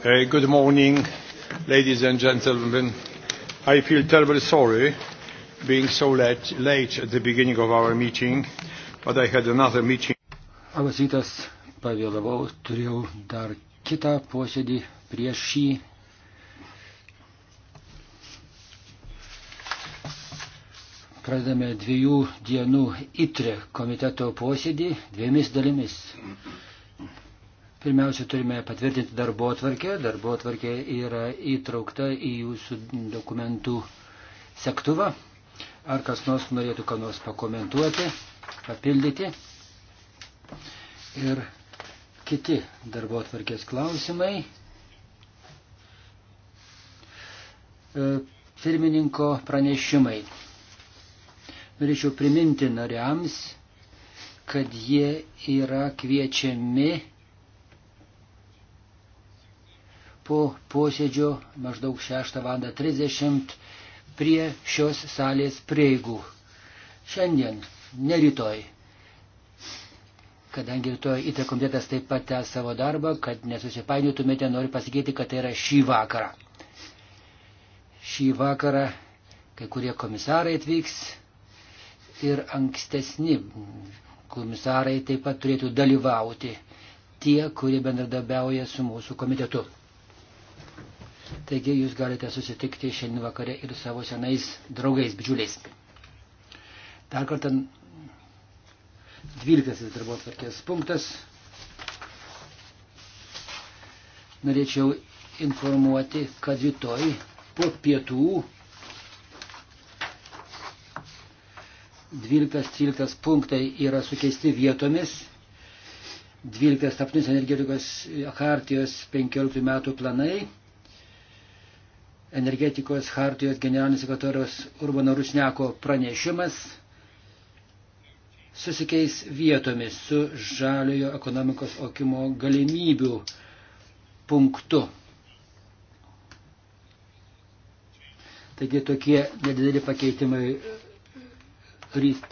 Good morning, ladies and gentlemen. I feel terribly sorry being so late, late at the beginning of our meeting, but I had another meeting. Labas rytas, pavėlavau, turėjau dar kitą posėdį prieš šį. Pradame dviejų dienų ITRE komiteto posėdį dviemis dalimis. Pirmiausia, turime patvirtinti darbo atvarkę. Darbo atvarkė yra įtraukta į jūsų dokumentų sektuvą. Ar kas nors norėtų ką nors pakomentuoti, papildyti? Ir kiti darbo atvarkės klausimai. E, pirmininko pranešimai. Norėčiau priminti nariams, kad jie yra kviečiami po posėdžio maždaug 6.30 prie šios salės prieigų. Šiandien, ne rytoj. Kadangi rytoj įtė komitetas taip pat tęs savo darbą, kad nesusipainiotumėte, noriu pasakyti, kad tai yra šį vakarą. Šį vakarą kai kurie komisarai atvyks ir ankstesni komisarai taip pat turėtų dalyvauti tie, kurie bendradabiauja su mūsų komitetu. Taigi jūs galite susitikti šiandien vakare ir savo senais draugais, bičiuliais. Dar kartą 12 darbo atvarkės punktas. Norėčiau informuoti, kad rytoj po pietų 12-13 punktai yra sukeisti vietomis. 12 tapnis energetikos hartijos 15 metų planai energetikos hartijos generalinis sekretoriaus Urbano Rusneko pranešimas susikeis vietomis su žaliojo ekonomikos aukimo galimybių punktu. Taigi tokie nedideli pakeitimai ryt,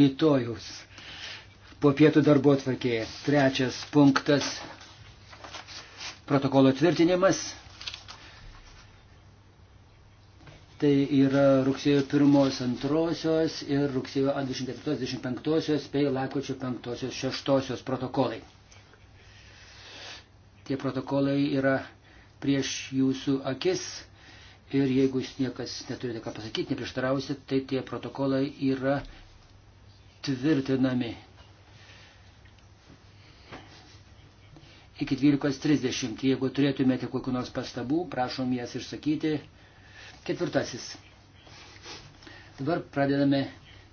rytojaus po pietų darbo atvarkėje. Trečias punktas - protokolo tvirtinimas. Tai yra rugsėjo 1-2 ir rugsėjo 24-25 bei lakočio 5-6 protokolai. Tie protokolai yra prieš jūsų akis ir jeigu jūs niekas neturite ką pasakyti, neprieštarausit, tai tie protokolai yra tvirtinami. Iki 12.30. Jeigu turėtumėte kokiu nors pastabų, prašom jas išsakyti. Ketvirtasis. Dabar pradedame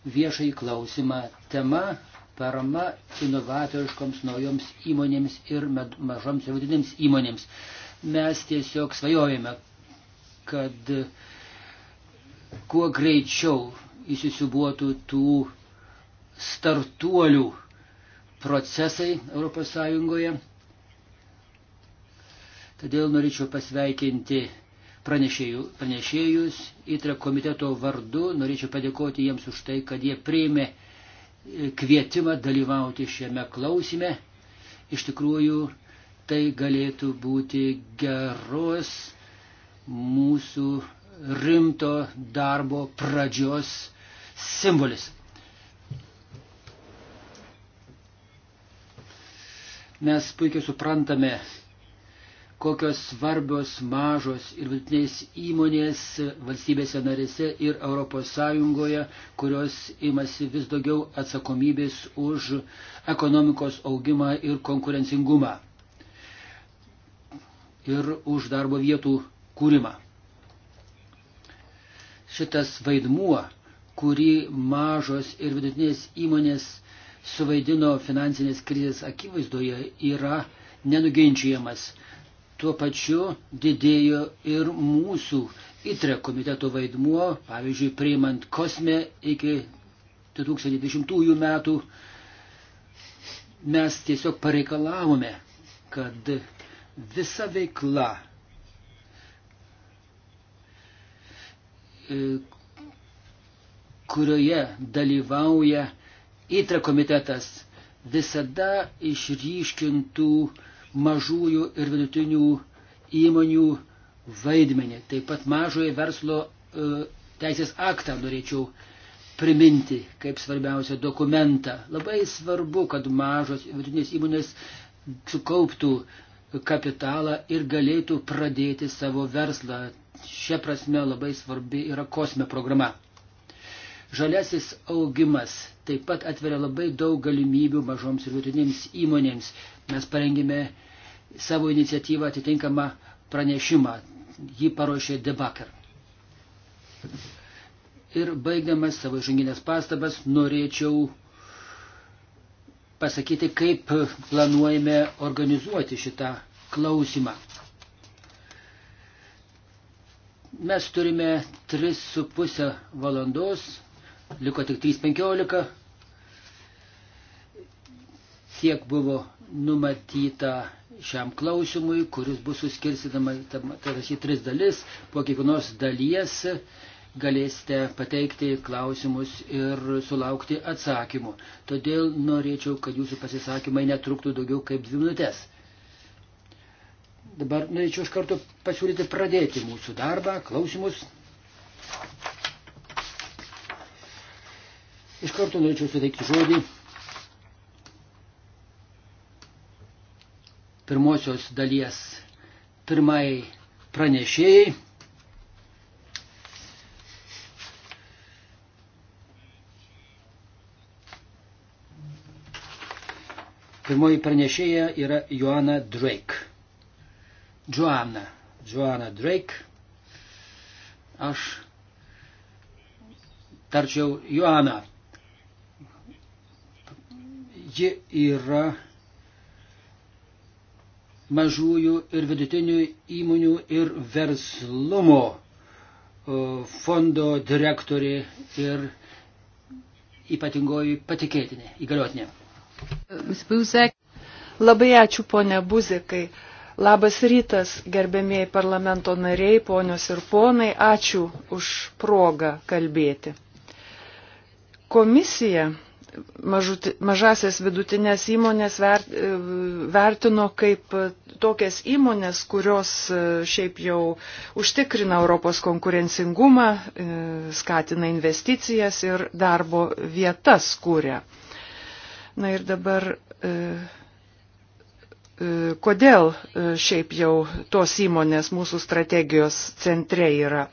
viešai klausimą. Tema parama inovatoriškoms naujoms įmonėms ir mažoms ir vidinėms įmonėms. Mes tiesiog svajojame, kad kuo greičiau įsisubuotų tų startuolių procesai ES. Todėl norėčiau pasveikinti pranešėjų, pranešėjus. Įtra komiteto vardu norėčiau padėkoti jiems už tai, kad jie priėmė e, kvietimą dalyvauti šiame klausime. Iš tikrųjų, tai galėtų būti geros mūsų rimto darbo pradžios simbolis. Mes puikiai suprantame kokios svarbios mažos ir vidutinės įmonės valstybėse narėse ir ES, kurios imasi vis daugiau atsakomybės už ekonomikos augimą ir konkurencingumą ir už darbo vietų kūrimą. Šitas vaidmuo, kurį mažos ir vidutinės įmonės suvaidino finansinės krizės akivaizdoje, yra nenuginčiamas Tuo pačiu didėjo ir mūsų ITRE komiteto vaidmuo, pavyzdžiui, priimant kosme iki 2020 metų, mes tiesiog pareikalavome, kad visa veikla, e, kurioje dalyvauja ITRE komitetas, visada išryškintų mažųjų ir vidutinių įmonių vaidmenį. Taip pat mažojo verslo e, teisės aktą norėčiau priminti kaip svarbiausią dokumentą. Labai svarbu, kad mažos vidutinės įmonės sukauptų kapitalą ir galėtų pradėti savo verslą. Šia prasme labai svarbi yra kosme programa. Žaliasis augimas taip pat atveria labai daug galimybių mažoms ir vidutinėms įmonėms. Mes parengėme savo iniciatyvą atitinkamą pranešimą. Jį paruošė Debakar. Ir baigdamas savo žanginės pastabas, norėčiau pasakyti, kaip planuojame organizuoti šitą klausimą. Mes turime 3,5 valandos liko tik 3.15. Tiek buvo numatyta šiam klausimui, kuris bus suskirsidama, tai yra šį tris dalis, po kiekvienos dalies galėsite pateikti klausimus ir sulaukti atsakymų. Todėl norėčiau, kad jūsų pasisakymai netruktų daugiau kaip dvi minutės. Dabar norėčiau iš karto pasiūlyti pradėti mūsų darbą, klausimus. Iš karto norėčiau suteikti žodį pirmosios dalies pirmai pranešėjai. Pirmoji pranešėja yra Joana Drake. Joana. Joana Drake. Aš tarčiau Joana ji yra mažųjų ir vidutinių įmonių ir verslumo fondo direktorė ir ypatingoji patikėtinė, įgaliotinė. Labai ačiū, ponė Buzikai. Labas rytas, gerbėmėjai parlamento nariai, ponios ir ponai, ačiū už progą kalbėti. Komisija mažut, mažasias vidutinės įmonės vert, e, vertino kaip e, tokias įmonės, kurios e, šiaip jau užtikrina Europos konkurencingumą, skatina investicijas ir darbo vietas kūrė. Na ir dabar kodėl šiaip jau tos įmonės mūsų strategijos centre yra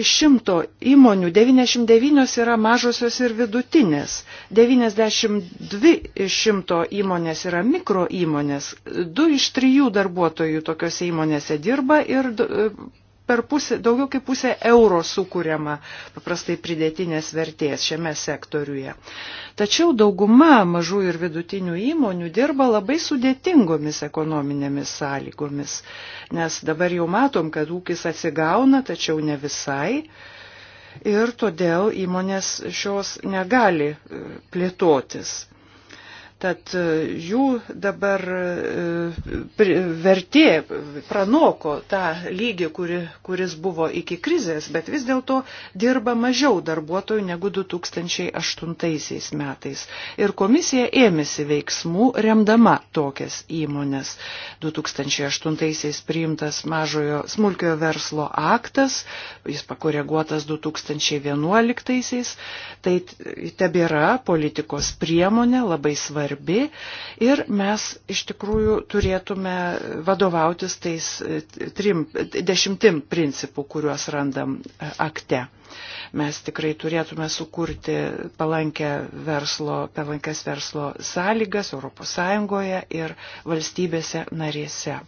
iš šimto įmonių 99 yra mažosios ir vidutinės, 92 iš šimto įmonės yra mikro įmonės, 2 iš 3 darbuotojų tokiose įmonėse dirba ir per pusę, daugiau kaip pusę euro sukūriama paprastai pridėtinės vertės šiame sektoriuje. Tačiau dauguma mažų ir vidutinių įmonių dirba labai sudėtingomis ekonominėmis sąlygomis, nes dabar jau matom, kad ūkis atsigauna, tačiau ne visai. Ir todėl įmonės šios negali e, plėtotis. Tad e, jų dabar e, vertė pranoko tą lygį, kuri, kuris buvo iki krizės, bet vis dėlto dirba mažiau darbuotojų negu 2008 metais. Ir komisija ėmėsi veiksmų remdama tokias įmonės. 2008 priimtas mažojo smulkiojo verslo aktas, jis pakoreguotas 2011. Tai tebėra politikos priemonė labai svarbi svarbi ir mes iš tikrųjų turėtume vadovautis tais e, trim, dešimtim principų, kuriuos randam e, akte mes tikrai turėtume sukurti palankę verslo, palankęs verslo sąlygas ES ir valstybėse narėse.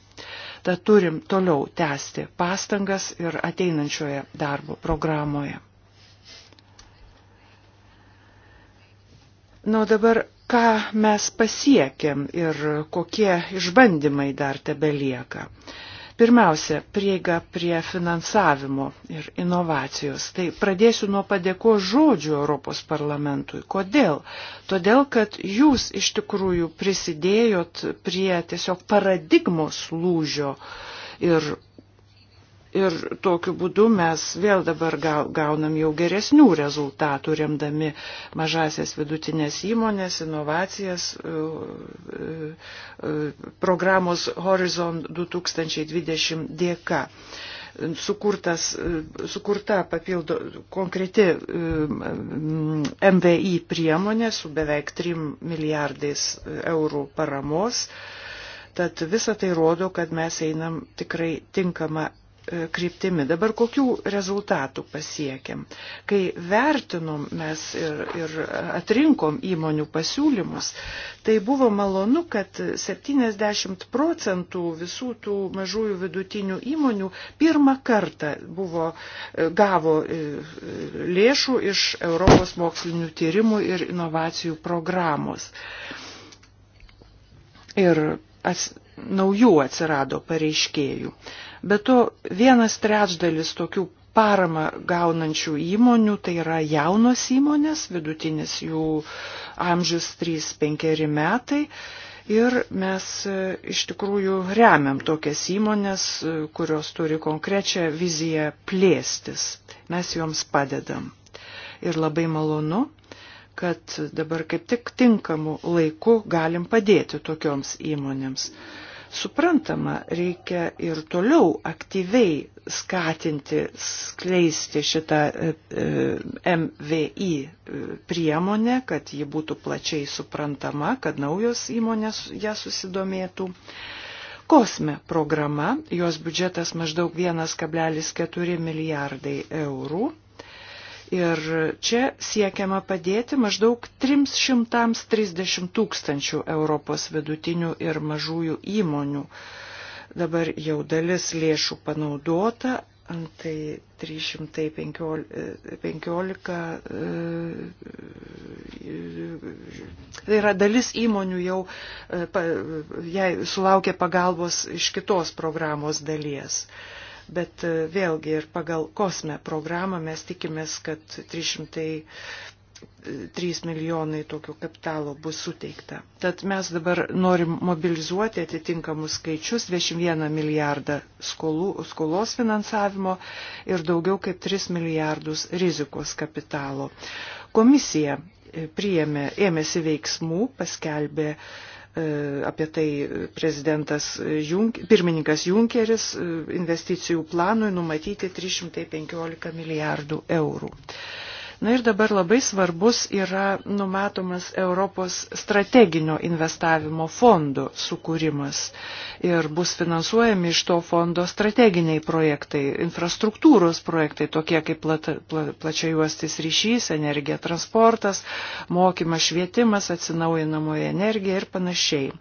Tad turim toliau tęsti pastangas ir ateinančioje darbo programoje. Na, nu, dabar ką mes pasiekėm ir kokie išbandymai dar tebe lieka. Pirmiausia, prieiga prie finansavimo ir inovacijos. Tai pradėsiu nuo padėko žodžių Europos parlamentui. Kodėl? Todėl, kad jūs iš tikrųjų prisidėjot prie tiesiog paradigmos lūžio ir Ir tokiu būdu mes vėl dabar gaunam jau geresnių rezultatų, remdami mažasias vidutinės įmonės, inovacijas, e, e, e, programos Horizon 2020 dėka. Sukurtas, sukurta papildo konkreti MVI priemonė su beveik 3 milijardais eurų paramos. Tad visa tai rodo, kad mes einam tikrai tinkamą E, kryptimi. Dabar kokių rezultatų pasiekėm? Kai vertinom mes ir, ir atrinkom įmonių pasiūlymus, tai buvo malonu, kad 70 procentų visų tų mažųjų vidutinių įmonių pirmą kartą buvo, e, gavo e, lėšų iš Europos mokslinių tyrimų ir inovacijų programos. Ir as, naujų atsirado pareiškėjų. Uh, Be to, vienas trečdalis tokių paramą gaunančių įmonių, tai yra jaunos įmonės, vidutinis jų amžius 3-5 metai. Ir mes e, iš tikrųjų remiam tokias įmonės, e, kurios turi konkrečią viziją plėstis. Mes joms padedam. Ir labai malonu, kad dabar kaip tik tinkamu laiku galim padėti tokioms įmonėms. Suprantama, reikia ir toliau aktyviai skatinti, skleisti šitą e, e, MVI e, priemonę, kad ji būtų plačiai suprantama, kad naujos įmonės ją susidomėtų. Kosme programa, jos biudžetas maždaug 1,4 milijardai eurų Ir čia siekiama padėti maždaug 330 tūkstančių Europos vidutinių ir mažųjų įmonių. Dabar jau dalis lėšų panaudota, tai 315, tai yra dalis įmonių jau, e, jai sulaukė pagalbos iš kitos programos dalies bet e, vėlgi ir pagal kosme programą mes tikimės, kad 303 e, milijonai tokio kapitalo bus suteikta. Tad mes dabar norim mobilizuoti atitinkamus skaičius 21 milijardą skolų, skolos finansavimo ir daugiau kaip 3 milijardus rizikos kapitalo. Komisija e, priėmė, ėmėsi veiksmų, paskelbė E, apie tai prezidentas Junk, pirmininkas Junkeris e, investicijų planui numatyti 315 milijardų eurų. Na ir dabar labai svarbus yra numatomas Europos strateginio investavimo fondo sukūrimas ir bus finansuojami iš to fondo strateginiai projektai, infrastruktūros projektai, tokie kaip plat, pla, plačiajuostis ryšys, energija, transportas, mokymas, švietimas, atsinaujinamoje energija ir panašiai.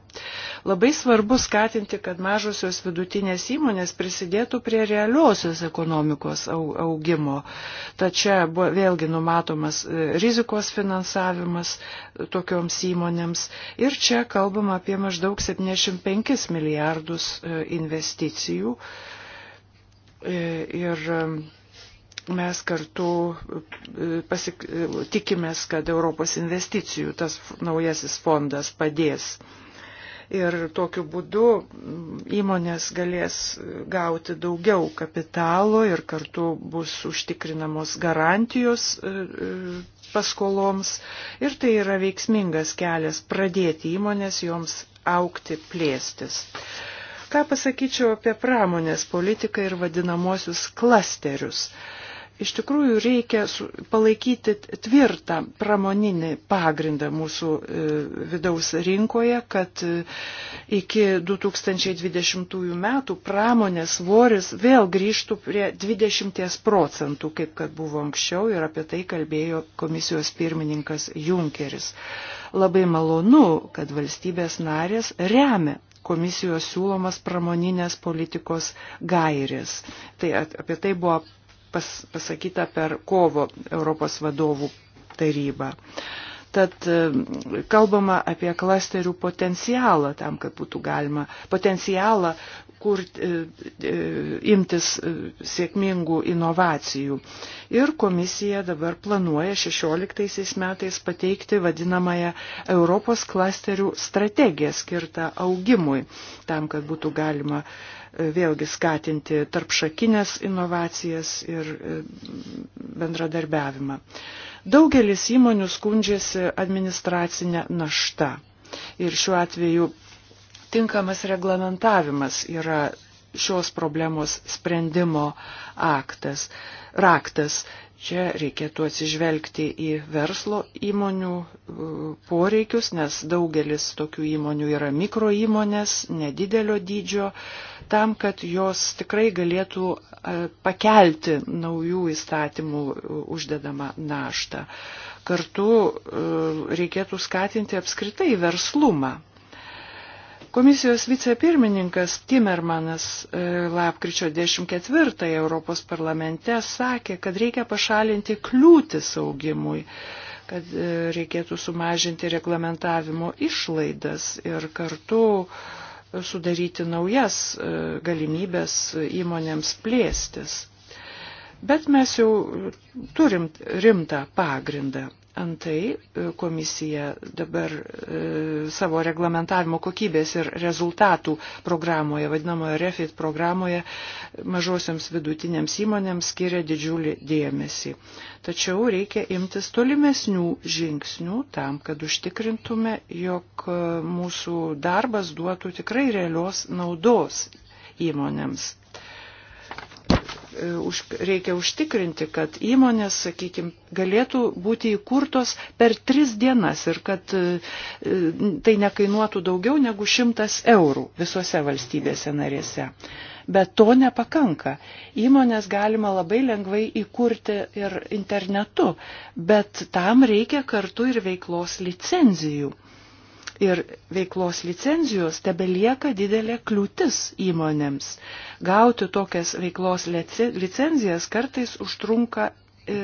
Labai svarbu skatinti, kad mažosios vidutinės įmonės prisidėtų prie realiosios ekonomikos augimo. Tačiau vėlgi numatoma numatomas e, rizikos finansavimas tokioms įmonėms. Ir čia kalbama apie maždaug 75 milijardus e, investicijų. E, ir mes kartu pasik, tikimės, kad Europos investicijų tas naujasis fondas padės ir tokiu būdu įmonės galės gauti daugiau kapitalo ir kartu bus užtikrinamos garantijos e, e, paskoloms ir tai yra veiksmingas kelias pradėti įmonės joms aukti, plėstis. Ką pasakyčiau apie pramonės politiką ir vadinamosius klasterius? iš tikrųjų reikia palaikyti tvirtą pramoninį pagrindą mūsų e, vidaus rinkoje, kad e, iki 2020 metų pramonės svoris vėl grįžtų prie 20 procentų, kaip kad buvo anksčiau ir apie tai kalbėjo komisijos pirmininkas Junkeris. Labai malonu, kad valstybės narės remia komisijos siūlomas pramoninės politikos gairės. Tai apie tai buvo pas, pasakyta per kovo Europos vadovų tarybą. Tad e, kalbama apie klasterių potencialą tam, kad būtų galima potencialą kur e, e, imtis e, sėkmingų inovacijų. Ir komisija dabar planuoja 16 metais pateikti vadinamąją Europos klasterių strategiją skirtą augimui, tam, kad būtų galima vėlgi skatinti tarpšakinės inovacijas ir e, bendradarbiavimą. Daugelis įmonių skundžiasi administracinę naštą. Ir šiuo atveju tinkamas reglamentavimas yra šios problemos sprendimo aktas, raktas. Čia reikėtų atsižvelgti į verslo įmonių poreikius, nes daugelis tokių įmonių yra mikro įmonės, nedidelio dydžio, tam, kad jos tikrai galėtų e, pakelti naujų įstatymų uždedamą naštą. Kartu reikėtų skatinti apskritai verslumą Komisijos vicepirmininkas Timermanas e, lapkričio 14 Europos parlamente sakė, kad reikia pašalinti kliūtis augimui, kad e, reikėtų sumažinti reglamentavimo išlaidas ir kartu sudaryti naujas e, galimybės įmonėms plėstis. Bet mes jau turim rimtą pagrindą. Antai e, komisija dabar e, savo reglamentavimo kokybės ir rezultatų programoje, vadinamoje REFIT programoje, mažosiams vidutinėms įmonėms skiria didžiulį dėmesį. Tačiau reikia imtis tolimesnių žingsnių tam, kad užtikrintume, jog e, mūsų darbas duotų tikrai realios naudos įmonėms už, reikia užtikrinti, kad įmonės, sakykime, galėtų būti įkurtos per tris dienas ir kad e, tai nekainuotų daugiau negu šimtas eurų visose valstybėse narėse. Bet to nepakanka. Įmonės galima labai lengvai įkurti ir internetu, bet tam reikia kartu ir veiklos licenzijų ir veiklos licenzijos tebelieka didelė kliūtis įmonėms. Gauti tokias veiklos licenzijas kartais užtrunka e,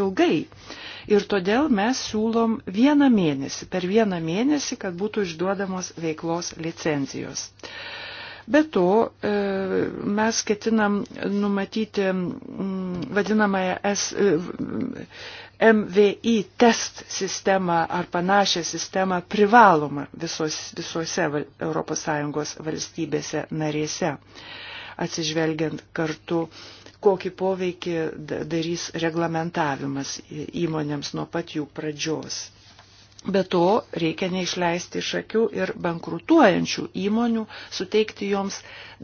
ilgai. Ir todėl mes siūlom vieną mėnesį, per vieną mėnesį, kad būtų išduodamos veiklos licenzijos. Be to, e, mes ketinam numatyti vadinamąją S, e, MVI test sistemą ar panašią sistemą privaloma visos, visose ES valstybėse narėse, atsižvelgiant kartu, kokį poveikį darys reglamentavimas įmonėms nuo pat jų pradžios. Be to, reikia neišleisti iš akių ir bankrutuojančių įmonių, suteikti joms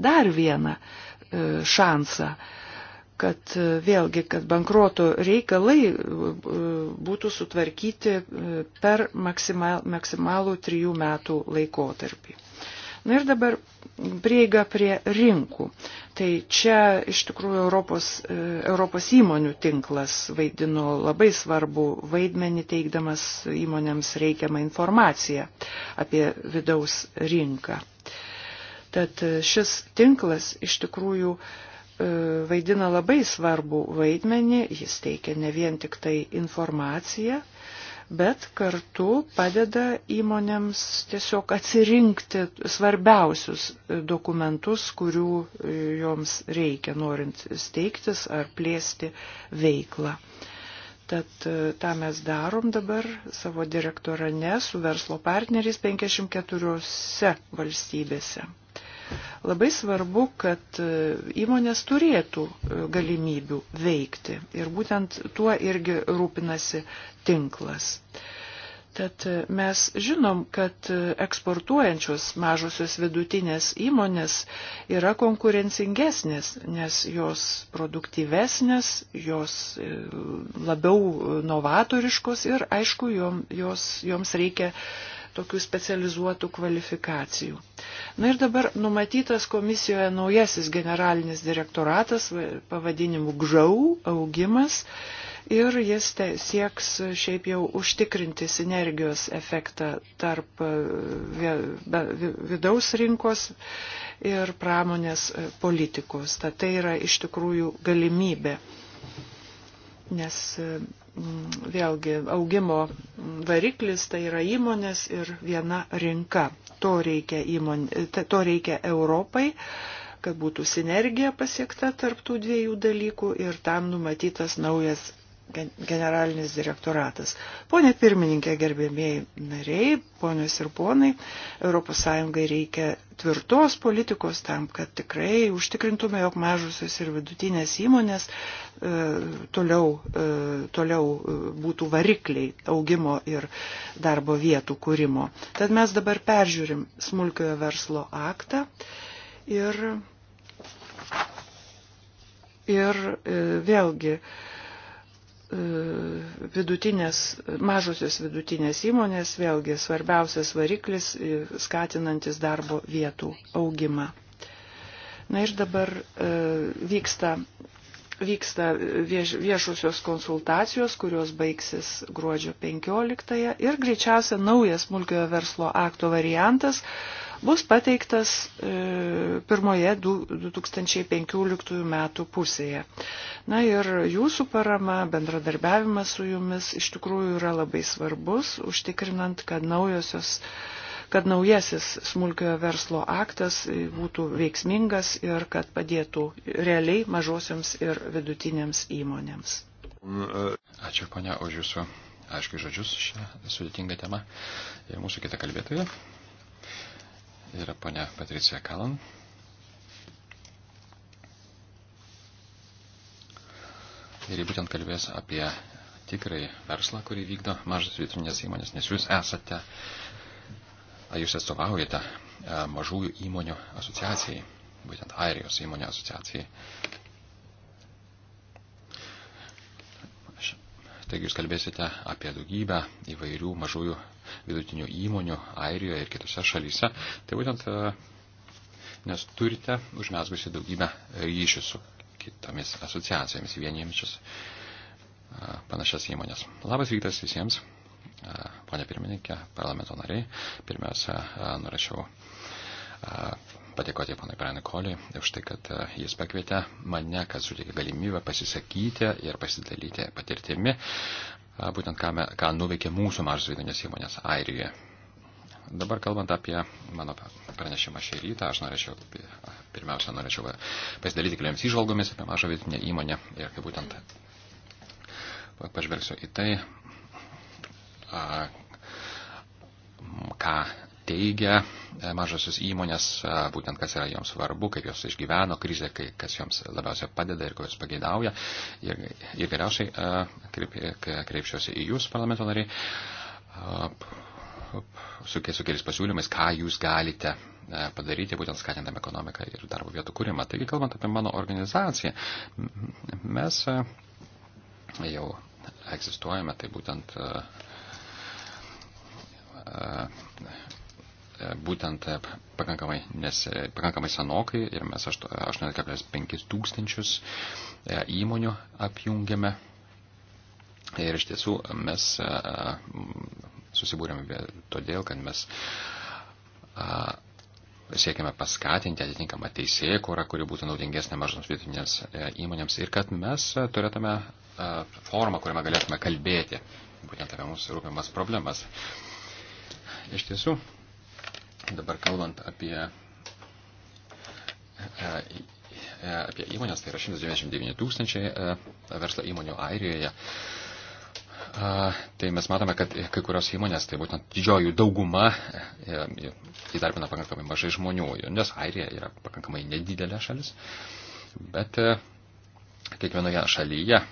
dar vieną e, šansą kad e, vėlgi, kad bankruoto reikalai e, būtų sutvarkyti e, per maksimal, maksimalų trijų metų laikotarpį. Na ir dabar prieiga prie rinkų. Tai čia iš tikrųjų Europos, Europos įmonių tinklas vaidino labai svarbu vaidmenį teikdamas įmonėms reikiamą informaciją apie vidaus rinką. Tad šis tinklas iš tikrųjų uh, E, vaidina labai svarbų vaidmenį, jis teikia ne vien tik tai informaciją, bet kartu padeda įmonėms tiesiog atsirinkti svarbiausius dokumentus, kurių e, joms reikia, norint steigtis ar plėsti veiklą. Tad e, tą mes darom dabar savo direktorane su verslo partneriais 54 valstybėse. Labai svarbu, kad e, įmonės turėtų e, galimybių veikti ir būtent tuo irgi rūpinasi tinklas. Tad e, mes žinom, kad eksportuojančios mažosios vidutinės įmonės yra konkurencingesnės, nes jos produktyvesnės, jos labiau novatoriškos ir, aišku, jom, jos, joms reikia tokių specializuotų kvalifikacijų. Na ir dabar numatytas komisijoje naujasis generalinis direktoratas pavadinimu GŽAU augimas ir jis te, sieks šiaip jau užtikrinti sinergijos efektą tarp e, vidaus rinkos ir pramonės e, politikos. Tad tai yra iš tikrųjų galimybė. Nes e, Mm, vėlgi augimo variklis tai yra įmonės ir viena rinka. To reikia, įmonė, to reikia Europai kad būtų sinergija pasiekta tarptų dviejų dalykų ir tam numatytas naujas generalinis direktoratas. Pone pirmininkė, gerbėmėjai nariai, ponios ir ponai, ES reikia tvirtos politikos tam, kad tikrai užtikrintume, jog mažusios ir vidutinės įmonės e, toliau, e, toliau e, būtų varikliai augimo ir darbo vietų kūrimo. Tad mes dabar peržiūrim smulkiojo verslo aktą ir, ir e, vėlgi e, E, vidutinės, mažosios vidutinės įmonės, vėlgi svarbiausias variklis e, skatinantis darbo vietų augimą. Na ir dabar e, vyksta, vyksta vieš, viešusios konsultacijos, kurios baigsis gruodžio 15 ir greičiausia naujas smulkiojo verslo akto variantas bus pateiktas e, pirmoje 2015 metų pusėje. Na ir jūsų parama, bendradarbiavimas su jumis iš tikrųjų yra labai svarbus, užtikrinant, kad naujosios kad naujasis smulkiojo verslo aktas būtų veiksmingas ir kad padėtų realiai mažosioms ir vidutinėms įmonėms. Ačiū, ponia, už jūsų aiškiai žodžius šią sudėtingą temą. Ir mūsų kita kalbėtoja yra ponia Patricija Kalan. Ir jie būtent kalbės apie tikrai verslą, kurį vykdo mažas vidutinės įmonės, nes jūs esate, jūs atstovaujate mažųjų įmonių asociacijai, būtent Airijos įmonių asociacijai. Taigi jūs kalbėsite apie daugybę įvairių mažųjų vidutinių įmonių Airijoje ir kitose šalyse. Tai būtent, e, nes turite užmesgusi daugybę ryšių su kitomis asociacijomis, vieniemis e, panašias įmonės. Labas rytas visiems, e, ponė pirmininkė, parlamento nariai. Pirmiausia, norėčiau padėkoti panai Brianui Koliui už tai, kad e, jis pakvietė mane, kad suteikė galimybę pasisakyti ir pasidalyti patirtimi, e, būtent ką, me, ką nuveikė mūsų mažos vidinės įmonės Airijoje. Dabar kalbant apie mano pranešimą šį rytą, aš norėčiau, e, pirmiausia, norėčiau pasidalyti keliomis įžvalgomis apie mažą vidinę įmonę ir kaip būtent pažvelgsiu į tai, ką teigia e, mažosios įmonės, e, būtent kas yra joms svarbu, kaip jos išgyveno krizę, kas joms labiausiai padeda ir ko jos pageidauja. Ir, ir galiausiai e, kreip, kreipšiuosi į jūs, parlamento nariai, su, su keliais pasiūlymais, ką jūs galite padaryti, būtent skatindami ekonomiką ir darbo vietų kūrimą. Taigi, kalbant apie mano organizaciją, mes jau egzistuojame, tai būtent būtent e, pakankamai, nes, e, pakankamai senokai ir mes 8,5 tūkstančius e, įmonių apjungiame. Ir iš tiesų mes susibūrėme todėl, kad mes siekiame paskatinti atitinkamą teisėją, kurą, kuri būtų naudingesnė mažoms vidutinėms įmonėms ir kad mes turėtume formą, kuriame galėtume kalbėti būtent apie mūsų rūpimas problemas. Iš tiesų, Dabar kalbant apie, e, e, e, apie įmonės, tai yra 199 tūkstančiai verslo įmonių Airijoje. Tai mes matome, kad kai kurios įmonės, tai būtent didžioji dauguma įdarbina pakankamai mažai žmonių, nes Airija yra pakankamai nedidelė šalis, bet kiekvienoje šalyje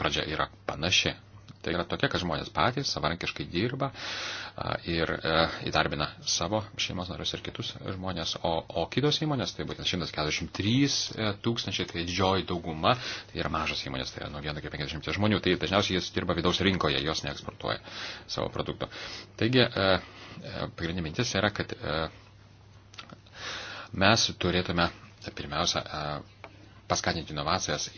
pradžia yra panaši. Tai yra tokia, kad žmonės patys savarankiškai dirba ir e, įdarbina savo šeimos narius ir kitus žmonės, o, o kitos įmonės, tai būtent 143 e, tūkstančiai, tai didžioji dauguma, tai yra mažos įmonės, tai yra nuo 1 iki 50 žmonių, tai dažniausiai jis dirba vidaus rinkoje, jos neeksportuoja savo produkto. Taigi, e, pagrindinė mintis yra, kad mes turėtume pirmiausia paskatinti inovacijas,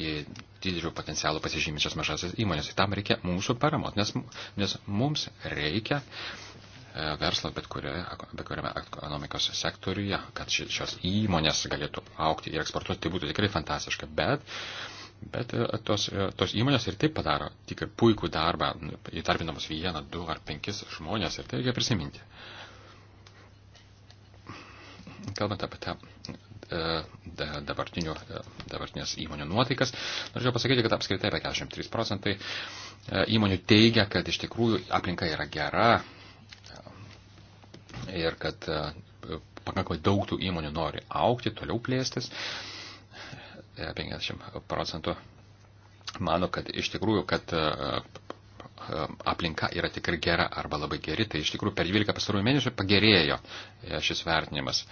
dideliu potencialu pasižyminčias mažasis įmonės. Tai tam reikia mūsų paramos, nes, nes mums reikia e, verslas bet, kurioje, bet kuriame ekonomikos sektoriuje, kad šios įmonės galėtų aukti ir eksportuoti, tai būtų tikrai fantastiška. Bet, bet e, tos, e, tos įmonės ir taip padaro tik puikų darbą, įdarbinamos vieną, du ar penkis žmonės ir tai reikia prisiminti. Kalbant apie tą E, e, dabartinės įmonių nuotaikas. Norėčiau pasakyti, kad apskritai apie 43 procentai e, įmonių teigia, kad iš tikrųjų aplinka yra gera ir kad pakankamai daug tų įmonių nori aukti, toliau plėstis. 50 procentų mano, kad iš tikrųjų, kad aplinka yra tikrai gera arba labai geri, tai iš tikrųjų per 12 pastarųjų mėnesių pagerėjo šis vertinimas.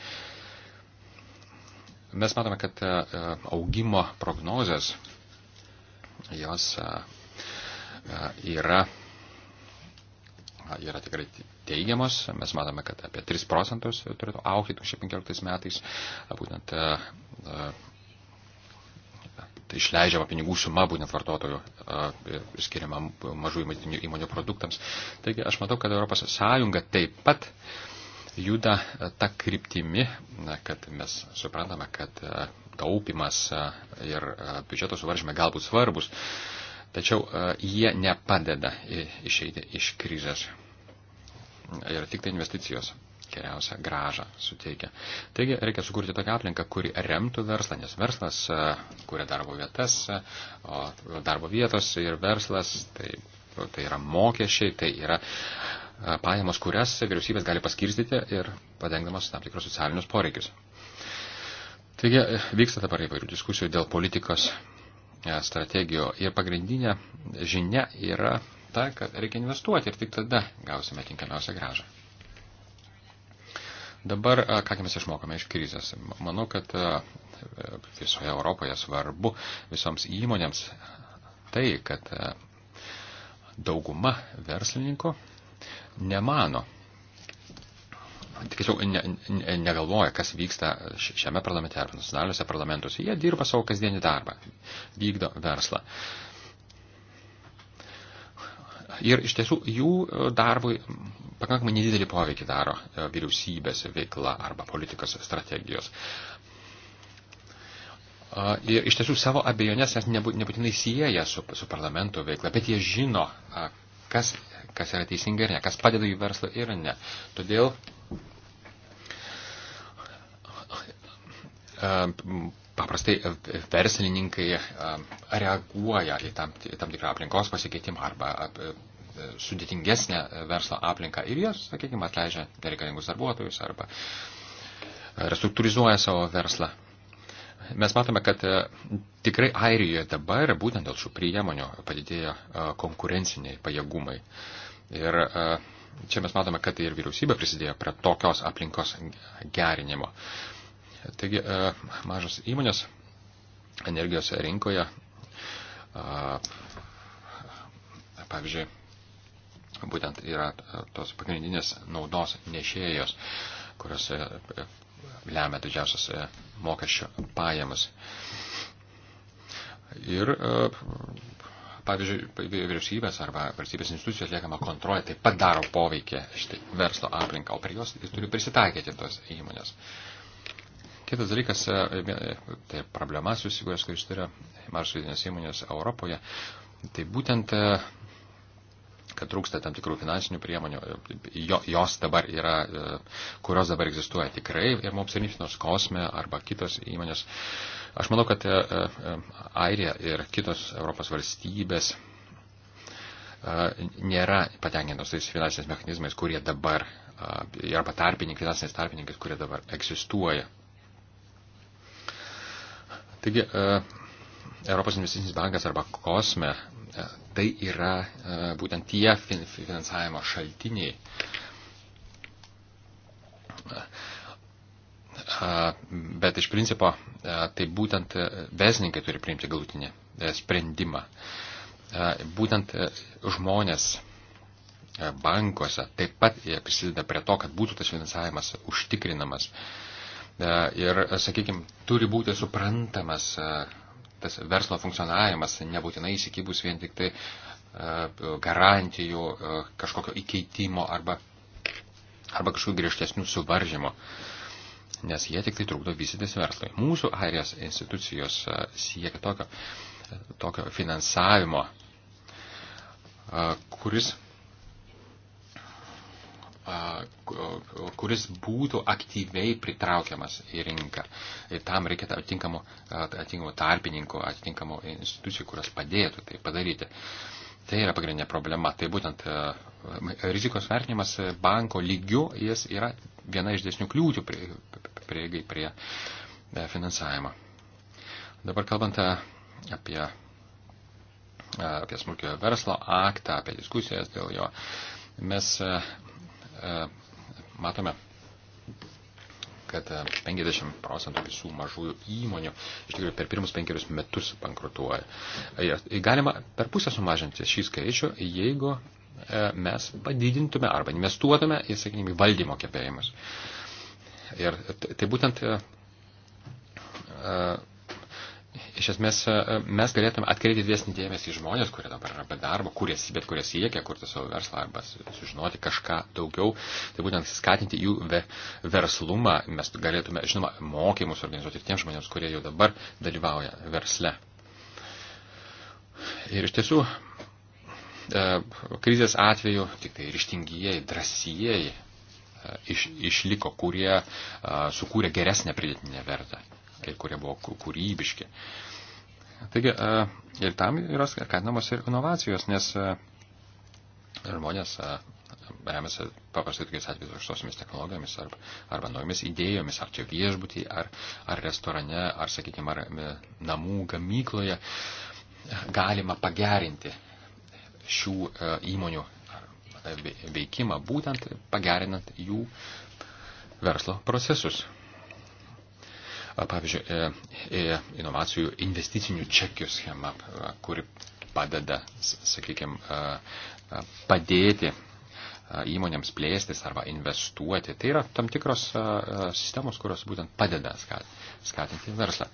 Mes matome, kad e, e, augimo prognozės, jos e, yra, yra tikrai teigiamos. Mes matome, kad apie 3 procentus turėtų aukti 2015 metais. Būtent tai išleidžiama pinigų suma būtent vartotojų skiriama mažų įmonių produktams. Taigi aš matau, kad ES taip pat juda e, tą kryptimį, kad mes suprantame, kad e, taupimas e, ir biudžeto suvaržymai galbūt svarbus, tačiau jie nepadeda išeiti iš krizės. Ir tik tai investicijos geriausią gražą suteikia. Taigi reikia sukurti tokią aplinką, kuri remtų verslą, nes verslas kuria darbo vietas, o darbo vietos ir verslas tai, tai yra mokesčiai, tai yra E, pajamos, kurias vyriausybės gali paskirstyti ir padengdamas tam tikrus socialinius poreikius. Taigi e, vyksta dabar įvairių diskusijų dėl politikos e, strategijų ir pagrindinė žinia yra ta, kad reikia investuoti ir tik tada gausime tinkamiausią gražą. Dabar, ką mes išmokome iš krizės? Manau, kad visoje Europoje svarbu visoms įmonėms tai, kad dauguma verslininkų nemano. Tiesiog ne, ne, negalvoja, kas vyksta šiame parlamente ar nacionaliniuose parlamentuose. Jie dirba savo kasdienį darbą, vykdo verslą. Ir iš tiesų jų darbui pakankamai nedidelį poveikį daro e, vyriausybės veikla arba politikos strategijos. E, ir iš tiesų savo abejonės nebūtinai sieja su, su parlamento veikla, bet jie žino, kas, kas yra teisinga ir ne, kas padeda jų verslą ir ne. Todėl paprastai verslininkai reaguoja į tam, tam tikrą aplinkos pasikeitimą arba sudėtingesnę verslo aplinką ir jie, sakykime, atleidžia nereikalingus darbuotojus arba restruktūrizuoja savo verslą mes matome, kad e, tikrai Airijoje dabar būtent dėl šių priemonių padidėjo e, konkurenciniai pajėgumai. Ir e, čia mes matome, kad ir vyriausybė prisidėjo prie tokios aplinkos gerinimo. Taigi mažos įmonės energijos rinkoje, pavyzdžiui, būtent yra tos pagrindinės naudos nešėjos, kurios lemia didžiausias e, mokesčio pajamas. Ir, e, pavyzdžiui, vyriausybės arba valstybės institucijos liekama kontrolė taip pat daro poveikį šitai verslo aplinką, o prie jos jis turi prisitaikyti tos įmonės. Kitas dalykas, e, tai problema susikūrės, kai ištiria mažos įmonės Europoje, tai būtent kad trūksta tam tikrų finansinių priemonių, jo, jos dabar yra, e, kurios dabar egzistuoja tikrai ir mums rinkinos kosme arba kitos įmonės. Aš manau, kad e, e, Airija ir kitos Europos valstybės nėra patenkintos tais finansiniais mechanizmais, kurie dabar, arba tarpininkai, finansiniais tarpininkais, kurie dabar egzistuoja. Taigi, Europos investicinis bankas arba kosme E, tai yra e, būtent tie finansavimo šaltiniai. E, bet iš principo tai būtent vezininkai turi priimti galutinį sprendimą. Būtent žmonės bankuose taip pat prisideda prie to, kad būtų tas finansavimas užtikrinamas. Ir, sakykime, turi būti suprantamas tas verslo funkcionavimas nebūtinai įsikibus vien tik tai e, garantijų, e, kažkokio įkeitimo arba, arba kažkokių griežtesnių suvaržymų, nes jie tik tai trukdo vystytis verslui. Mūsų airijos institucijos e, siekia tokio, tokio finansavimo, kuris kuris būtų aktyviai pritraukiamas į rinką. Ir tam reikia atitinkamų, atitinkamų tarpininkų, atitinkamų institucijų, kurios padėtų tai padaryti. Tai yra pagrindinė problema. Tai būtent rizikos vertinimas banko lygių, jis yra viena iš desnių kliūčių prieigai prie, prie finansavimo. Dabar kalbant apie, apie smulkiojo verslo aktą, apie diskusijas dėl jo, mes E, matome, kad 50 e, procentų visų mažųjų įmonių iš tikrųjų per pirmus penkerius metus bankrutuoja. E, galima per pusę sumažinti šį skaičių, jeigu mes padidintume arba investuotume į, sakykime, valdymo gebėjimus. Ir tai būtent iš esmės e, e, mes galėtume atkreipti didesnį dėmesį į žmonės, kurie dabar yra be darbo, kurie, bet kurie siekia kurti savo verslą arba sužinoti kažką daugiau, tai būtent skatinti jų ve, verslumą. Mes galėtume, žinoma, mokymus organizuoti ir tiems žmonėms, kurie jau dabar dalyvauja versle. Ir iš tiesų, e, krizės atveju tik tai ryštingieji, drąsieji iš, išliko, kurie sukūrė geresnę pridėtinę vertę kai kurie buvo kūrybiški. Taigi, e, ir tam yra skatinamos ir inovacijos, nes e, žmonės e, remiasi paprastai tokiais atvejais aukštosiomis technologijomis arba, arba naujomis idėjomis, ar čia viešbutį, ar, ar restorane, ar, sakykime, ar namų gamykloje galima pagerinti šių įmonių veikimą, būtent pagerinant jų verslo procesus pavyzdžiui, e, e, inovacijų investicinių čekių schema, e, kuri padeda, sakykime, padėti įmonėms plėstis arba investuoti. Tai yra tam tikros sistemos, kurios būtent padeda skatinti verslą.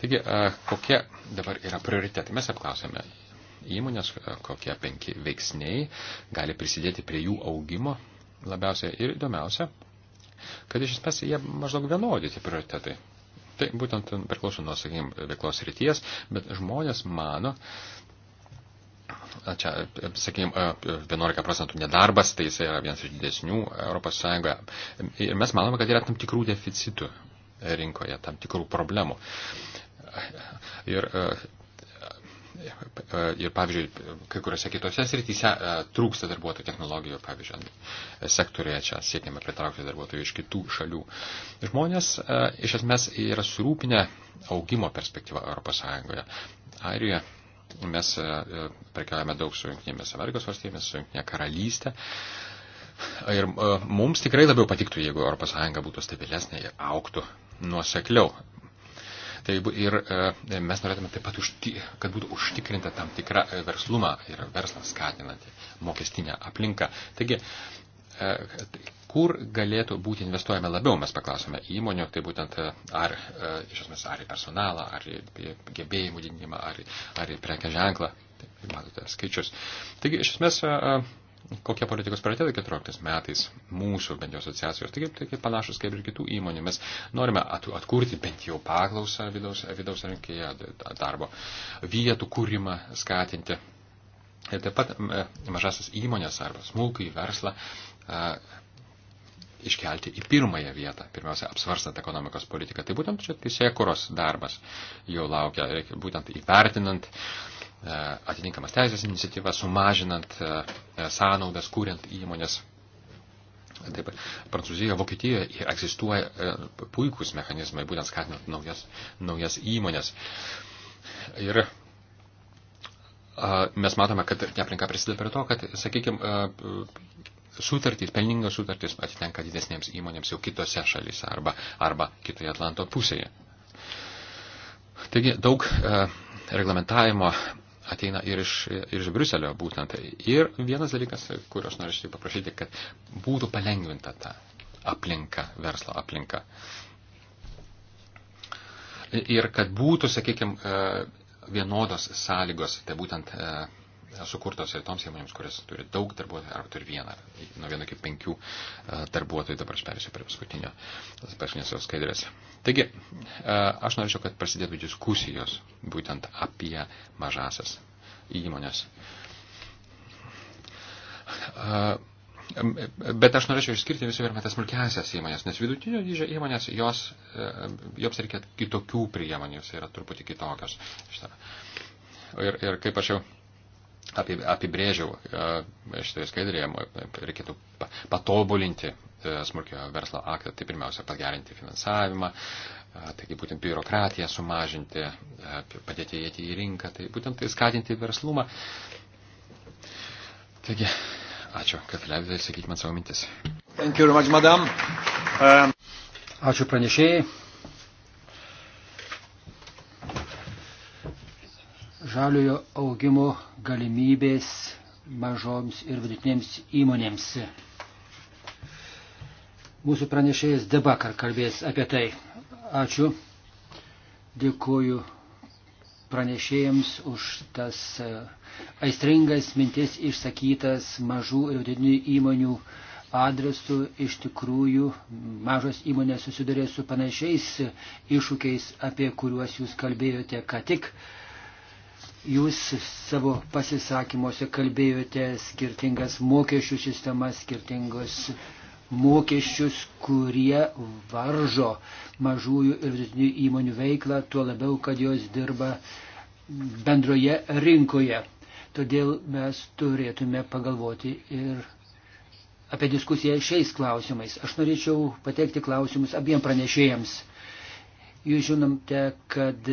Taigi, kokie dabar yra prioritetai? Mes apklausėme įmonės, kokie penki veiksniai gali prisidėti prie jų augimo labiausiai ir įdomiausia kad iš esmės jie maždaug vienodi tie prioritetai. Tai būtent priklauso nuo, sakykime, veiklos ryties, bet žmonės mano, čia, sakykime, 11 procentų nedarbas, tai jis yra vienas iš didesnių Europos Sąjungoje. Ir mes manome, kad yra tam tikrų deficitų rinkoje, tam tikrų problemų. Ir Ir, pavyzdžiui, kai kuriuose kitose srityse e, trūksta darbuotojų technologijų, pavyzdžiui, e, sektorėje čia siekiame pritraukti darbuotojų iš kitų šalių. Žmonės e, iš esmės yra surūpinę augimo perspektyvą ES. Airijoje mes prekiavame daug su Junktinėmis Amerikos valstybėmis, su Junktinė karalystė. Ir mums tikrai labiau patiktų, jeigu ES būtų stabilesnė ir auktų nuosekliau. Tai ir e, mes norėtume taip pat, užti, kad būtų užtikrinta tam tikra e, verslumą ir verslą skatinanti mokestinė aplinka. Taigi, e, kur galėtų būti investuojama labiau, mes paklausome įmonių, tai būtent ar, iš esmės, ar į personalą, ar į gebėjimų didinimą, ar, ar į prekę ženklą. Tai, matote, skaičius. Taigi, iš esmės, kokie politikos prioritetai 14 metais mūsų bent jau asociacijos, taigi tai panašus kaip ir kitų įmonių. Mes norime atkurti bent jau paklausą vidaus, vidaus rinkėje, darbo vietų kūrimą skatinti. Ir taip pat e, mažasis įmonės arba smulkai verslą iškelti į pirmąją vietą, pirmiausia, apsvarstant ekonomikos politiką. Tai būtent čia teisėkuros darbas jau laukia, būtent įvertinant E, atitinkamas teisės iniciatyvas, sumažinant e, e, sąnaudas, kuriant įmonės. Taip, Prancūzijoje, Vokietijoje egzistuoja puikūs mechanizmai, būtent skatinant naujas, naujas įmonės. Ir mes matome, kad aplinka prisideda prie to, kad, sakykime, sutartys, pelningos sutartys atitenka didesnėms įmonėms jau kitose šalyse arba, arba kitoje Atlanto pusėje. Taigi daug reglamentavimo ateina ir iš, ir iš Briuselio būtent. Ir vienas dalykas, kur aš norėčiau paprašyti, kad būtų palengvinta ta aplinka, verslo aplinka. Ir kad būtų, sakykime, vienodos sąlygos, tai būtent e, sukurtos ir toms įmonėms, kurios turi daug darbuotojų arba turi vieną, nuo vieno iki penkių e, darbuotojų, dabar aš perėsiu prie paskutinio, paskutinės jau skaidrės. Taigi, e, aš norėčiau, kad prasidėtų diskusijos būtent apie mažasias įmonės. E, bet aš norėčiau išskirti visų pirma tas smulkiasias įmonės, nes vidutinio dydžio įmonės, jos, joms reikia kitokių priemonių, jos yra truputį kitokios. Ir, ir kaip aš jau apibrėžiau e, šitoje skaidrėje, reikėtų patobulinti e, smulkio verslo aktą, tai pirmiausia pagerinti finansavimą, e, taigi būtent biurokratiją sumažinti, padėti įėti į rinką, tai būtent tai skatinti verslumą. Taigi, ačiū, kad leidote išsakyti man savo mintis. Much, madam. Um, ačiū pranešėjai. žaliojo augimo galimybės mažoms ir vidutinėms įmonėms. Mūsų pranešėjas debakar kalbės apie tai. Ačiū. Dėkuoju pranešėjams už tas e, aistringas mintis išsakytas mažų ir vidutinių įmonių adresu. Iš tikrųjų, mažos įmonės susidurė su panašiais iššūkiais, apie kuriuos jūs kalbėjote ką tik. Jūs savo pasisakymuose kalbėjote skirtingas mokesčių sistemas, skirtingus mokesčius, kurie varžo mažųjų ir vidutinių įmonių veiklą, tuo labiau, kad jos dirba bendroje rinkoje. Todėl mes turėtume pagalvoti ir apie diskusiją šiais klausimais. Aš norėčiau pateikti klausimus abiem pranešėjams. Jūs žinote, kad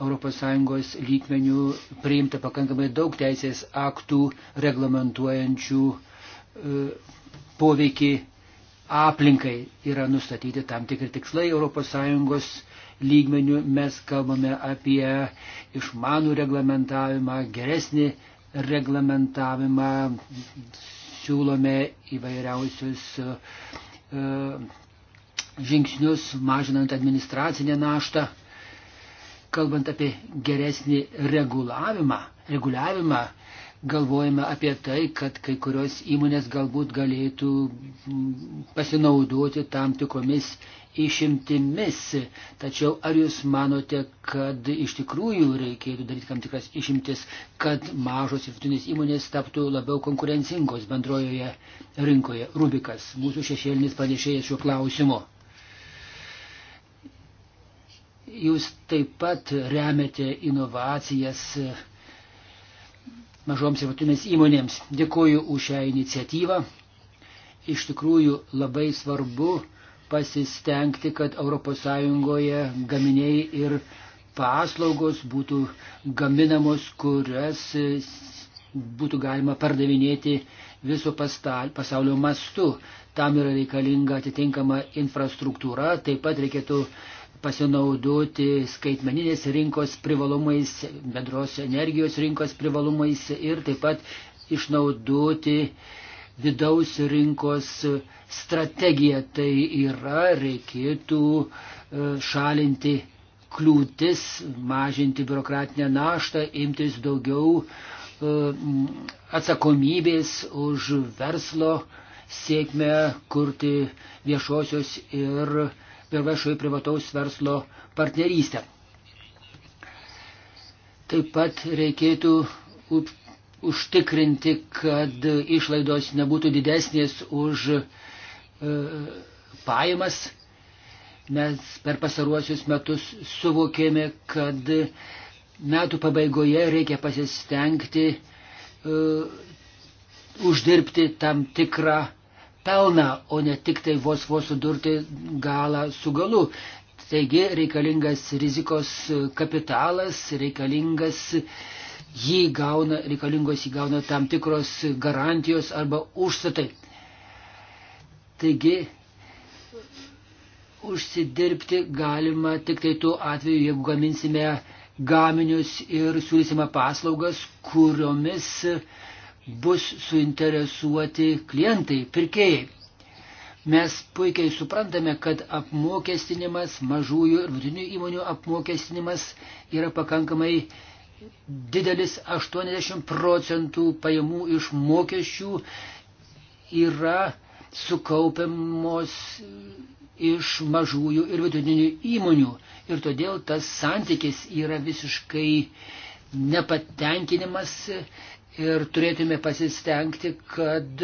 ES lygmenių priimta pakankamai daug teisės aktų reglamentuojančių e, poveikį aplinkai. Yra nustatyti tam tikri tikslai ES lygmenių. Mes kalbame apie išmanų reglamentavimą, geresnį reglamentavimą, siūlome įvairiausius e, žingsnius mažinant administracinę naštą kalbant apie geresnį regulavimą, reguliavimą, galvojame apie tai, kad kai kurios įmonės galbūt galėtų pasinaudoti tam tikromis išimtimis. Tačiau ar jūs manote, kad iš tikrųjų reikėtų daryti tam tikras išimtis, kad mažos ir vidutinės įmonės taptų labiau konkurencingos bendrojoje rinkoje? Rubikas, mūsų šešėlinis pranešėjas šiuo klausimu jūs taip pat remiate inovacijas e, mažoms ir vatinės įmonėms. Dėkuoju už šią iniciatyvą. Iš tikrųjų labai svarbu pasistengti, kad ES gaminiai ir paslaugos būtų gaminamos, kurias e, būtų galima pardavinėti viso pasaulio mastu. Tam yra reikalinga atitinkama infrastruktūra, taip pat reikėtų pasinaudoti skaitmeninės rinkos privalumais, bendros energijos rinkos privalumais ir taip pat išnaudoti vidaus rinkos strategiją. Tai yra, reikėtų e, šalinti kliūtis, mažinti biurokratinę naštą, imtis daugiau e, atsakomybės už verslo sėkmę kurti viešosios ir ir viešojo privataus verslo partnerystę. Taip pat reikėtų užtikrinti, kad išlaidos nebūtų didesnės už e, pajamas. Mes per pasaruosius metus suvokėme, kad metų pabaigoje reikia pasistengti e, uždirbti tam tikrą pelną, o ne tik tai vos vos sudurti galą su galu. Taigi reikalingas rizikos kapitalas, reikalingas jį gauna, reikalingos jį gauna tam tikros garantijos arba užsatai. Taigi užsidirbti galima tik tai tuo atveju, jeigu gaminsime gaminius ir siūlysime paslaugas, kuriomis uh, bus suinteresuoti klientai, pirkėjai. Mes puikiai suprantame, kad apmokestinimas, mažųjų ir vidutinių įmonių apmokestinimas yra pakankamai didelis 80 procentų pajamų iš mokesčių yra sukaupiamos iš mažųjų ir vidutinių įmonių. Ir todėl tas santykis yra visiškai nepatenkinimas ir turėtume pasistengti, kad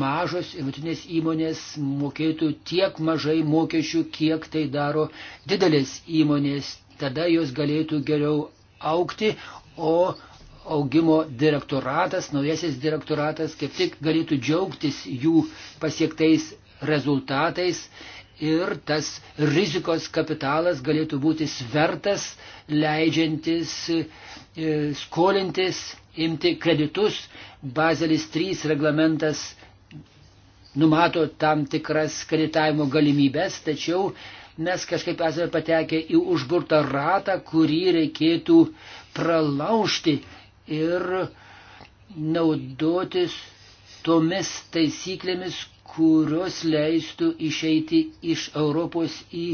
mažos ir vidutinės įmonės mokėtų tiek mažai mokesčių, kiek tai daro didelės įmonės. Tada jos galėtų geriau aukti, o augimo direktoratas, naujasis direktoratas kaip tik galėtų džiaugtis jų pasiektais rezultatais ir tas rizikos kapitalas galėtų būti svertas, leidžiantis e, skolintis, imti kreditus. Bazelis 3 reglamentas numato tam tikras kreditavimo galimybės, tačiau mes kažkaip esame patekę į užburtą ratą, kurį reikėtų pralaužti ir naudotis tomis taisyklėmis, kurios leistų išeiti iš Europos į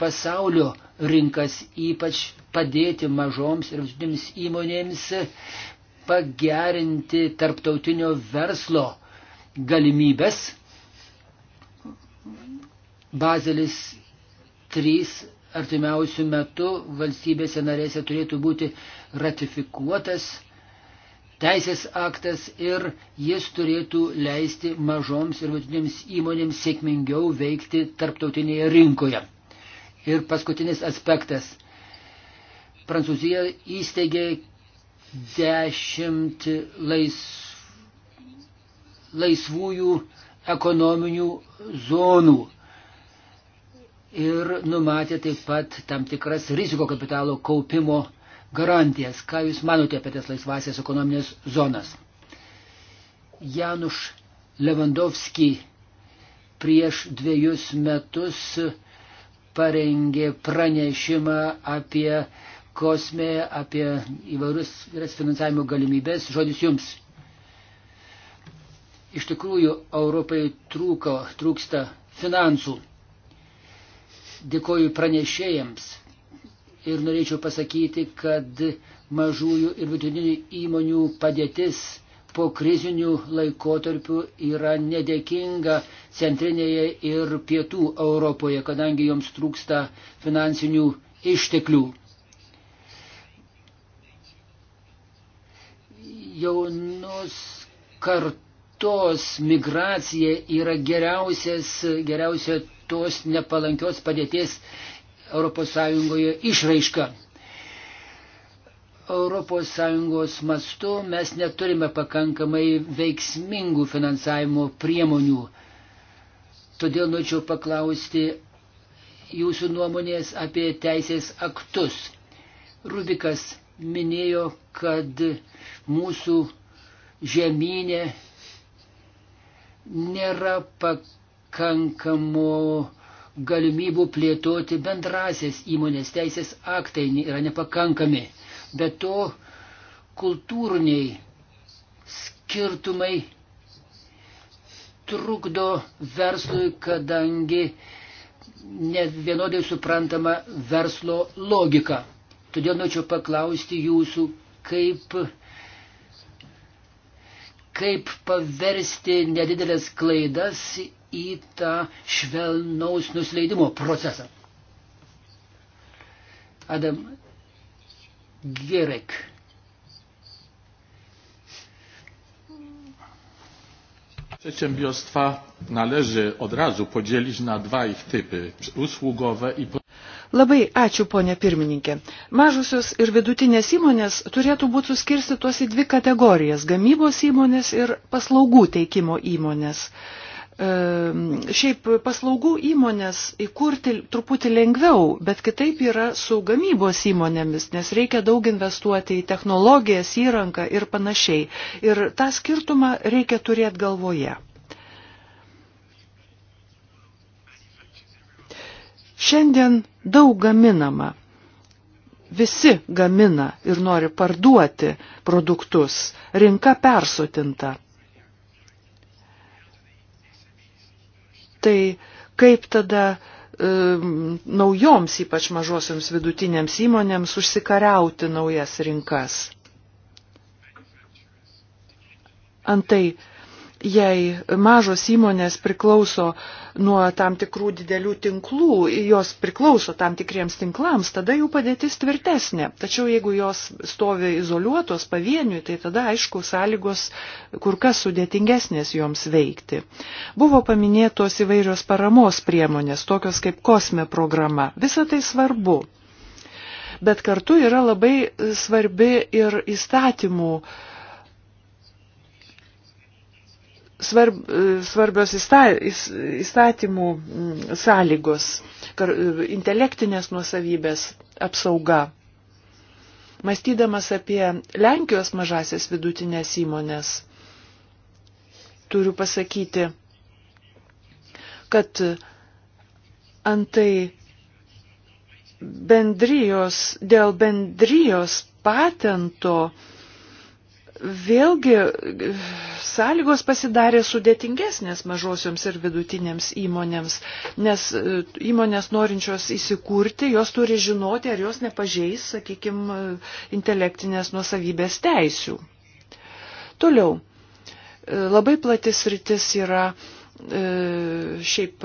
pasaulio rinkas, ypač padėti mažoms ir vidutinėms įmonėms pagerinti tarptautinio verslo galimybės. Bazelis 3 artimiausių metų valstybėse narėse turėtų būti ratifikuotas teisės aktas ir jis turėtų leisti mažoms ir vidutinėms įmonėms sėkmingiau veikti tarptautinėje rinkoje. Ir paskutinis aspektas. Prancūzija įsteigė dešimt lais, laisvųjų ekonominių zonų ir numatė taip pat tam tikras riziko kapitalo kaupimo garantijas. Ką Jūs manote apie tas laisvasias ekonominės zonas? Januš Lewandowski prieš dviejus metus parengė pranešimą apie kosmę, apie įvairius finansavimo galimybės. Žodis Jums. Iš tikrųjų, Europai trūko, trūksta finansų. Dėkoju pranešėjams ir norėčiau pasakyti, kad mažųjų ir vidutinių įmonių padėtis po krizinių laikotarpių yra nedėkinga centrinėje ir pietų Europoje, kadangi joms trūksta finansinių išteklių. Jaunus kartos migracija yra geriausias, geriausia tos nepalankios padėties ES išraiška. ES mastu mes neturime pakankamai veiksmingų finansavimo priemonių. Todėl norėčiau paklausti jūsų nuomonės apie teisės aktus. Rubikas minėjo, kad mūsų žemynė nėra pakankamo galimybių plėtoti bendrasias įmonės teisės aktai yra nepakankami. Be to, kultūriniai skirtumai trukdo verslui, kadangi nevienodai suprantama verslo logika. Todėl norėčiau paklausti jūsų, kaip, kaip paversti nedidelės klaidas į tą švelnaus nusileidimo procesą. Adam Gerek. Przedsiębiorstwa należy od razu podzielić na dwa ich typy usługowe i. Labai ačiū, ponė pirmininkė. Mažusios ir vidutinės įmonės turėtų būti suskirstytos į dvi kategorijas - gamybos įmonės ir paslaugų teikimo įmonės. Uh, Ehm, šiaip paslaugų įmonės įkurti truputį lengviau, bet kitaip yra su gamybos įmonėmis, nes reikia daug investuoti į technologijas, įrangą ir panašiai. Ir tą skirtumą reikia turėti galvoje. Šiandien daug gaminama. Visi gamina ir nori parduoti produktus. Rinka persotinta tai kaip tada naujoms, ypač mažosioms vidutinėms įmonėms, užsikariauti naujas rinkas. Antai jei mažos įmonės priklauso nuo tam tikrų didelių tinklų, jos priklauso tam tikriems tinklams, tada jų padėtis tvirtesnė. Tačiau jeigu jos stovi izoliuotos pavieniui, tai tada aišku sąlygos kur kas sudėtingesnės joms veikti. Buvo paminėtos įvairios paramos priemonės, tokios kaip kosme programa. Visa tai svarbu bet kartu yra labai svarbi ir įstatymų svarb, svarbios įstatymų mm, sąlygos, kar, intelektinės nuosavybės apsauga. Mąstydamas apie Lenkijos mažasias vidutinės įmonės, turiu pasakyti, kad antai bendrijos, dėl bendrijos patento vėlgi sąlygos pasidarė sudėtingesnės mažosioms ir vidutinėms įmonėms, nes e, įmonės norinčios įsikurti, jos turi žinoti, ar jos nepažeis, sakykime, intelektinės nuosavybės teisių. Toliau, e, labai platis rytis yra e, šiaip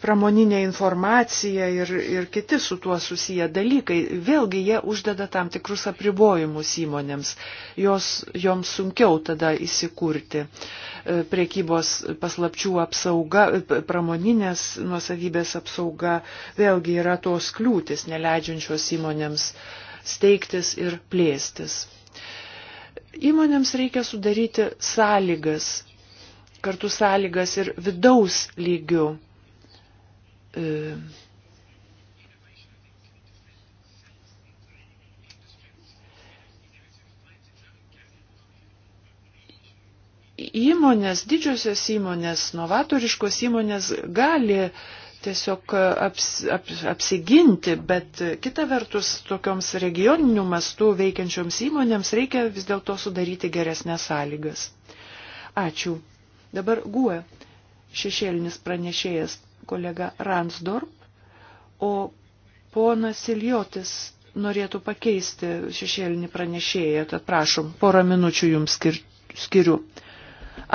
pramoninė informacija ir, ir kiti su tuo susiję dalykai, vėlgi jie uždeda tam tikrus apribojimus įmonėms, jos, joms sunkiau tada įsikurti. E, priekybos paslapčių apsauga, e, pramoninės nuosavybės apsauga, vėlgi yra tos kliūtis, neleidžiančios įmonėms steigtis ir plėstis. Įmonėms reikia sudaryti sąlygas kartu sąlygas ir vidaus lygių. E, įmonės, didžiosios įmonės, novatoriškos įmonės gali tiesiog aps, ap, apsiginti, bet kita vertus tokioms regioninių mastų veikiančioms įmonėms reikia vis dėlto sudaryti geresnės sąlygas. Ačiū. Dabar GUE šešėlinis pranešėjas kolega Ransdorp, o ponas Siljotis norėtų pakeisti šešėlinį pranešėją, tad prašom, porą minučių jums skir skiriu.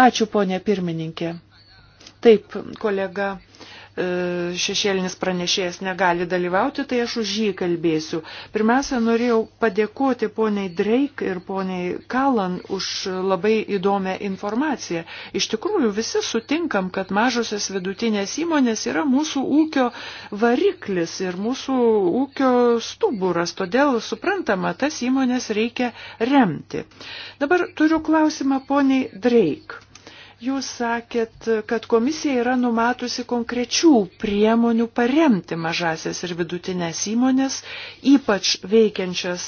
Ačiū, ponė pirmininkė. Taip, kolega E, šešėlinis pranešėjas negali dalyvauti, tai aš už jį kalbėsiu. Pirmiausia, norėjau padėkoti poniai Drake ir poniai Kalan už labai įdomią informaciją. Iš tikrųjų, visi sutinkam, kad mažosios vidutinės įmonės yra mūsų ūkio variklis ir mūsų ūkio stuburas, todėl suprantama, tas įmonės reikia remti. Dabar turiu klausimą poniai Drake. Jūs sakėt, kad komisija yra numatusi konkrečių priemonių paremti mažasias ir vidutinės įmonės, ypač veikiančias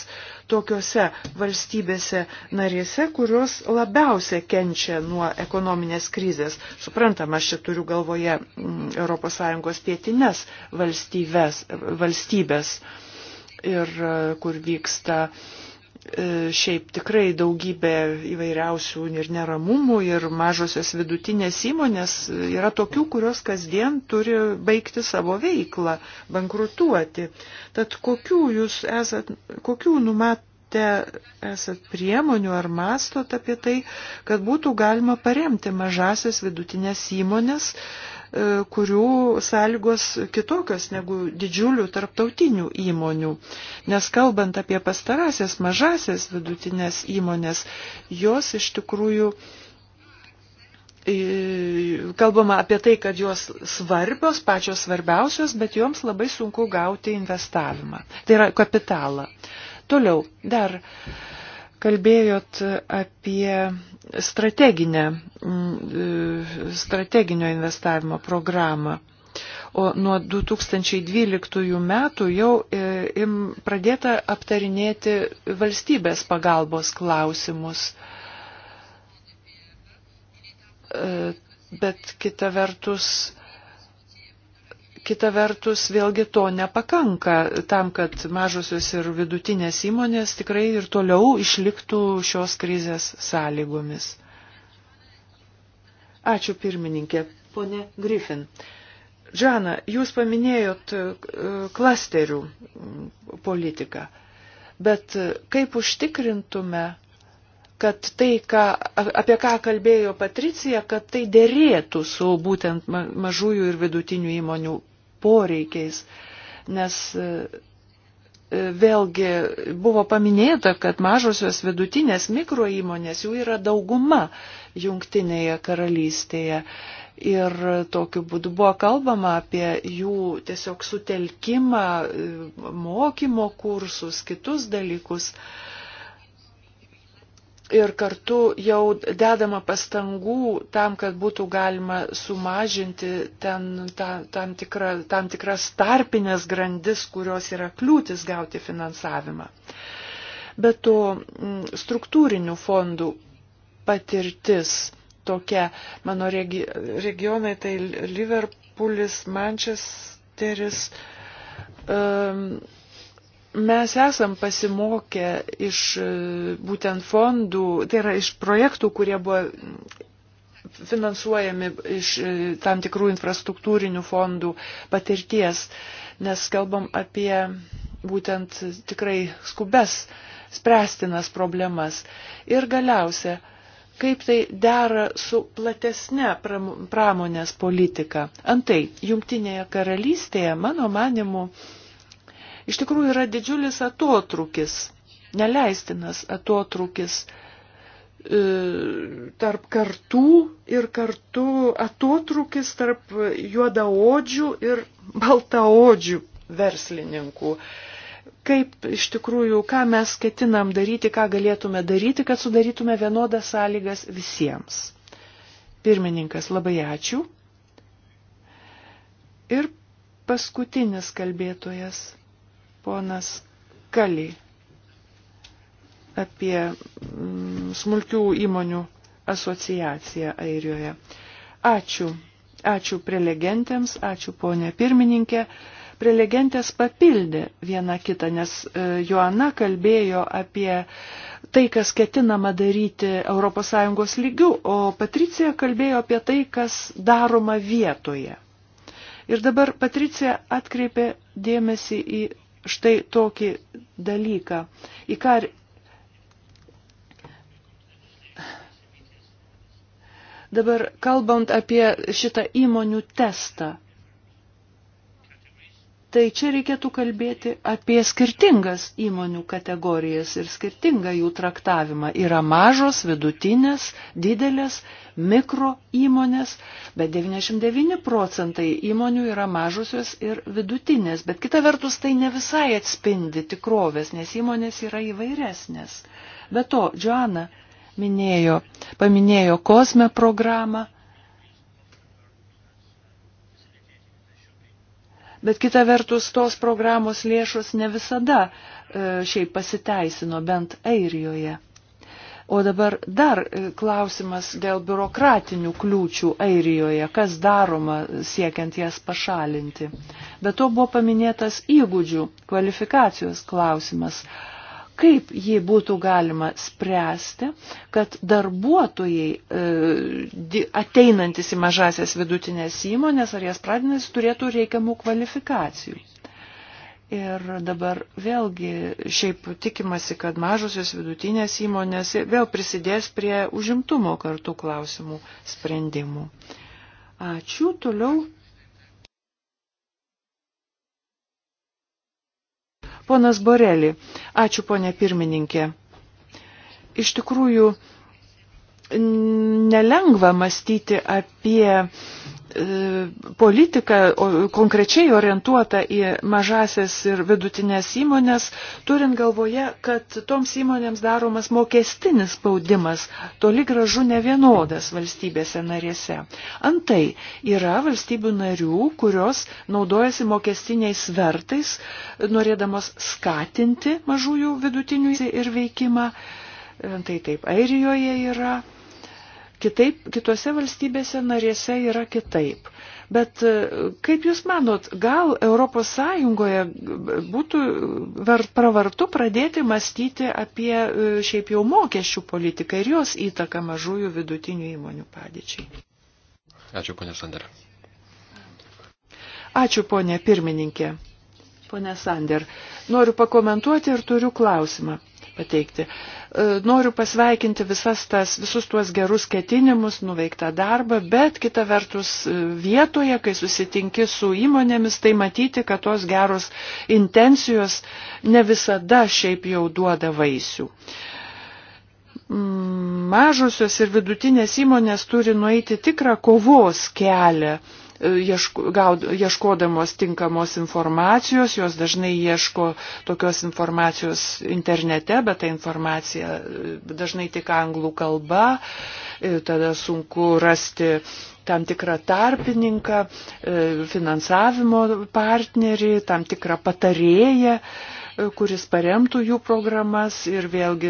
tokiuose valstybėse narėse, kurios labiausia kenčia nuo ekonominės krizės. Suprantama, aš čia turiu galvoje mm, ES pietinės valstybės, valstybės ir e, kur vyksta uh, E, šiaip tikrai daugybė įvairiausių ir neramumų ir mažosios vidutinės įmonės e, yra tokių, kurios kasdien turi baigti savo veiklą, bankrutuoti. Tad kokių jūs esat, kokių numatę esat priemonių ar mastot apie tai, kad būtų galima paremti mažasias vidutinės įmonės, uh, E, kurių sąlygos kitokios negu didžiulių tarptautinių įmonių. Nes kalbant apie pastarasias mažasias vidutinės įmonės, jos iš tikrųjų e, kalbama apie tai, kad jos svarbios, pačios svarbiausios, bet joms labai sunku gauti investavimą. Tai yra kapitalą. Toliau, dar uh, Kalbėjot apie strateginę, mm, strateginio investavimo programą. O nuo 2012 metų jau e, pradėta aptarinėti valstybės pagalbos klausimus. E, bet kita vertus, kita vertus, vėlgi to nepakanka tam, kad mažosios ir vidutinės įmonės tikrai ir toliau išliktų šios krizės sąlygomis. Ačiū pirmininkė, ponė Griffin. Džana, jūs paminėjot e, klasterių politiką, bet kaip užtikrintume, kad tai, ką, apie ką kalbėjo Patricija, kad tai dėrėtų su būtent mažųjų ir vidutinių įmonių poreikiais, nes e, e, vėlgi buvo paminėta, kad mažosios vidutinės mikroįmonės jų yra dauguma jungtinėje karalystėje. Ir tokiu būdu buvo kalbama apie jų tiesiog sutelkimą, e, mokymo kursus, kitus dalykus. Uh, ir kartu jau dedama pastangų tam, kad būtų galima sumažinti ten ta, tam, tikra, tam tikras tarpinės grandis, kurios yra kliūtis gauti finansavimą. Bet to struktūrinių fondų patirtis tokia, mano regi, regionai tai Liverpoolis, Manchesteris, um, Mes esam pasimokę iš e, būtent fondų, tai yra iš projektų, kurie buvo finansuojami iš e, tam tikrų infrastruktūrinių fondų patirties, nes kalbam apie būtent tikrai skubes, spręstinas problemas. Ir galiausia, kaip tai dera su platesne pramonės politika. Antai, jungtinėje karalystėje, mano manimu, Iš tikrųjų yra didžiulis atotrukis, neleistinas atotrukis e, tarp kartų ir kartu atotrukis tarp juodaodžių ir baltaodžių verslininkų. Kaip iš tikrųjų, ką mes ketinam daryti, ką galėtume daryti, kad sudarytume vienodas sąlygas visiems. Pirmininkas, labai ačiū. Ir paskutinis kalbėtojas ponas Kali apie mm, smulkių įmonių asociaciją Airijoje. Ačiū. Ačiū prelegentėms, ačiū ponė pirmininkė. Prelegentės papildė vieną kitą, nes e, Joana kalbėjo apie tai, kas ketinama daryti ES lygių, o Patricija kalbėjo apie tai, kas daroma vietoje. Ir dabar Patricija atkreipė dėmesį į štai tokį dalyką. Į ką Dabar kalbant apie šitą įmonių testą, Tai čia reikėtų kalbėti apie skirtingas įmonių kategorijas ir skirtingą jų traktavimą. Yra mažos, vidutinės, didelės, mikro įmonės, bet 99 procentai įmonių yra mažosios ir vidutinės. Bet kita vertus tai ne visai atspindi tikrovės, nes įmonės yra įvairesnės. Be to, Joana minėjo, paminėjo kosme programą Bet kita vertus, tos programos lėšos ne visada e, šiaip pasiteisino, bent Airijoje. O dabar dar e, klausimas dėl biurokratinių kliūčių Airijoje, kas daroma siekiant jas pašalinti. Bet to buvo paminėtas įgūdžių, kvalifikacijos klausimas kaip jį būtų galima spręsti, kad darbuotojai e, ateinantis į mažasias vidutinės įmonės ar jas pradinės turėtų reikiamų kvalifikacijų. Ir dabar vėlgi šiaip tikimasi, kad mažosios vidutinės įmonės vėl prisidės prie užimtumo kartų klausimų sprendimų. Ačiū. Toliau Ponas Borelį, ačiū ponė pirmininkė. Iš tikrųjų, nelengva mąstyti apie E, politika konkrečiai orientuota į mažasias ir vidutinės įmonės, turint galvoje, kad toms įmonėms daromas mokestinis spaudimas toli gražu nevienodas valstybėse narėse. Antai yra valstybių narių, kurios naudojasi mokestiniais svertais, norėdamos skatinti mažųjų vidutinių ir veikimą. Antai taip Airijoje yra Kitaip, kitose valstybėse narėse yra kitaip. Bet e, kaip Jūs manot, gal ES būtų pravartu pradėti mąstyti apie e, šiaip jau mokesčių politiką ir jos įtaką mažųjų vidutinių įmonių padėčiai? Ačiū, ponė Sander. Ačiū, ponė pirmininkė. Pone Sander, noriu pakomentuoti ir turiu klausimą pateikti. E, noriu pasveikinti visas tas, visus tuos gerus ketinimus, nuveiktą darbą, bet kita vertus e, vietoje, kai susitinki su įmonėmis, tai matyti, kad tos geros intencijos ne visada šiaip jau duoda vaisių mm, mažosios ir vidutinės įmonės turi nueiti tikrą kovos kelią, E, ieškodamos tinkamos informacijos, jos dažnai ieško tokios informacijos internete, bet ta informacija e, dažnai tik anglų kalba, e, tada sunku rasti tam tikrą tarpininką, finansavimo partnerį, tam tikrą patarėją kuris paremtų jų programas ir vėlgi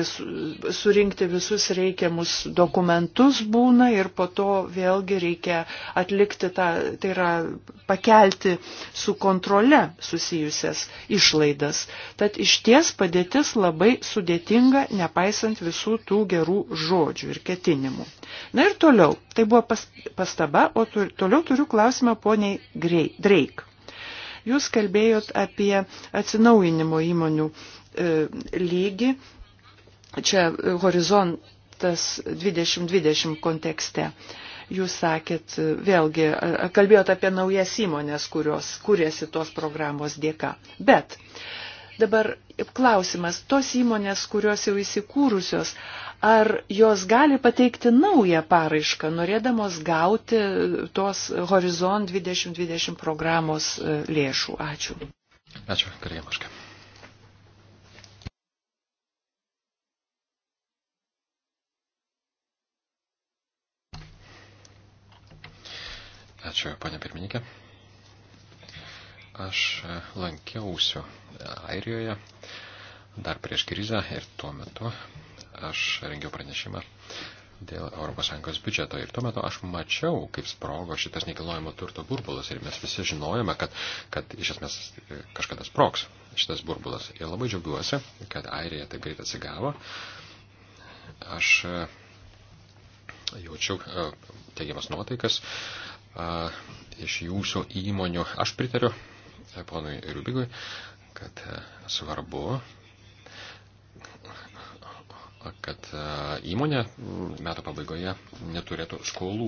surinkti visus reikiamus dokumentus būna ir po to vėlgi reikia atlikti tą, tai yra pakelti su kontrole susijusias išlaidas. Tad iš ties padėtis labai sudėtinga, nepaisant visų tų gerų žodžių ir ketinimų. Na ir toliau, tai buvo pas, pastaba, o tu, toliau turiu klausimą poniai Drake. Jūs kalbėjot apie atsinaujinimo įmonių e, lygį čia e, horizontas 2020 kontekste. Jūs sakėt, e, vėlgi, kalbėjot apie naujas įmonės, kurios kūrėsi tos programos dėka. Bet dabar klausimas, tos įmonės, kurios jau įsikūrusios, ar jos gali pateikti naują paraišką, norėdamos gauti tos Horizon 2020 programos e, lėšų. Ačiū. Ačiū, Karėmaška. Ačiū, ponė pirmininkė. Aš e, lankiausiu Airijoje dar prieš krizę ir tuo metu aš rengiau pranešimą dėl ES biudžeto. Ir tuo metu aš mačiau, kaip sprogo šitas nekilnojamo turto burbulas ir mes visi žinojome, kad, kad iš esmės e, kažkada sprogs šitas burbulas. Ir labai džiaugiuosi, kad Airija taip greit atsigavo. Aš e, jaučiu e, teigiamas nuotaikas iš jūsų įmonių. Aš pritariu ponui Rubigui, kad svarbu kad e, įmonė metų pabaigoje neturėtų skolų.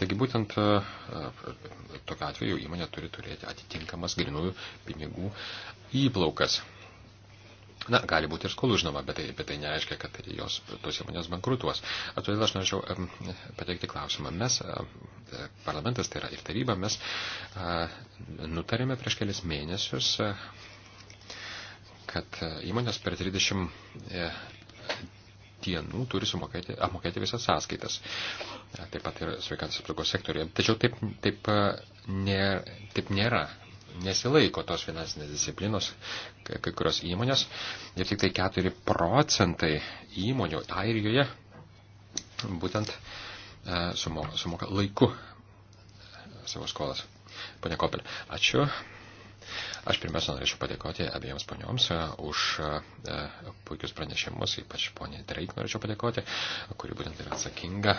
Taigi būtent e, e, tokiu atveju įmonė turi turėti atitinkamas grinųjų pinigų įplaukas. Na, gali būti ir skolų, žinoma, bet tai, bet tai nereiškia, kad jos tos įmonės bankrutuos. Todėl aš norėčiau pateikti klausimą. Mes, parlamentas tai yra ir taryba, mes nutarėme prieš kelias mėnesius, kad įmonės per 30 dienų turi sumokėti, apmokėti visas sąskaitas. Taip pat ir sveikatos apsaugos sektorija. Tačiau taip, taip, e, nė, taip nėra. Nesilaiko tos finansinės disciplinos kai kurios įmonės ir tik tai 4 procentai įmonių Airijoje būtent e, sumoka, sumoka laiku e, savo skolas. Pane Kopelė, ačiū. Aš pirmiausia norėčiau padėkoti abiems ponioms e, už e, puikius pranešimus, ypač poniai Dreik norėčiau padėkoti, kuri būtent yra atsakinga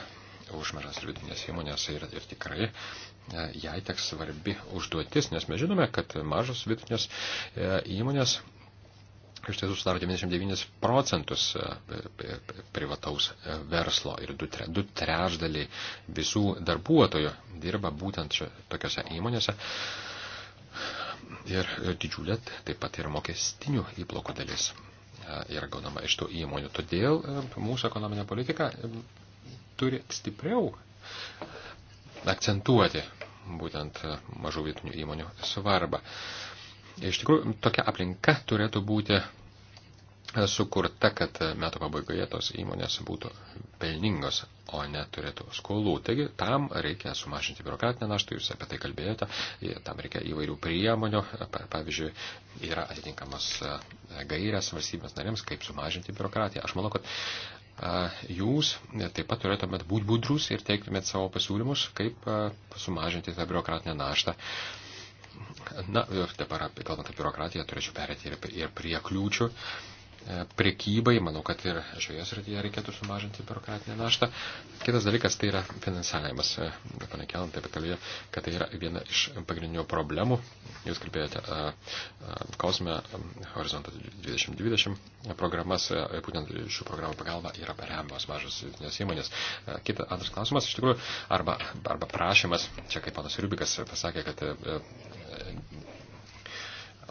už mažas ir vidutinės įmonės ir, ir tikrai e, jai teks svarbi užduotis, nes mes žinome, kad mažos vidutinės įmonės iš tiesų sudaro 99 procentus privataus verslo ir du, tre, du trešdaliai visų darbuotojų dirba būtent čia, tokiose įmonėse ir e, didžiulė taip pat ir mokestinių įplokų dalis e, yra gaunama iš tų įmonių. Todėl e, mūsų ekonominė politika turi stipriau akcentuoti būtent mažų vietinių įmonių svarbą. Iš tikrųjų, tokia aplinka turėtų būti sukurta, kad metų pabaigoje tos įmonės būtų pelningos o neturėtų skolų. Taigi tam reikia sumažinti biurokratinę naštą, jūs apie tai kalbėjote, tam reikia įvairių priemonių, pavyzdžiui, yra atitinkamas e, gairės valstybės narėms, kaip sumažinti biurokratiją. Aš manau, kad e, jūs taip pat turėtumėt būti budrus ir teiktumėt savo pasiūlymus, kaip e, sumažinti tą biurokratinę naštą. Na, dabar, kalbant apie biurokratiją, turėčiau perėti ir prie kliūčių. Uh, E, prekybai, manau, kad ir šioje srityje reikėtų sumažinti biurokratinę naštą. Kitas dalykas tai yra finansavimas. E, Pane Kelant taip kalbėjo, kad tai yra viena iš pagrindinių problemų. Jūs kalbėjote Kosme Horizontas 2020 programas, e, būtent šių programų pagalba yra paremiamos mažos vidutinės įmonės. Kitas antras klausimas, iš tikrųjų, arba, arba prašymas, čia kaip panas Rubikas pasakė, kad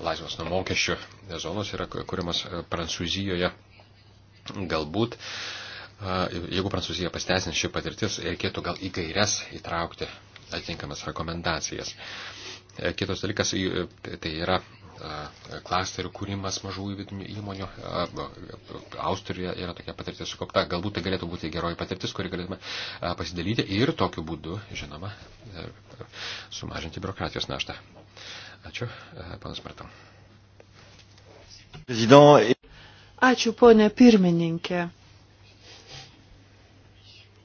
laisvas nuo mokesčių zonos yra kuriamas e, Prancūzijoje. Galbūt, e, jeigu Prancūzija pasteisins šį patirtis, reikėtų gal į gairias įtraukti atitinkamas rekomendacijas. E, kitas dalykas tai yra klasterių kūrimas mažųjų vidinių įmonių. Austrijoje yra tokia patirtis sukaupta. Galbūt tai galėtų būti geroji patirtis, kurį galėtume pasidalyti ir tokiu būdu, žinoma, sumažinti biurokratijos naštą. Ačiū, e, panas Martau. Ačiū, ponė pirmininkė.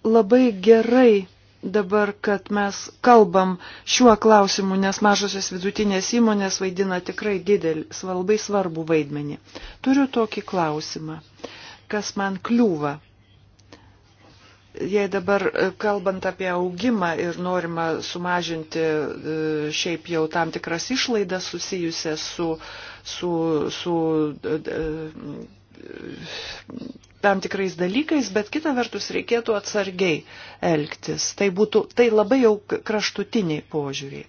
Labai gerai dabar, kad mes kalbam šiuo klausimu, nes mažosios vidutinės įmonės vaidina tikrai didelį, labai svarbų vaidmenį. Turiu tokį klausimą, kas man kliūva. Jei dabar e, kalbant apie augimą ir norima sumažinti e, šiaip jau tam tikras išlaidas susijusias su, su, su e, tam tikrais dalykais, bet kita vertus reikėtų atsargiai elgtis. Tai, būtų, tai labai jau kraštutiniai požiūriai.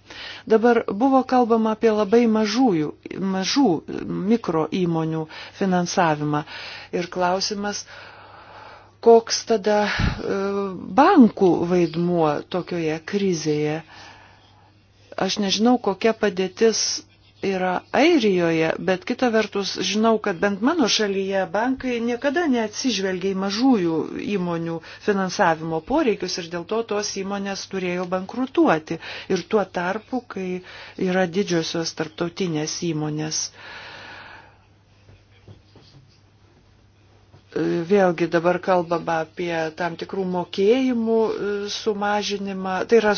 Dabar buvo kalbama apie labai mažųjų, mažų mikro įmonių finansavimą ir klausimas, uh, koks tada e, bankų vaidmuo tokioje krizėje. Aš nežinau, kokia padėtis yra Airijoje, bet kita vertus žinau, kad bent mano šalyje bankai niekada neatsižvelgia į mažųjų įmonių finansavimo poreikius ir dėl to tos įmonės turėjo bankrutuoti. Ir tuo tarpu, kai yra didžiosios tarptautinės įmonės. Uh, vėlgi dabar kalbama apie tam tikrų mokėjimų e, sumažinimą, tai yra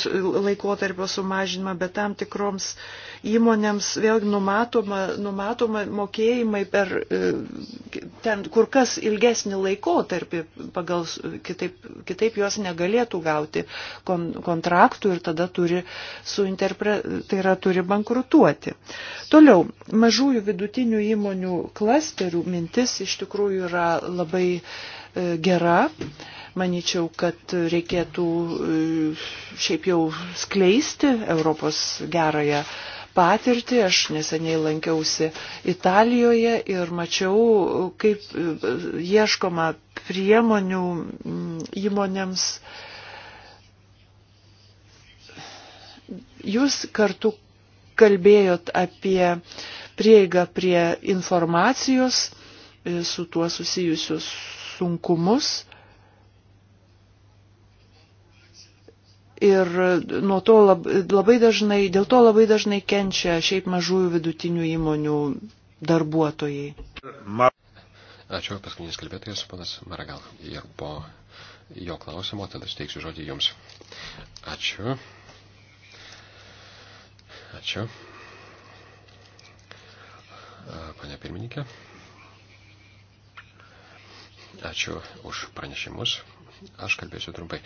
laikotarpio sumažinimą, bet tam tikroms uh, įmonėms vėlgi numatoma, numatoma mokėjimai per e, ten kur kas ilgesnį laikotarpį, pagal kitaip, kitaip jos negalėtų gauti kon, kontraktų ir tada turi, suinterpre, tai yra, turi bankrutuoti. Toliau, mažųjų vidutinių įmonių klasterių mintis iš tikrųjų yra labai e, gera. Maničiau, kad reikėtų e, šiaip jau skleisti Europos gerąją patirtį. Aš neseniai lankiausi Italijoje ir mačiau, kaip e, ieškoma priemonių mm, įmonėms. Jūs kartu kalbėjot apie prieigą prie informacijos, e, su tuo susijusius sunkumus. ir nuo to labai dažnai, dėl to labai dažnai kenčia šiaip mažųjų vidutinių įmonių darbuotojai. Ačiū, paskutinis kalbėtojas, panas Maragal. Ir po jo klausimo tada steiksiu žodį jums. Ačiū. Ačiū. Pane pirmininkė. Ačiū už pranešimus. Aš kalbėsiu trumpai.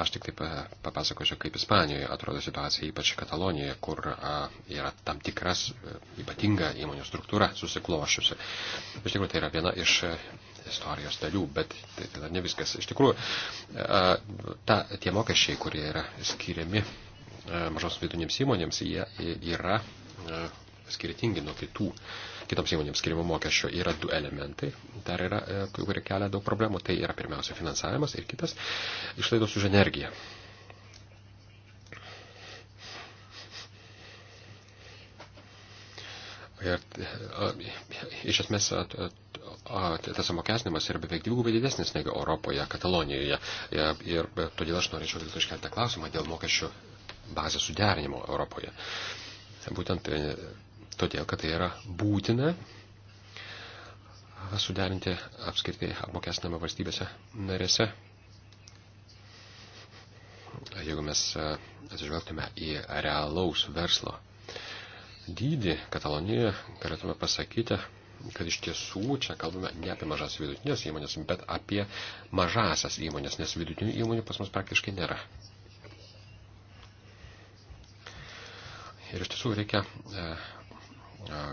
Aš tik taip e, papasakosiu, kaip Ispanijoje atrodo situacija, ypač Katalonijoje, kur e, yra tam tikras e, ypatinga įmonių struktūra susiklošiusi. Iš tikrųjų, tai yra viena iš istorijos dalių, bet tai, tai dar ne viskas. Iš tikrųjų, ta, tie mokesčiai, kurie yra skiriami mažos vidinėms įmonėms, jie yra skirtingi nuo kitų, kitoms įmonėms skirimo mokesčio, yra du elementai, dar yra, e, kurie kelia daug problemų. Tai yra pirmiausia finansavimas ir kitas išlaidos už energiją. Ir e, iš esmės e, tas apmokesnimas yra beveik dvigubai didesnis negu Europoje, Katalonijoje. Ir todėl aš norėčiau dėl to iškelti klausimą dėl mokesčių bazės suderinimo Europoje. Būtent todėl kad tai yra būtina suderinti apskritai apmokestinamą valstybėse narėse. Jeigu mes e, atsižvelgtume į realaus verslo dydį Katalonijoje, galėtume pasakyti, kad iš tiesų čia kalbame ne apie mažas vidutinės įmonės, bet apie mažasias įmonės, nes vidutinių įmonių pas mus praktiškai nėra. Ir iš tiesų reikia e,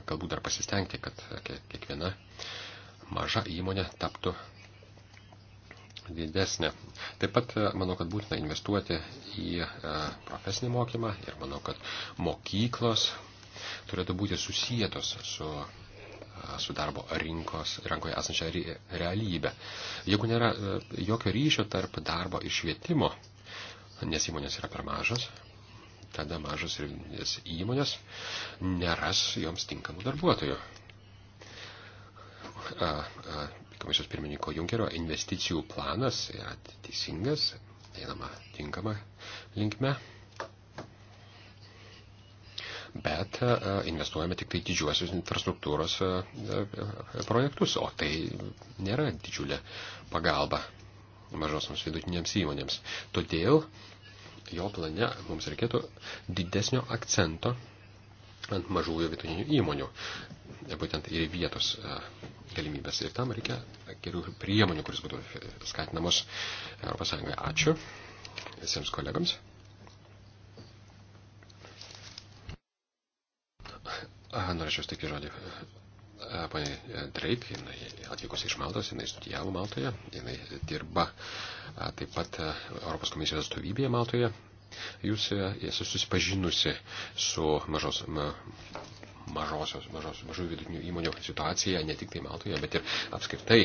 galbūt dar pasistengti, kad kiekviena maža įmonė taptų didesnė. Taip pat e, manau, kad būtina investuoti į e, profesinį mokymą ir manau, kad mokyklos turėtų būti susijėtos su, e, su darbo rinkos, rankoje esančia realybė. Jeigu nėra jokio ryšio tarp darbo ir švietimo, nes įmonės yra per mažas, tada mažos ir įmonės neras joms tinkamų darbuotojų. A, a, komisijos pirmininko Junkerio investicijų planas yra teisingas, einama tinkama linkme. Bet investuojame tik tai didžiuosius infrastruktūros projektus, o tai nėra didžiulė pagalba mažosoms vidutinėms įmonėms. Todėl jo plane mums reikėtų didesnio akcento ant mažųjų vidutinių įmonių, būtent ir vietos e, galimybės. Ir tam reikia gerių priemonių, kuris būtų skatinamos ES. Ačiū visiems kolegams. Aha, norėčiau stikti žodį E, ponė e, Dreip, jinai atvykusi iš Maltos, jinai studijavo Maltoje, jinai dirba e, taip pat Europos komisijos atstovybėje Maltoje. Jūs esate susipažinusi su mažos, ma, mažosios, mažos, mažų vidutinių įmonių situacija, ne tik tai Maltoje, bet ir apskritai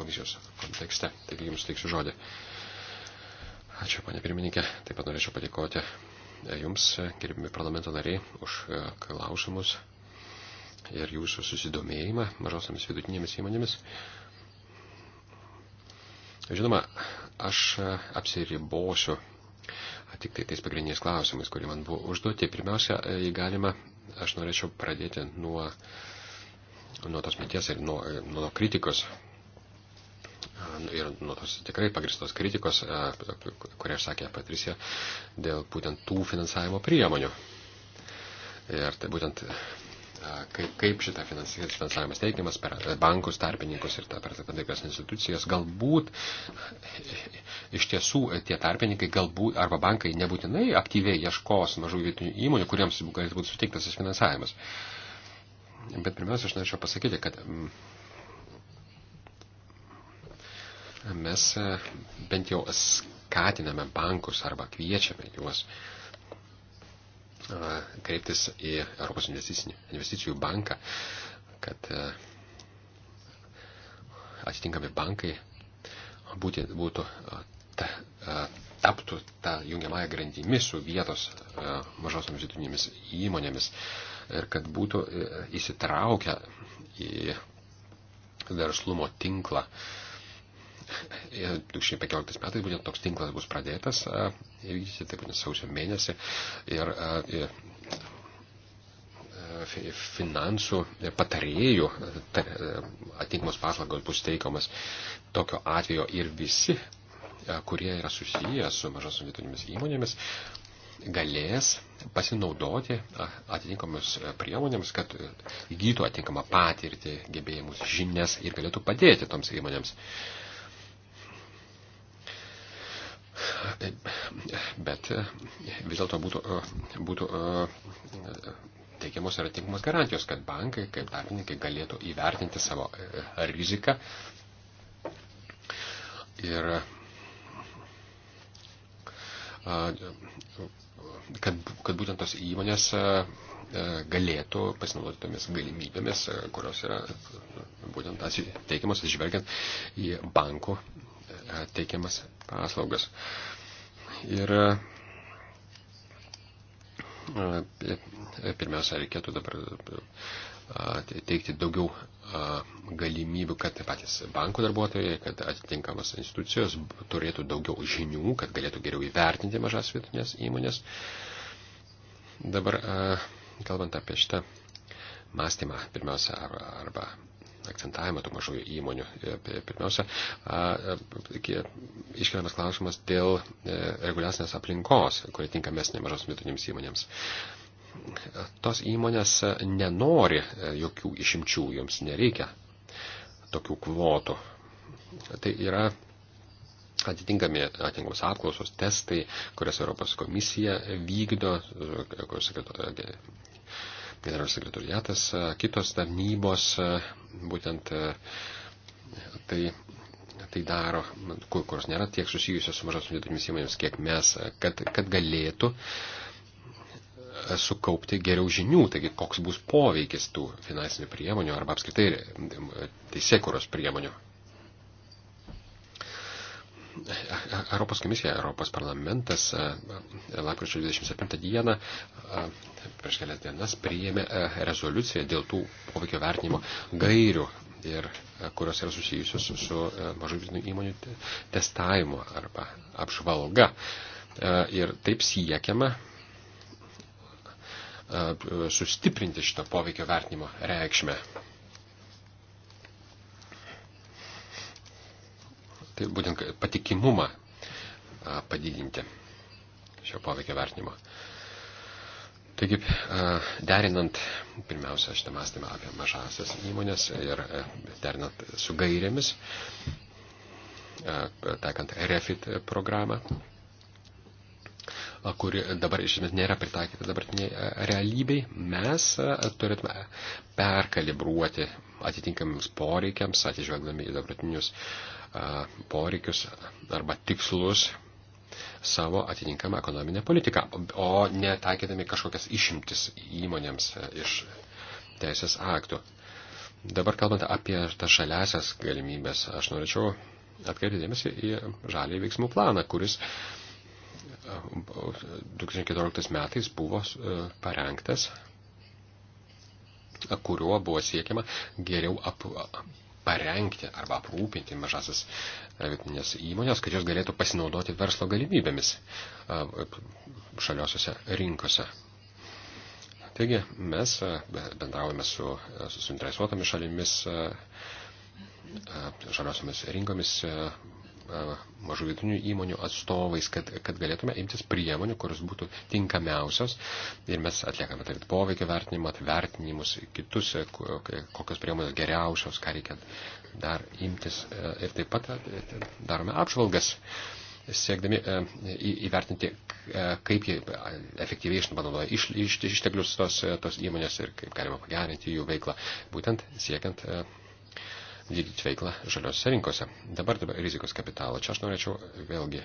komisijos kontekste. Taigi jums teiksiu žodį. Ačiū, panė pirmininkė. Taip pat norėčiau padėkoti Jums, gerbimi parlamento nariai, už klausimus ir jūsų susidomėjimą mažosiams vidutinėmis įmonėmis. Žinoma, aš apsiribosiu tik tai tais pagrindiniais klausimais, kurie man buvo užduoti. Pirmiausia, jei galima, aš norėčiau pradėti nuo, nuo tos minties ir nuo, nuo kritikos. Ir nuo tos tikrai pagristos kritikos, kurią sakė Patricija, dėl būtent tų finansavimo priemonių. Ir tai būtent kaip, kaip šita finansavimas teikiamas per bankus, tarpininkus ir ta, per tam tikras institucijas. Galbūt iš tiesų tie tarpininkai galbūt arba bankai nebūtinai aktyviai ieškos mažų vietinių įmonių, kuriems galėtų būti suteiktas šis finansavimas. Bet pirmiausia, aš norėčiau pasakyti, kad mm, mes e, bent jau skatiname bankus arba kviečiame juos uh, kreiptis į Europos investicijų banką, kad atitinkami bankai būti, būtų ta, taptų tą jungiamąją grandimi su vietos mažosiomis vidutinėmis įmonėmis ir kad būtų įsitraukę į verslumo tinklą uh, 2015 metais būtent toks tinklas bus pradėtas įvykdyti, taip būtent sausio mėnesį. Ir, ir finansų patarėjų atinkamos paslaugos bus teikomas tokio atvejo ir visi, kurie yra susiję su mažos vidutinėmis įmonėmis, galės pasinaudoti atitinkamus priemonėms, kad įgytų atitinkamą patirtį, gebėjimus, žinias ir galėtų padėti toms įmonėms. Uh, bet e, vis dėlto būtų, e, būtų e, teikiamos ir atitinkamos garantijos, kad bankai kaip tarpininkai galėtų įvertinti savo riziką ir kad, kad būtent tos įmonės galėtų pasinaudoti tomis galimybėmis, kurios yra būtent teikiamas atsižvelgiant į bankų teikiamas paslaugas. Uh, yra. Pirmiausia, reikėtų dabar teikti daugiau galimybių, kad patys bankų darbuotojai, kad atitinkamas institucijos turėtų daugiau žinių, kad galėtų geriau įvertinti mažas vietinės įmonės. Dabar, kalbant apie šitą mąstymą, pirmiausia, arba, arba akcentavimą tų mažųjų įmonių. E, pirmiausia, e, iškeliamas klausimas dėl e, reguliacinės aplinkos, kuri tinkamesnė mažos vidutinėms įmonėms. Tos įmonės nenori jokių išimčių, joms nereikia tokių kvotų. Tai yra atitinkami atitinkamos apklausos, testai, kurias Europos komisija vykdo, generalinis tai sekretoriatas, e, kitos tarnybos e, būtent e, tai, tai daro, kur, kurios nėra tiek susijusios su mažos vidutinėmis įmonėmis, kiek mes, kad, kad galėtų sukaupti geriau žinių, taigi koks bus poveikis tų finansinių priemonių arba apskritai teisėkuros priemonių Europos komisija, Europos parlamentas e, lapkričio 27 dieną e, prieš kelias dienas priėmė e, rezoliuciją dėl tų poveikio vertinimo gairių, ir, kurios yra susijusios su, su mažų vidinių įmonių testavimu arba apžvalga. Ir taip siekiama sustiprinti šito poveikio vertinimo reikšmę. tai būtent patikimumą padidinti šio poveikio vertinimo. Taigi, derinant pirmiausia šitą mąstymą apie mažasias įmonės ir derinant su gairėmis, taikant REFIT programą, kuri dabar iš esmės nėra pritaikyta dabartiniai realybei, mes turėtume perkalibruoti atitinkamiems poreikiams, atižvelgdami į dabartinius uh, poreikius arba tikslus savo atitinkamą ekonominę politiką, o netaikydami kažkokias išimtis įmonėms e, iš teisės aktų. Dabar kalbant apie tas šaliasias galimybės, aš norėčiau atkreipti dėmesį į žalį veiksmų planą, kuris 2014 e, metais buvo e, parengtas, kuriuo buvo siekiama geriau ap, parengti arba aprūpinti mažasis e, vietinės įmonės, kad jos galėtų pasinaudoti verslo galimybėmis e, šaliosiuose rinkose. Taigi mes e, bendravome su suinteresuotomis šalimis, žaliosiomis rinkomis, E, mažų vidutinių įmonių atstovais, kad, kad galėtume imtis priemonių, kuris būtų tinkamiausios. Ir mes atliekame tai poveikio vertinimą, vertinimus, kitus, e, e, kokios priemonės geriausios, ką reikia dar imtis. Ir taip pat darome apžvalgas siekdami įvertinti, kaip jie efektyviai išnaudoja iš, iš, išteklius tos, tos įmonės ir kaip galima pagerinti jų veiklą, būtent siekiant vykdyti veiklą žaliosiose rinkose. Dabar dabar rizikos kapitalo. Čia aš norėčiau vėlgi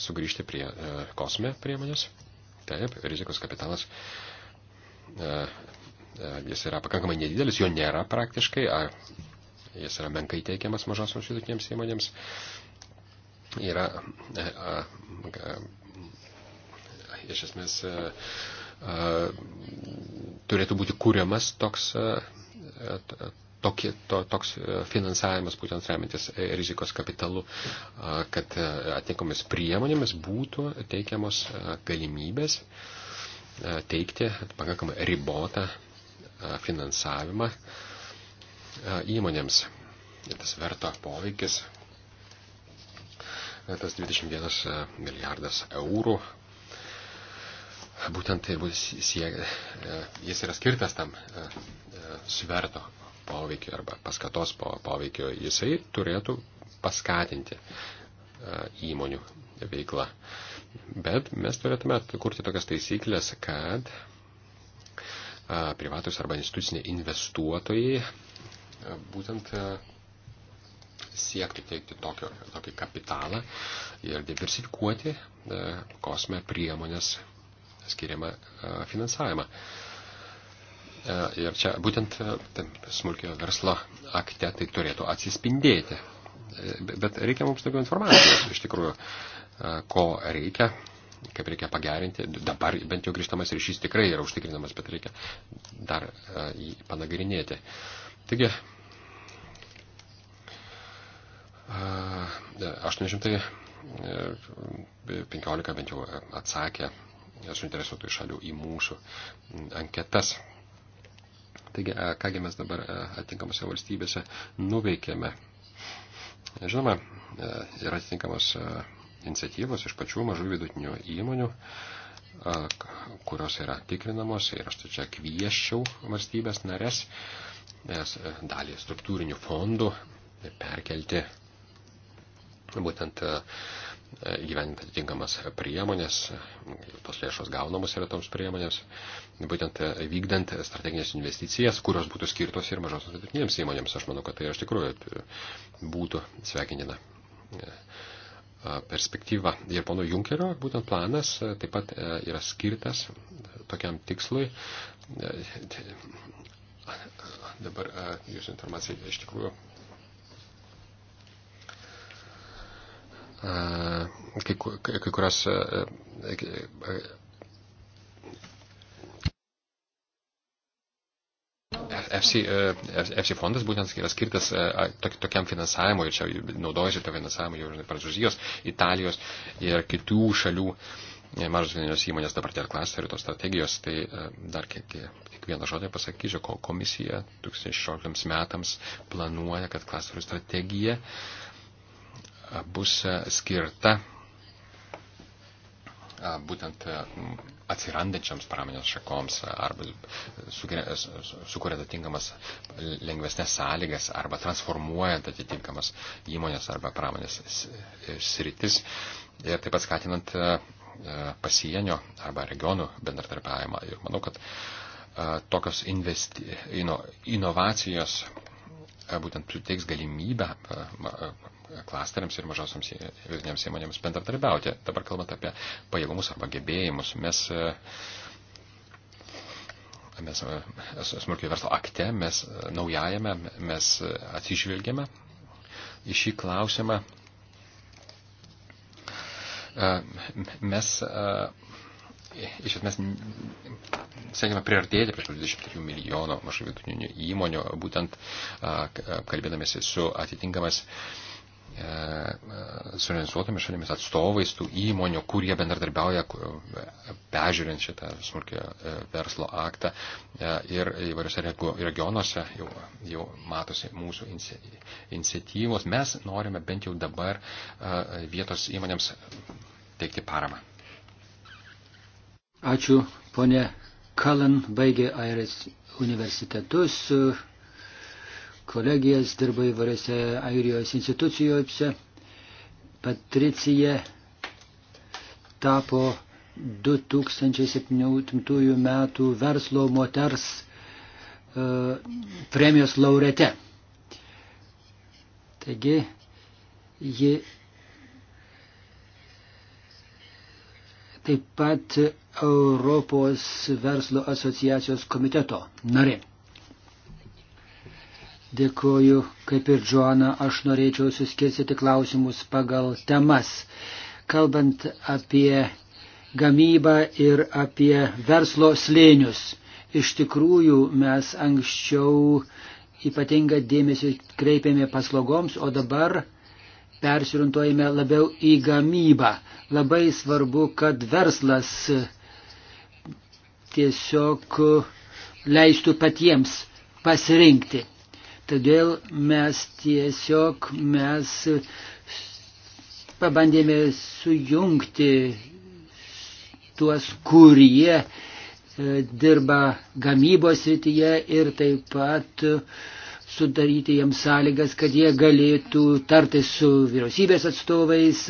sugrįžti prie e, kosme priemonės. Taip, rizikos kapitalas e, e, jis yra pakankamai nedidelis, jo nėra praktiškai, ar jis yra menkai teikiamas mažosioms vidutinėms įmonėms. Yra a, a, a, iš esmės a, turėtų būti kūriamas toks a, tokie, to, toks e, finansavimas, būtent remintis e, rizikos kapitalu, kad e, atinkamomis priemonėmis būtų teikiamos galimybės teikti pakankamai ribotą finansavimą įmonėms. Tas verto poveikis, tas 21 milijardas eurų, būtent tai bus siek, jis yra skirtas tam sverto poveikio arba paskatos poveikio, jisai turėtų paskatinti e, įmonių veiklą. Bet mes turėtume kurti tokias taisyklės, kad e, privatus arba instituciniai investuotojai e, būtent siekti teikti tokio, tokį kapitalą ir diversifikuoti kosme priemonės skiriamą finansavimą. E, ir čia būtent e, smulkio verslo akte tai turėtų atsispindėti. E, bet reikia mums daugiau informacijos, iš tikrųjų, ko reikia, kaip reikia pagerinti. Dabar bent jau grįžtamas ryšys tikrai yra užtikrinamas, bet reikia dar jį panagrinėti. Taigi, 815 bent jau atsakė suinteresuotų šalių į mūsų anketas. Taigi, e, kągi mes dabar e, atitinkamose valstybėse nuveikėme. Žinoma, e, yra atitinkamos iniciatyvos iš pačių mažų vidutinių įmonių, kurios yra tikrinamos ir aš tai čia kvieščiau valstybės narės, nes dalį struktūrinių fondų perkelti būtent įgyveninti atitinkamas priemonės, tos lėšos gaunamos yra toms priemonėms, būtent e, vykdant strateginės investicijas, kurios būtų skirtos ir mažos vidutinėms įmonėms. Aš manau, kad tai iš tikrųjų e, būtų sveikinina e, perspektyva. Ir pono Junkerio būtent planas taip pat yra skirtas tokiam tikslui. Dabar jūsų informacija iš tikrųjų kai, kai kurios. E, e, e, FC, FC fondas būtent yra skirtas tokiam finansavimui, čia naudojasi to finansavimu jau ir Prancūzijos, Italijos ir kitų šalių mažos vienos įmonės dabar dėl klasterių tos strategijos, tai dar kiekvieną žodį pasakyčiau, komisija 2016 metams planuoja, kad klasterių strategija uh, bus skirta būtent atsirandančiams pramonės šakoms arba sukuria atitinkamas lengvesnės sąlygas arba transformuojant atitinkamas įmonės arba pramonės sritis ir taip pat skatinant pasienio arba regionų bendradarbiavimą. Ir manau, kad tokios investi, ino, inovacijos E, būtent suteiks galimybę e, e, klasteriams ir mažosioms vidutinėms įmonėms bendradarbiauti. Dabar kalbant apie pajėgumus arba gebėjimus, mes, mes smulkio verslo akte, mes naujajame, mes atsižvelgiame į šį klausimą. Mes iš esmės siekiame priartėti prie 23 milijono mažų vidutinių įmonių, būtent kalbėdamėsi su atitinkamas e, e, suorganizuotomis šalimis atstovais tų įmonių, kurie bendradarbiauja, e, pežiūrint šitą smulkio verslo aktą ir įvairiose regionuose jau, jau matosi mūsų iniciatyvos. Mes norime bent jau dabar vietos įmonėms teikti paramą. Ačiū, ponė Kalan baigė Airijos universitetus, kolegijas, dirba įvairiose Airijos institucijose. Patricija tapo 2017 metų verslo moters e, premijos laurete. Taigi, ji taip pat Europos verslo asociacijos komiteto narė. Dėkuoju, kaip ir Džoana, aš norėčiau suskirstyti klausimus pagal temas. Kalbant apie gamybą ir apie verslo slėnius. Iš tikrųjų, mes anksčiau ypatingą dėmesį kreipėme paslaugoms, o dabar persiorientuojame labiau į gamybą. Labai svarbu, kad verslas tiesiog e, leistų patiems pasirinkti. Todėl mes tiesiog mes pabandėme sujungti tuos, kurie e, dirba gamybos srityje ir taip pat e, sudaryti jiems sąlygas, kad jie galėtų tartis su vyriausybės atstovais,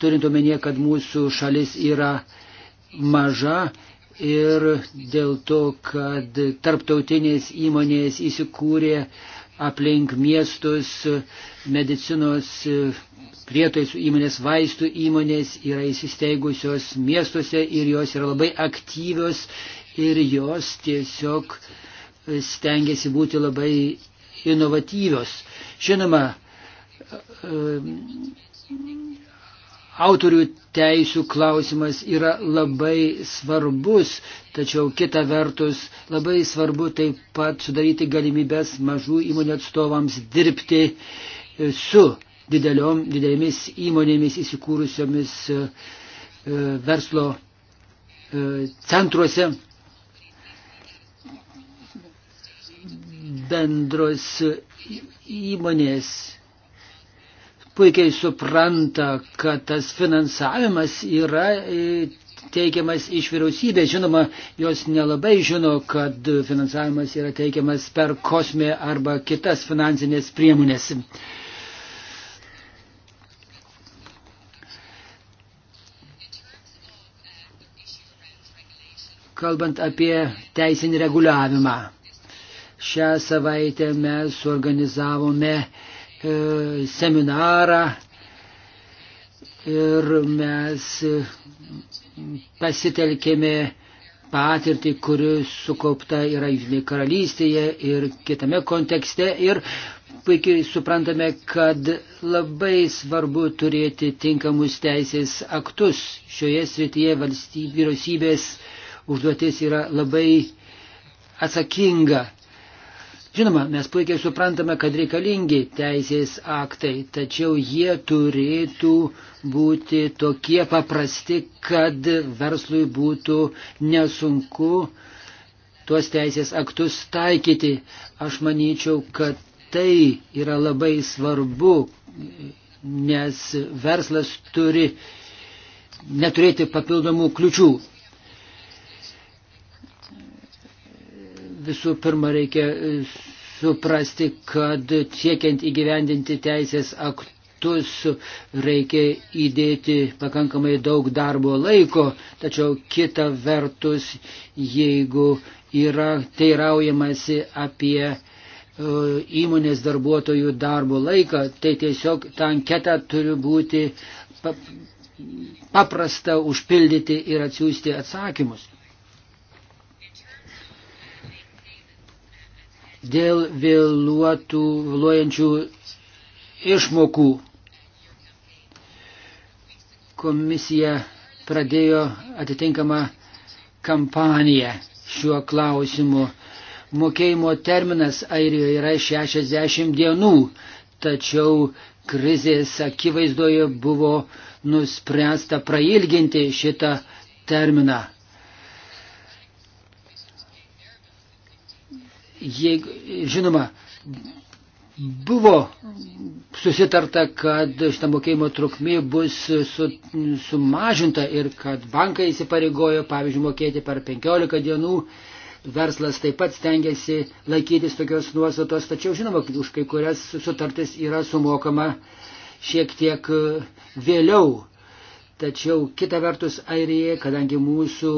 turint omenyje, kad mūsų šalis yra maža ir dėl to, kad tarptautinės įmonės įsikūrė aplink miestus, medicinos e, prietaisų įmonės, vaistų įmonės yra įsisteigusios miestuose ir jos yra labai aktyvios ir jos tiesiog stengiasi būti labai inovatyvios. Žinoma, e, autorių teisų klausimas yra labai svarbus, tačiau kita vertus labai svarbu taip pat sudaryti galimybės mažų įmonių atstovams dirbti e, su dideliom, didelėmis įmonėmis įsikūrusiomis e, e, verslo centruose. Bendros įmonės puikiai supranta, kad tas finansavimas yra e, teikiamas iš vyriausybės. Žinoma, jos nelabai žino, kad finansavimas yra teikiamas per kosmę arba kitas finansinės priemonės. Kalbant apie teisinį reguliavimą, šią savaitę mes suorganizavome uh, E, seminarą ir mes pasitelkėme patirtį, kuri sukaupta yra Junktinėje karalystėje ir kitame kontekste. Ir puikiai suprantame, kad labai svarbu turėti tinkamus teisės aktus. Šioje srityje valstybės vyriausybės užduotis yra labai atsakinga. Žinoma, mes puikiai suprantame, kad reikalingi teisės aktai, tačiau jie turėtų būti tokie paprasti, kad verslui būtų nesunku tuos teisės aktus taikyti. Aš manyčiau, kad tai yra labai svarbu, nes verslas turi neturėti papildomų kliučių. visų pirma reikia e, suprasti, kad siekiant įgyvendinti teisės aktus reikia įdėti pakankamai daug darbo laiko, tačiau kita vertus, jeigu yra teiraujamasi apie e, įmonės darbuotojų darbo laiką, tai tiesiog ta anketa turi būti paprasta užpildyti ir atsiųsti atsakymus. dėl vėluotų, vėluojančių išmokų. Komisija pradėjo atitinkamą kampaniją šiuo klausimu. Mokėjimo terminas Airijoje yra 60 dienų, tačiau krizės akivaizdoje buvo nuspręsta prailginti šitą terminą. Jeigu, žinoma, buvo susitarta, kad šitą mokėjimo trukmė bus su, sumažinta ir kad bankai įsipareigojo, pavyzdžiui, mokėti per 15 dienų. Verslas taip pat stengiasi laikytis tokios nuostatos, tačiau žinoma, už kai kurias sutartis yra sumokama šiek tiek vėliau. Tačiau kita vertus Airija, kadangi mūsų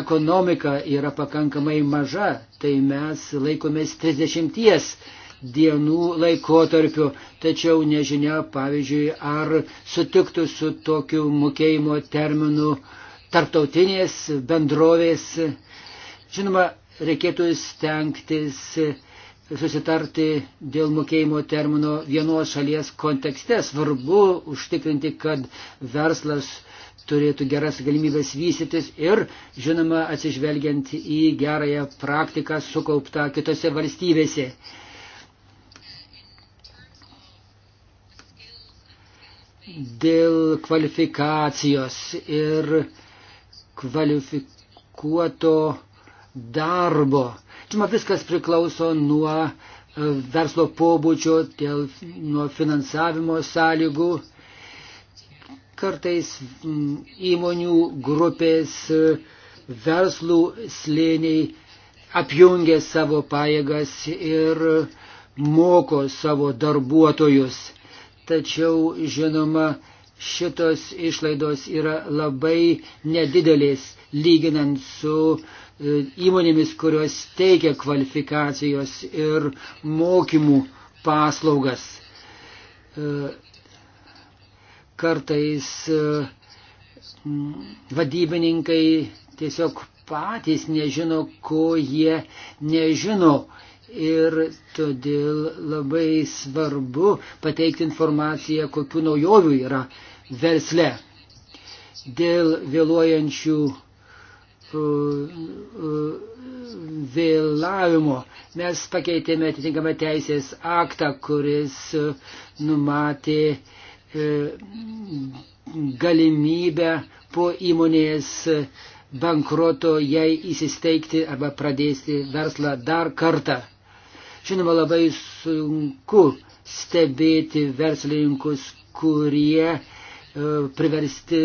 ekonomika yra pakankamai maža, tai mes laikomės 30 dienų laikotarpiu. Tačiau nežinia, pavyzdžiui, ar sutiktų su tokiu mokėjimo terminu tarptautinės bendrovės. Žinoma, reikėtų stengtis susitarti dėl mokėjimo termino vienos šalies kontekste. Svarbu užtikrinti, kad verslas turėtų geras galimybės vystytis ir, žinoma, atsižvelgiant į gerąją praktiką sukauptą kitose valstybėse. Dėl kvalifikacijos ir kvalifikuoto darbo Žinoma, viskas priklauso nuo e, verslo pobūdžio, dėl, nuo finansavimo sąlygų. Kartais įmonių grupės e, verslų slėniai apjungia savo pajėgas ir moko savo darbuotojus. Tačiau, žinoma, šitos išlaidos yra labai nedidelės lyginant su uh, E, įmonėmis, kurios teikia kvalifikacijos ir mokymų paslaugas. E, kartais e, vadybininkai tiesiog patys nežino, ko jie nežino. Ir todėl labai svarbu pateikti informaciją, kokiu naujovių yra versle. Dėl vėluojančių E, vėlavimo. Mes pakeitėme atitinkamą teisės aktą, kuris e, numatė e, galimybę po įmonės bankroto jai įsisteigti arba pradėsti verslą dar kartą. Žinoma, labai sunku stebėti verslininkus, kurie priversti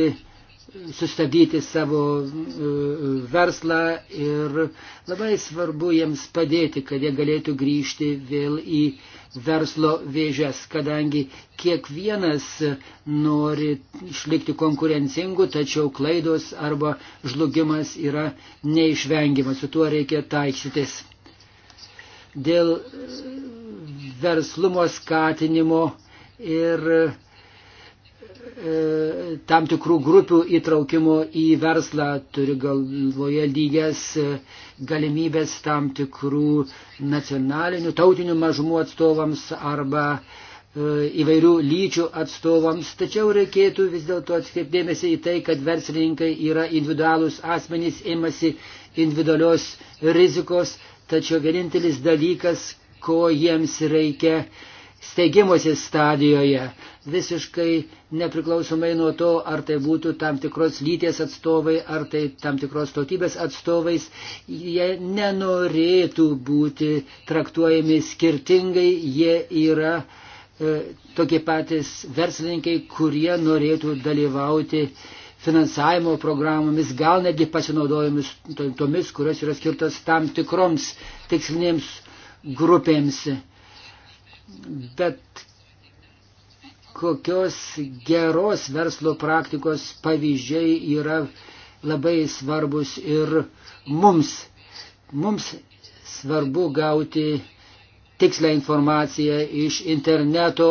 sustabdyti savo e, verslą ir labai svarbu jiems padėti, kad jie galėtų grįžti vėl į verslo vėžes, kadangi kiekvienas nori išlikti konkurencingu, tačiau klaidos arba žlugimas yra neišvengiamas, su tuo reikia taikytis. Dėl verslumo skatinimo ir E, tam tikrų grupių įtraukimo į verslą, turi galvoje lygias e, galimybės tam tikrų nacionalinių, tautinių mažumų atstovams arba e, įvairių lyčių atstovams. Tačiau reikėtų vis dėlto atskirpdėmėsi į tai, kad verslininkai yra individualūs asmenys, imasi individualios rizikos, tačiau vienintelis dalykas, ko jiems reikia steigimosi stadijoje, visiškai nepriklausomai nuo to, ar tai būtų tam tikros lyties atstovai, ar tai tam tikros tautybės atstovais, jie nenorėtų būti traktuojami skirtingai, jie yra e, tokie patys verslininkai, kurie norėtų dalyvauti finansavimo programomis, gal netgi pasinaudojomis tomis, kurios yra skirtos tam tikroms tikslinėms grupėms. Bet kokios geros verslo praktikos pavyzdžiai yra labai svarbus ir mums. Mums svarbu gauti tikslę informaciją iš interneto,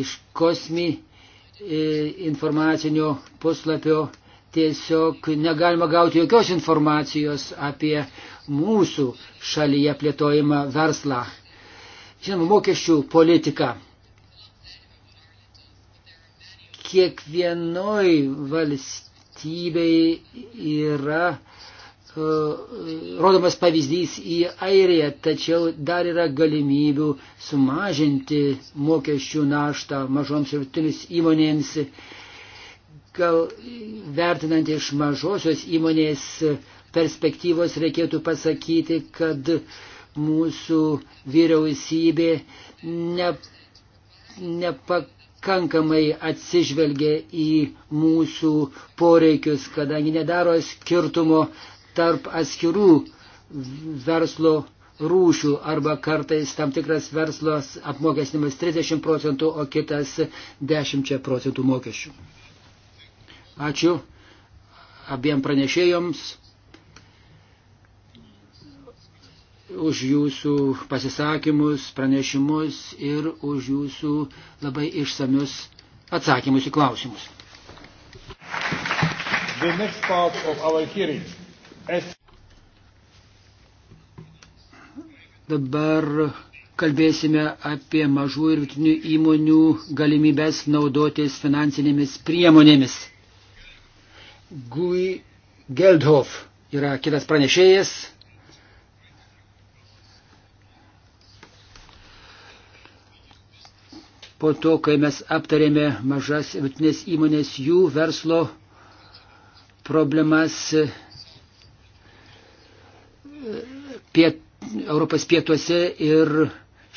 iš kosmi e, informacinio puslapio. Tiesiog negalima gauti jokios informacijos apie mūsų šalyje plėtojimą verslą. Žinoma, mokesčių politika kiekvienoj valstybei yra e, rodomas pavyzdys į Airiją, tačiau dar yra galimybių sumažinti mokesčių naštą mažoms ir vidutinėms įmonėms. Gal vertinant iš mažosios įmonės perspektyvos reikėtų pasakyti, kad mūsų vyriausybė ne, nepak pakankamai atsižvelgia į mūsų poreikius, kadangi nedaro skirtumo tarp atskirų verslo rūšių arba kartais tam tikras verslos apmokestinimas 30 procentų, o kitas 10 procentų mokesčių. Ačiū abiem pranešėjoms. už jūsų pasisakymus, pranešimus ir už jūsų labai išsamius atsakymus į klausimus. Dabar kalbėsime apie mažų ir vidutinių įmonių galimybės naudotis finansinėmis priemonėmis. Gui Geldhof yra kitas pranešėjas. po to, kai mes aptarėme mažas vidutinės įmonės, jų verslo problemas piet, Europos pietuose ir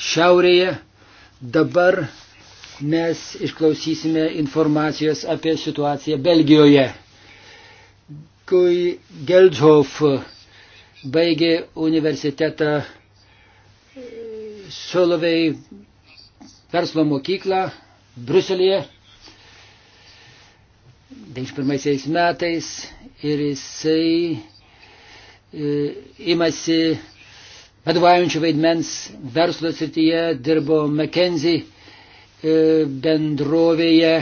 šiaurėje. Dabar mes išklausysime informacijos apie situaciją Belgijoje. Kui Geldhof baigė universitetą Solovei verslo mokyklą Bruselėje 91 metais ir jisai e, imasi vadovaujančių vaidmens verslo srityje, dirbo McKenzie e, bendrovėje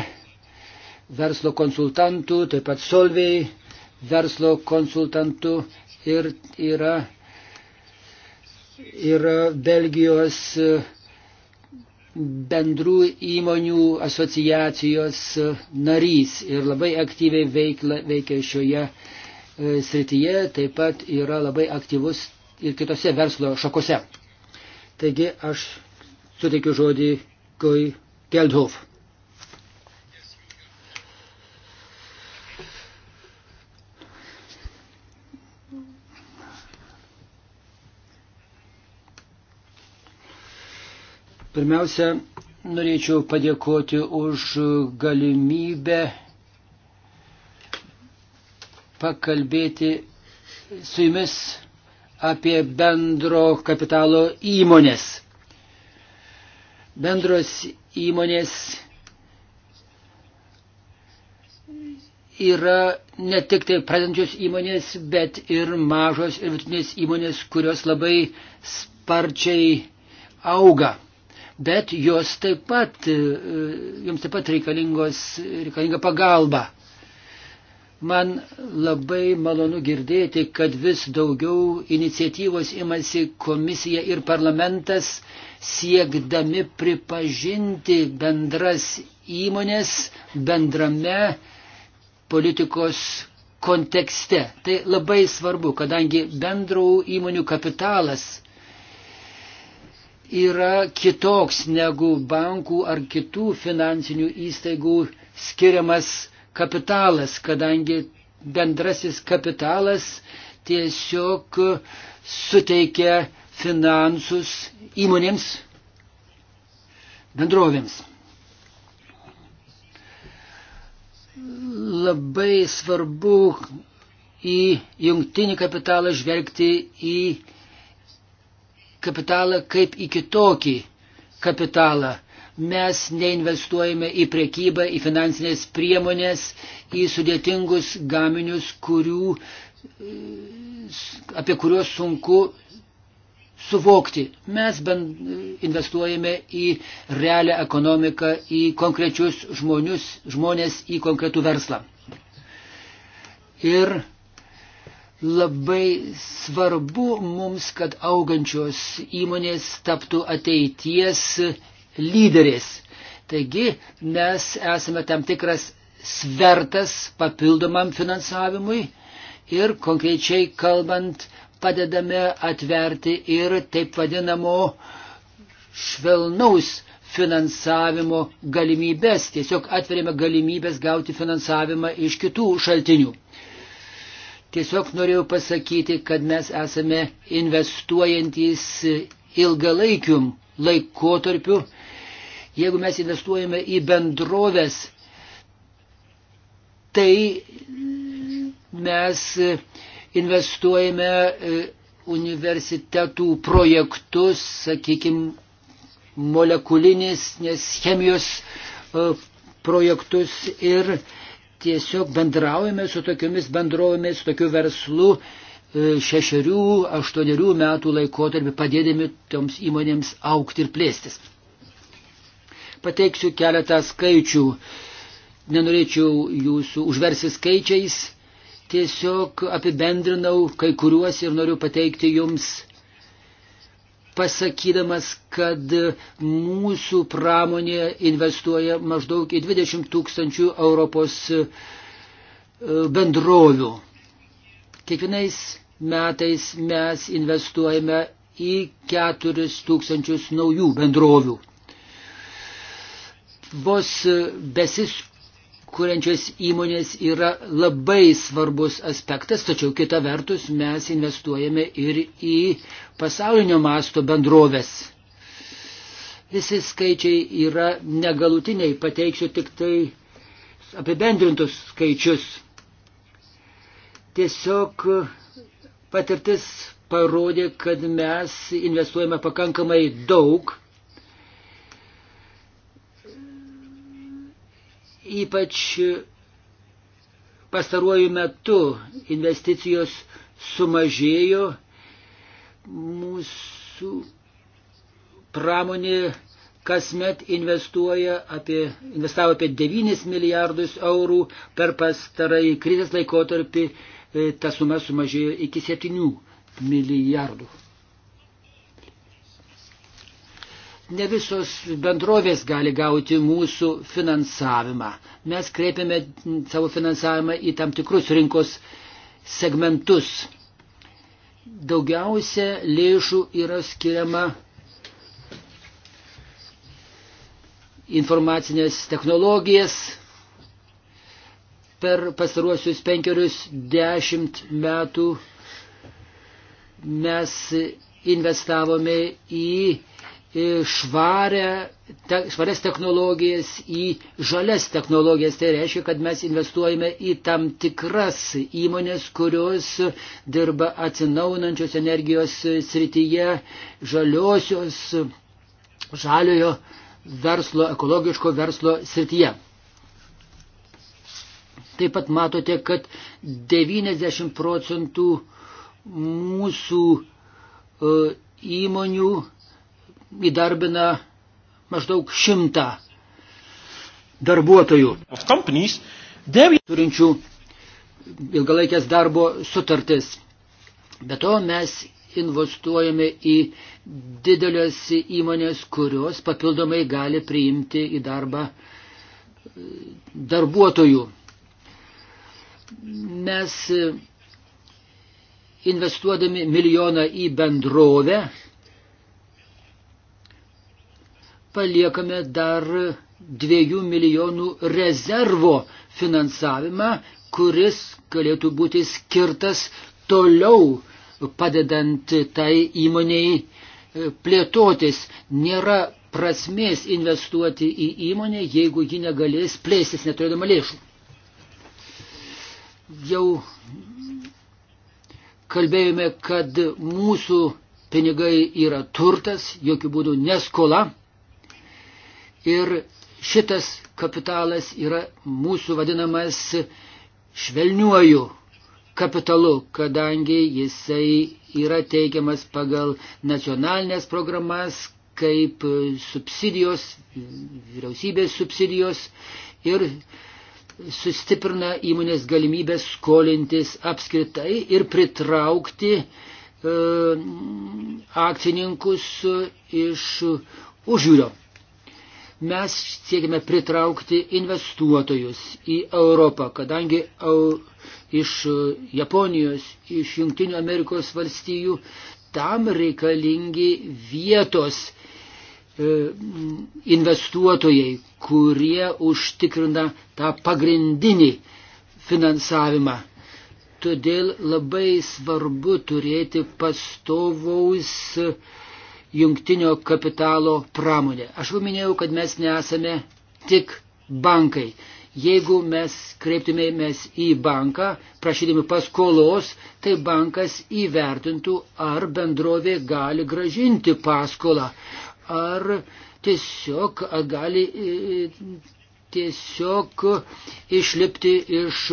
verslo konsultantų, taip pat Solvei verslo konsultantų ir yra, yra Belgijos uh, bendrų įmonių asociacijos narys ir labai aktyviai veikla, veikia šioje e, srityje, taip pat yra labai aktyvus ir kitose verslo šakose. Taigi aš suteikiu žodį Koi Geldhof. Pirmiausia, norėčiau padėkoti už galimybę pakalbėti su jumis apie bendro kapitalo įmonės. Bendros įmonės yra ne tik tai pradedančios įmonės, bet ir mažos ir vidutinės įmonės, kurios labai sparčiai auga bet jos taip pat, e, jums taip pat reikalinga pagalba. Man labai malonu girdėti, kad vis daugiau iniciatyvos imasi komisija ir parlamentas siekdami pripažinti bendras įmonės bendrame politikos kontekste. Tai labai svarbu, kadangi bendrų įmonių kapitalas yra kitoks negu bankų ar kitų finansinių įstaigų skiriamas kapitalas, kadangi bendrasis kapitalas tiesiog suteikia finansus įmonėms, bendrovėms. Labai svarbu į jungtinį kapitalą žvelgti į kapitalą kaip į kitokį kapitalą. Mes neinvestuojame į prekybą, į finansinės priemonės, į sudėtingus gaminius, kurių, apie kuriuos sunku suvokti. Mes bend, investuojame į realią ekonomiką, į konkrečius žmonius, žmonės, į konkretų verslą. Ir Labai svarbu mums, kad augančios įmonės taptų ateities lyderės. Taigi mes esame tam tikras svertas papildomam finansavimui ir konkrečiai kalbant padedame atverti ir taip vadinamo švelnaus finansavimo galimybės, tiesiog atveriame galimybės gauti finansavimą iš kitų šaltinių. Tiesiog norėjau pasakyti, kad mes esame investuojantys ilgalaikium laikotarpiu. Jeigu mes investuojame į bendrovės, tai mes investuojame e, universitetų projektus, sakykime, molekulinis, nes chemijos e, projektus ir tiesiog bendraujame su tokiamis bendrovėmis, su tokiu verslu e, šešerių, aštuonerių metų laikotarpį padėdami toms įmonėms aukti ir plėstis. Pateiksiu keletą skaičių. Nenorėčiau jūsų užversi skaičiais. Tiesiog apibendrinau kai kuriuos ir noriu pateikti jums pasakydamas, kad mūsų pramonė investuoja maždaug į 20 tūkstančių Europos e, bendrovių. Kiekvienais metais mes investuojame į 4 tūkstančius naujų bendrovių. Vos besis kuriančios įmonės yra labai svarbus aspektas, tačiau kita vertus mes investuojame ir į pasaulinio masto bendrovės. Visi skaičiai yra negalutiniai, pateiksiu tik tai apibendrintus skaičius. Tiesiog patirtis parodė, kad mes investuojame pakankamai daug Ypač pastaruoju metu investicijos sumažėjo, mūsų pramonė kasmet investuoja apie, investavo apie 9 milijardus eurų per pastarąjį krizės laikotarpį, e, ta suma sumažėjo iki 7 milijardų. ne visos bendrovės gali gauti mūsų finansavimą. Mes kreipiame savo finansavimą į tam tikrus rinkos segmentus. Daugiausia lėšų yra skiriama informacinės technologijas. Per pastaruosius penkerius dešimt metų mes investavome į švarę, te, švarias technologijas į žalias technologijas. Tai reiškia, kad mes investuojame į tam tikras įmonės, kurios dirba atsinaunančios energijos srityje, žaliosios, žaliojo verslo, ekologiško verslo srityje. Taip pat matote, kad 90 procentų mūsų e, įmonių įdarbina maždaug šimtą darbuotojų, turinčių ilgalaikės darbo sutartis. Be to mes investuojame į didelės įmonės, kurios papildomai gali priimti į darbą e, darbuotojų. Mes e, investuodami milijoną į bendrovę paliekame dar dviejų milijonų rezervo finansavimą, kuris galėtų būti skirtas toliau padedant tai įmoniai e, plėtotis. Nėra prasmės investuoti į įmonę, jeigu ji negalės plėstis neturėdama lėšų. Jau kalbėjome, kad mūsų pinigai yra turtas, jokių būdų neskola ir šitas kapitalas yra mūsų vadinamas švelniuoju kapitalu, kadangi jisai yra teikiamas pagal nacionalinės programas, kaip subsidijos, vyriausybės subsidijos ir sustiprina įmonės galimybės skolintis apskritai ir pritraukti e, akcininkus iš užjūrio. Mes siekime pritraukti investuotojus į Europą, kadangi au, iš Japonijos, iš Junktinių Amerikos valstijų tam reikalingi vietos e, investuotojai, kurie užtikrina tą pagrindinį finansavimą. Todėl labai svarbu turėti pastovaus uh, jungtinio kapitalo pramonė. Aš jau minėjau, kad mes nesame tik bankai. Jeigu mes kreiptumėmės į banką, prašydami paskolos, tai bankas įvertintų, ar bendrovė gali gražinti paskolą, ar tiesiog ar gali e, tiesiog išlipti iš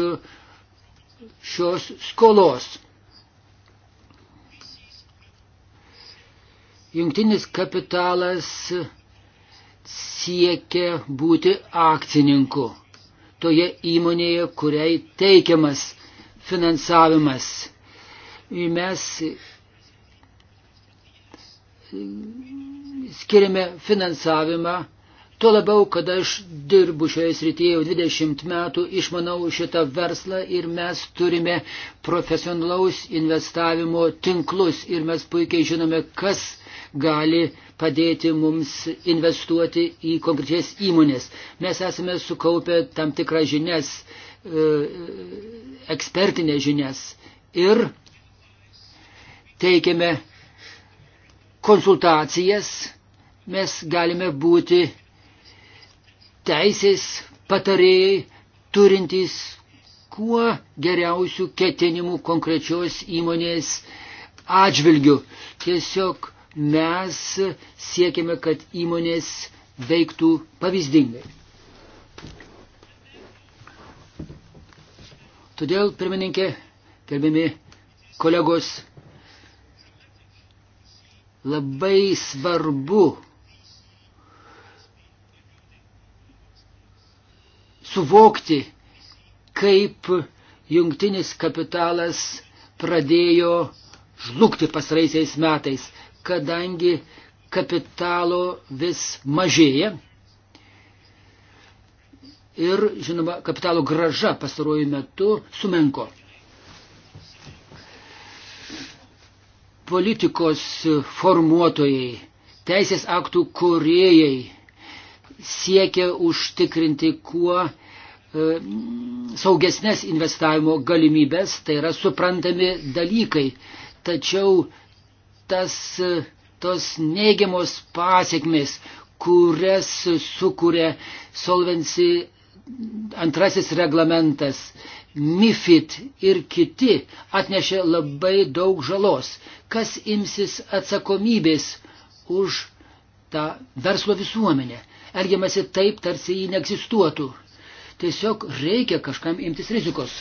šios skolos. Jungtinis kapitalas siekia būti akcininku toje įmonėje, kuriai teikiamas finansavimas. Mes skiriame finansavimą, tuo labiau, kad aš dirbu šioje srityje jau 20 metų, išmanau šitą verslą ir mes turime profesionalaus investavimo tinklus ir mes puikiai žinome, kas gali padėti mums investuoti į konkrečias įmonės. Mes esame sukaupę tam tikrą žinias, e, ekspertinės žinias ir teikiame konsultacijas, mes galime būti teisės patarėjai turintys kuo geriausių ketinimų konkrečios įmonės atžvilgių. Tiesiog mes siekiame, kad įmonės veiktų pavyzdingai. Todėl, pirmininkė, gerbiami kolegos, labai svarbu suvokti, kaip jungtinis kapitalas pradėjo žlugti pasraisiais metais kadangi kapitalo vis mažėja. Ir, žinoma, kapitalo graža pastaruoju metu sumenko. Politikos formuotojai, teisės aktų kuriejai siekia užtikrinti kuo e, saugesnės investavimo galimybės, tai yra suprantami dalykai. Tačiau tas, tos neigiamos pasiekmes, kurias sukuria Solvency antrasis reglamentas, MIFID ir kiti atnešė labai daug žalos. Kas imsis atsakomybės už tą verslo visuomenę? Elgiamasi taip, tarsi jį neegzistuotų. Tiesiog reikia kažkam imtis rizikos.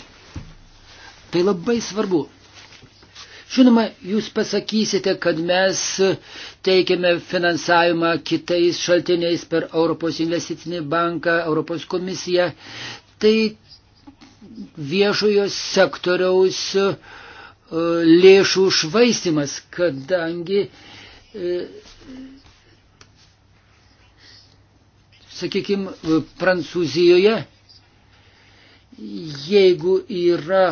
Tai labai svarbu. Žinoma, jūs pasakysite, kad mes teikiame finansavimą kitais šaltiniais per Europos investicinį banką, Europos komisiją. Tai viešojo sektoriaus e, lėšų švaistimas, kadangi, e, sakykime, Prancūzijoje, jeigu yra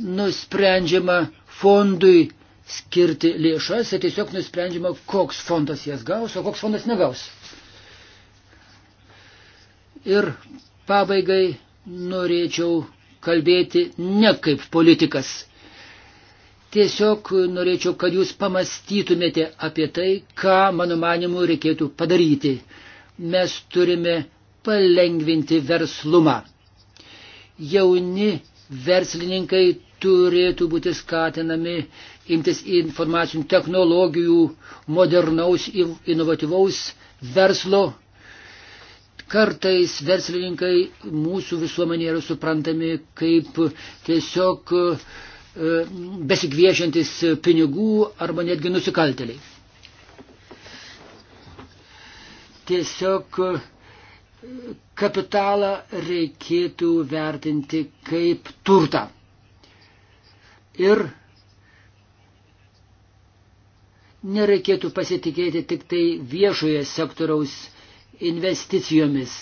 nusprendžiama fondui skirti lėšas ir tiesiog nusprendžiama, koks fondas jas gaus, o koks fondas negaus. Ir pabaigai norėčiau kalbėti ne kaip politikas. Tiesiog norėčiau, kad jūs pamastytumėte apie tai, ką, mano manimu, reikėtų padaryti. Mes turime palengvinti verslumą. Jauni verslininkai turėtų būti skatinami imtis informacinių technologijų, modernaus, inovatyvaus verslo. Kartais verslininkai mūsų visuomenėje yra suprantami kaip tiesiog e, besigviešiantis pinigų arba netgi nusikalteliai. Tiesiog kapitalą reikėtų vertinti kaip turtą. Ir nereikėtų pasitikėti tik tai viešoje sektoriaus investicijomis.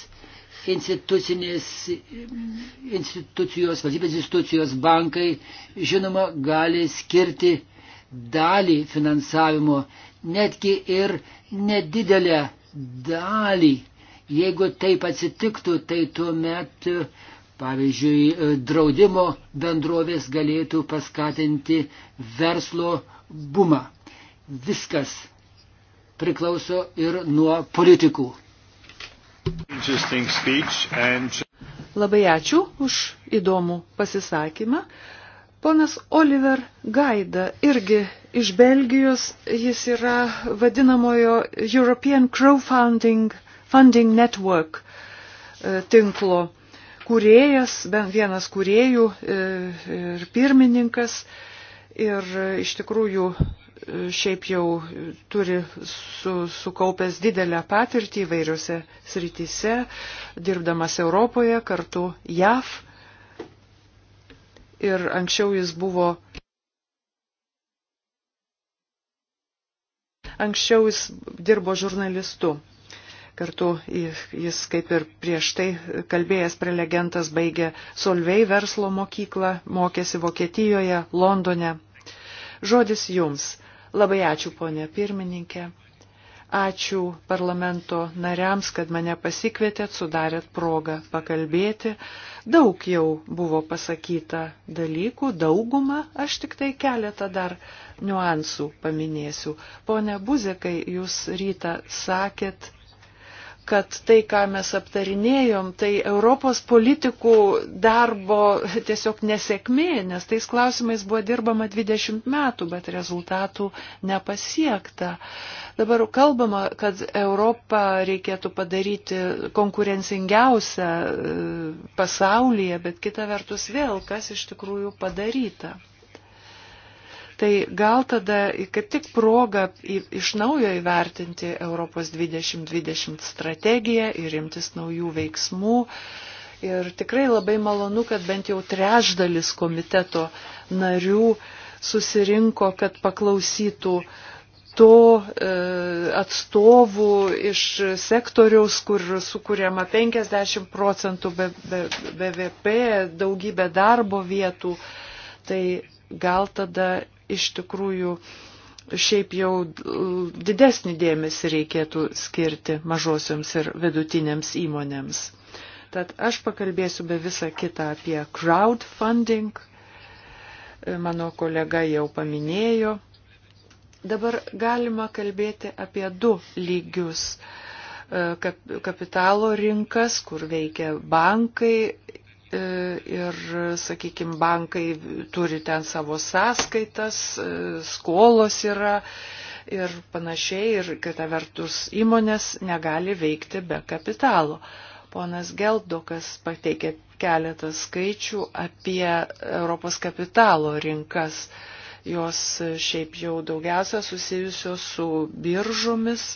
Institucinės institucijos, valstybės institucijos, bankai, žinoma, gali skirti dalį finansavimo, netgi ir nedidelę dalį Jeigu taip atsitiktų, tai tuomet, pavyzdžiui, draudimo bendrovės galėtų paskatinti verslo bumą. Viskas priklauso ir nuo politikų. And... Labai ačiū už įdomų pasisakymą. Ponas Oliver Gaida irgi iš Belgijos, jis yra vadinamojo European Crowdfunding Funding Network e, tinklo kūrėjas, bent vienas kūrėjų e, ir pirmininkas. Ir e, iš tikrųjų šiaip jau turi su, sukaupęs didelę patirtį įvairiose srityse, dirbdamas Europoje kartu JAV. Ir anksčiau jis buvo. Anksčiau jis dirbo žurnalistu. Kartu jis, kaip ir prieš tai kalbėjęs prelegentas, baigė Solvei verslo mokyklą, mokėsi Vokietijoje, Londone. Žodis jums. Labai ačiū, ponė pirmininkė. Ačiū parlamento nariams, kad mane pasikvietėt, sudarėt progą pakalbėti. Daug jau buvo pasakyta dalykų, daugumą, aš tik tai keletą dar niuansų paminėsiu. Pone Buzekai, jūs rytą sakėt, kad tai, ką mes aptarinėjom, tai Europos politikų darbo tiesiog nesėkmė, nes tais klausimais buvo dirbama 20 metų, bet rezultatų nepasiekta. Dabar kalbama, kad Europą reikėtų padaryti konkurencingiausią e, pasaulyje, bet kita vertus vėl, kas iš tikrųjų padaryta. Tai gal tada kaip tik proga iš naujo įvertinti Europos 2020 strategiją ir imtis naujų veiksmų. Ir tikrai labai malonu, kad bent jau trečdalis komiteto narių susirinko, kad paklausytų to e, atstovų iš sektoriaus, kur sukūrėma 50 procentų BVP, daugybė darbo vietų. Tai gal tada iš tikrųjų šiaip jau didesnį dėmesį reikėtų skirti mažosioms ir vidutinėms įmonėms. Tad aš pakalbėsiu be visą kitą apie crowdfunding. Mano kolega jau paminėjo. Dabar galima kalbėti apie du lygius kapitalo rinkas, kur veikia bankai E, ir, sakykime, bankai turi ten savo sąskaitas, e, skolos yra ir panašiai, ir kita vertus įmonės negali veikti be kapitalo. Ponas Geldokas pateikė keletą skaičių apie Europos kapitalo rinkas. Jos šiaip jau daugiausia susijusios su biržomis,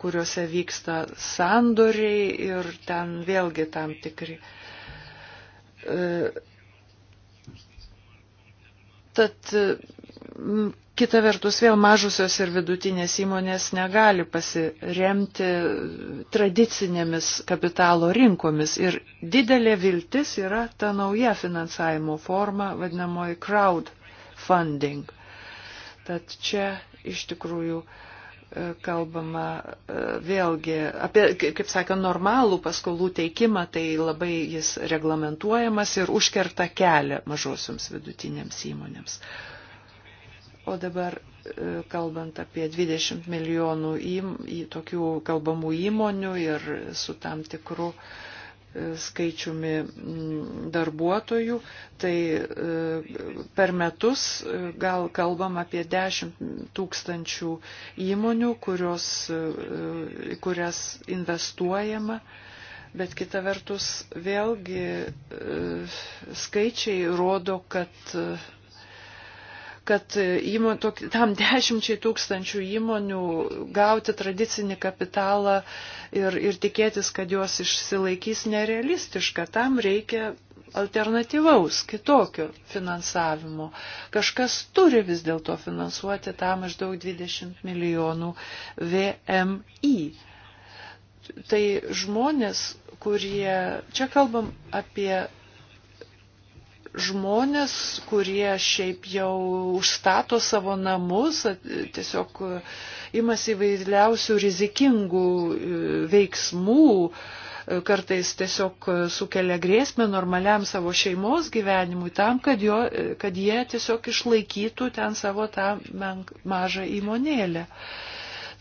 kuriuose vyksta sandoriai ir ten vėlgi tam tikri uh, Tad kita vertus vėl mažusios ir vidutinės įmonės negali pasiremti tradicinėmis kapitalo rinkomis ir didelė viltis yra ta nauja finansavimo forma, vadinamoji crowdfunding. Tad čia iš tikrųjų uh, E, kalbama e, vėlgi apie, kaip sakė, normalų paskolų teikimą, tai labai jis reglamentuojamas ir užkerta kelią mažosioms vidutinėms įmonėms. O dabar, e, kalbant apie 20 milijonų į, į tokių kalbamų įmonių ir su tam tikru uh, skaičiumi mm, darbuotojų, tai e, per metus e, gal kalbam apie 10 tūkstančių įmonių, kurios, e, kurias investuojama. Bet kita vertus, vėlgi skaičiai rodo, kad kad e, įmon, tok, tam dešimčiai tūkstančių įmonių gauti tradicinį kapitalą ir, ir tikėtis, kad jos išsilaikys nerealistiška. Tam reikia alternatyvaus, kitokio finansavimo. Kažkas turi vis dėlto finansuoti tą maždaug 20 milijonų VMI. Tai žmonės, kurie, čia kalbam apie žmonės, kurie šiaip jau užstato savo namus, tiesiog e, imasi įvairiausių rizikingų e, veiksmų, e, kartais tiesiog sukelia grėsmę normaliam savo šeimos gyvenimui tam, kad, jo, kad jie tiesiog išlaikytų ten savo tą menk, mažą įmonėlę.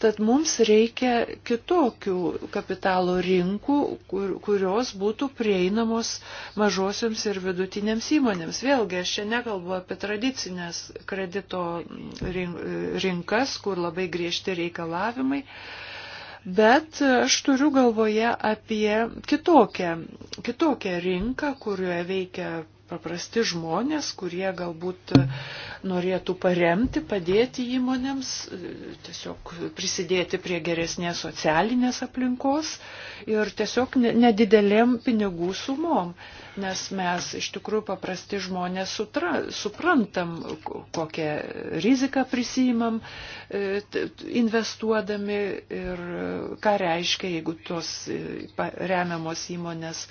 Tad mums reikia kitokių kapitalo rinkų, kur, kurios būtų prieinamos mažosiams ir vidutinėms įmonėms. Vėlgi, aš čia nekalbu apie tradicinės kredito rinkas, kur labai griežti reikalavimai. Bet aš turiu galvoje apie kitokią, kitokią rinką, kurioje veikia paprasti žmonės, kurie galbūt norėtų paremti, padėti įmonėms, tiesiog prisidėti prie geresnės socialinės aplinkos ir tiesiog nedidelėm pinigų sumom nes mes iš tikrųjų paprasti žmonės sutra, suprantam, kokią riziką prisimam e, investuodami ir e, ką reiškia, jeigu tos e, remiamos įmonės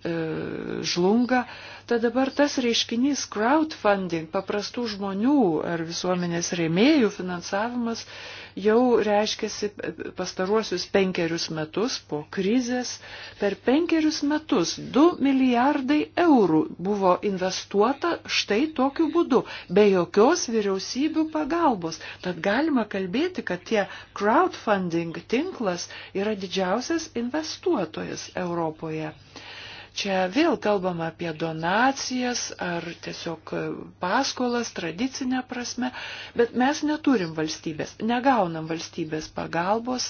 žlunga. Tad dabar tas reiškinys crowdfunding, paprastų žmonių ar visuomenės rėmėjų finansavimas jau reiškiasi pastaruosius penkerius metus po krizės. Per penkerius metus 2 milijardai eurų buvo investuota štai tokiu būdu, be jokios vyriausybių pagalbos. Tad galima kalbėti, kad tie crowdfunding tinklas yra didžiausias investuotojas Europoje. Čia vėl kalbama apie donacijas ar tiesiog paskolas tradicinę prasme, bet mes neturim valstybės, negaunam valstybės pagalbos.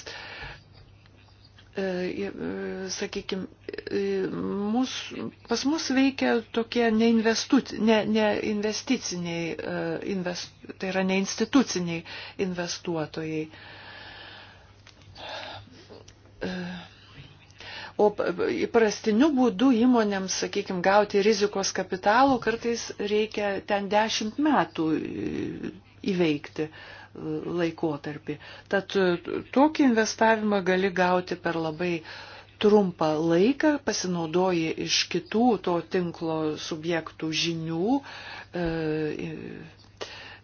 E, e, Sakykime, mus, pas mus veikia tokie neinvesticiniai, ne, ne e, invest, tai yra neinstituciniai investuotojai O įprastiniu būdu įmonėms, sakykime, gauti rizikos kapitalų kartais reikia ten dešimt metų įveikti laikotarpį. Tad tokį investavimą gali gauti per labai trumpą laiką, pasinaudoji iš kitų to tinklo subjektų žinių, e,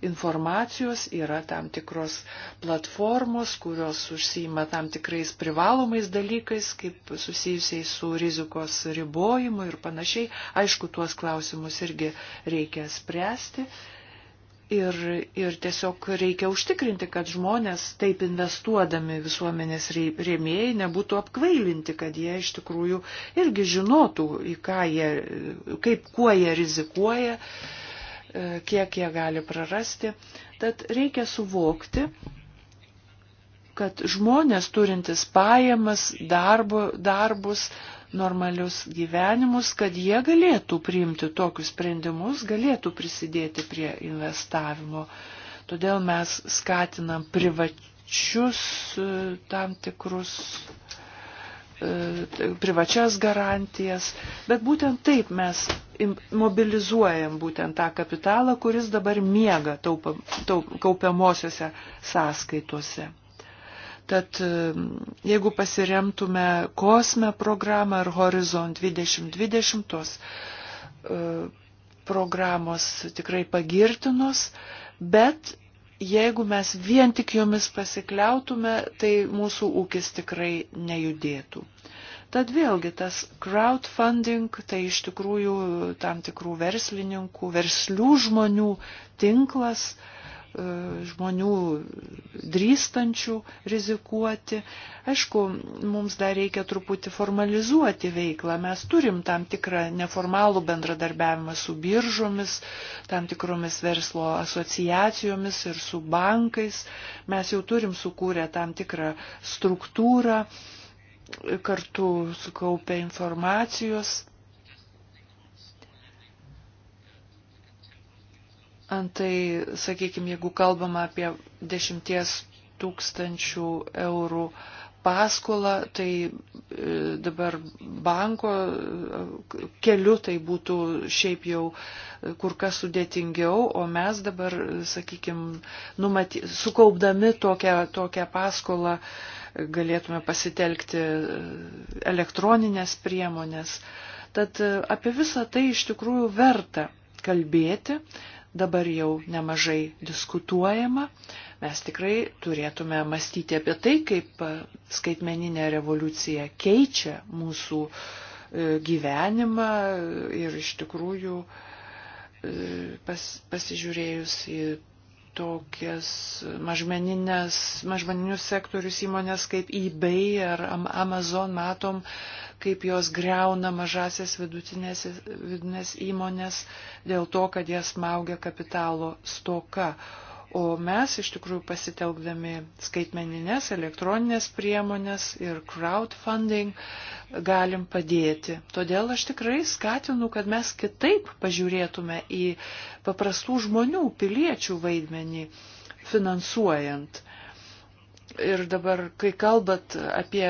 informacijos, yra tam tikros platformos, kurios užsima tam tikrais privalomais dalykais, kaip susijusiais su rizikos ribojimu ir panašiai. Aišku, tuos klausimus irgi reikia spręsti. Ir, ir tiesiog reikia užtikrinti, kad žmonės taip investuodami visuomenės rėmėjai nebūtų apkvailinti, kad jie iš tikrųjų irgi žinotų, į ką jie, kaip, kuo jie rizikuoja. Uh, E, kiek jie gali prarasti. Tad reikia suvokti, kad žmonės turintis pajamas, darbo, darbus, normalius gyvenimus, kad jie galėtų priimti tokius sprendimus, galėtų prisidėti prie investavimo. Todėl mes skatinam privačius e, tam tikrus E, privačias garantijas, bet būtent taip mes mobilizuojam būtent tą kapitalą, kuris dabar miega taupa, taup, kaupiamosiose sąskaitose. Tad e, jeigu pasiremtume kosme programą ar Horizont 2020, tos e, programos tikrai pagirtinos, bet jeigu mes vien tik jomis pasikliautume, tai mūsų ūkis tikrai nejudėtų. Tad vėlgi tas crowdfunding tai iš tikrųjų tam tikrų verslininkų, verslių žmonių tinklas, uh, E, žmonių drįstančių rizikuoti. Aišku, mums dar reikia truputį formalizuoti veiklą. Mes turim tam tikrą neformalų bendradarbiavimą su biržomis, tam tikromis verslo asociacijomis ir su bankais. Mes jau turim sukūrę tam tikrą struktūrą kartu sukaupę informacijos Antai, sakykime, jeigu kalbama apie dešimties tūkstančių eurų paskolą, tai e, dabar banko e, keliu tai būtų šiaip jau e, kur kas sudėtingiau, o mes dabar, sakykime, numaty, sukaupdami tokią, tokią paskolą galėtume pasitelkti elektroninės priemonės. Tad apie visą tai iš tikrųjų verta kalbėti dabar jau nemažai diskutuojama. Mes tikrai turėtume mąstyti apie tai, kaip skaitmeninė revoliucija keičia mūsų e, gyvenimą ir iš tikrųjų e, pas, pasižiūrėjus į tokias mažmeninius sektorius įmonės kaip eBay ar Amazon, matom, kaip jos greuna mažasias vidutinės, vidutinės įmonės dėl to, kad jas maugia kapitalo stoka. O mes iš tikrųjų pasitelkdami skaitmeninės, elektroninės priemonės ir crowdfunding galim padėti. Todėl aš tikrai skatinu, kad mes kitaip pažiūrėtume į paprastų žmonių, piliečių vaidmenį finansuojant. Ir dabar, kai kalbat apie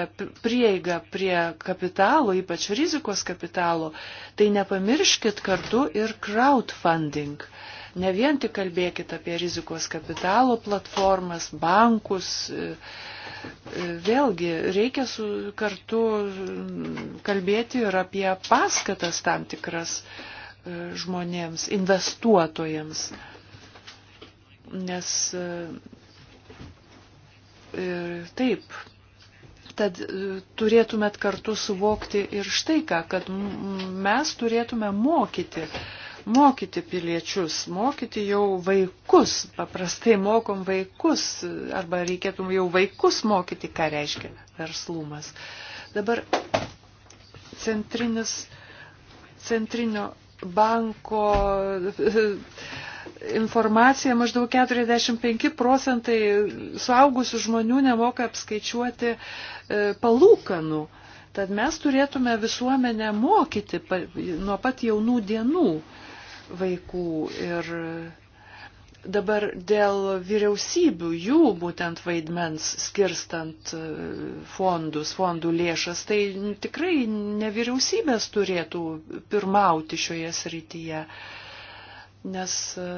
prieigą prie kapitalo, ypač rizikos kapitalo, tai nepamirškit kartu ir crowdfunding. Uh, Ne vien tik kalbėkit apie rizikos kapitalo platformas, bankus. E, e, vėlgi, reikia su, kartu mm, kalbėti ir apie paskatas tam tikras e, žmonėms, investuotojams. Nes taip, tad turėtumėt kartu suvokti ir štai ką, kad mes turėtume mokyti uh, mokyti piliečius, mokyti jau vaikus. Paprastai mokom vaikus, arba reikėtų jau vaikus mokyti, ką reiškia verslumas. Dabar centrinis, centrinio banko informacija maždaug 45 procentai suaugusių žmonių nemoka apskaičiuoti e, palūkanų. Tad mes turėtume visuomenę mokyti nuo pat jaunų dienų vaikų. Ir dabar dėl vyriausybių, jų būtent vaidmens skirstant e, fondus, fondų lėšas, tai tikrai ne vyriausybės turėtų pirmauti šioje srityje. Nes uh,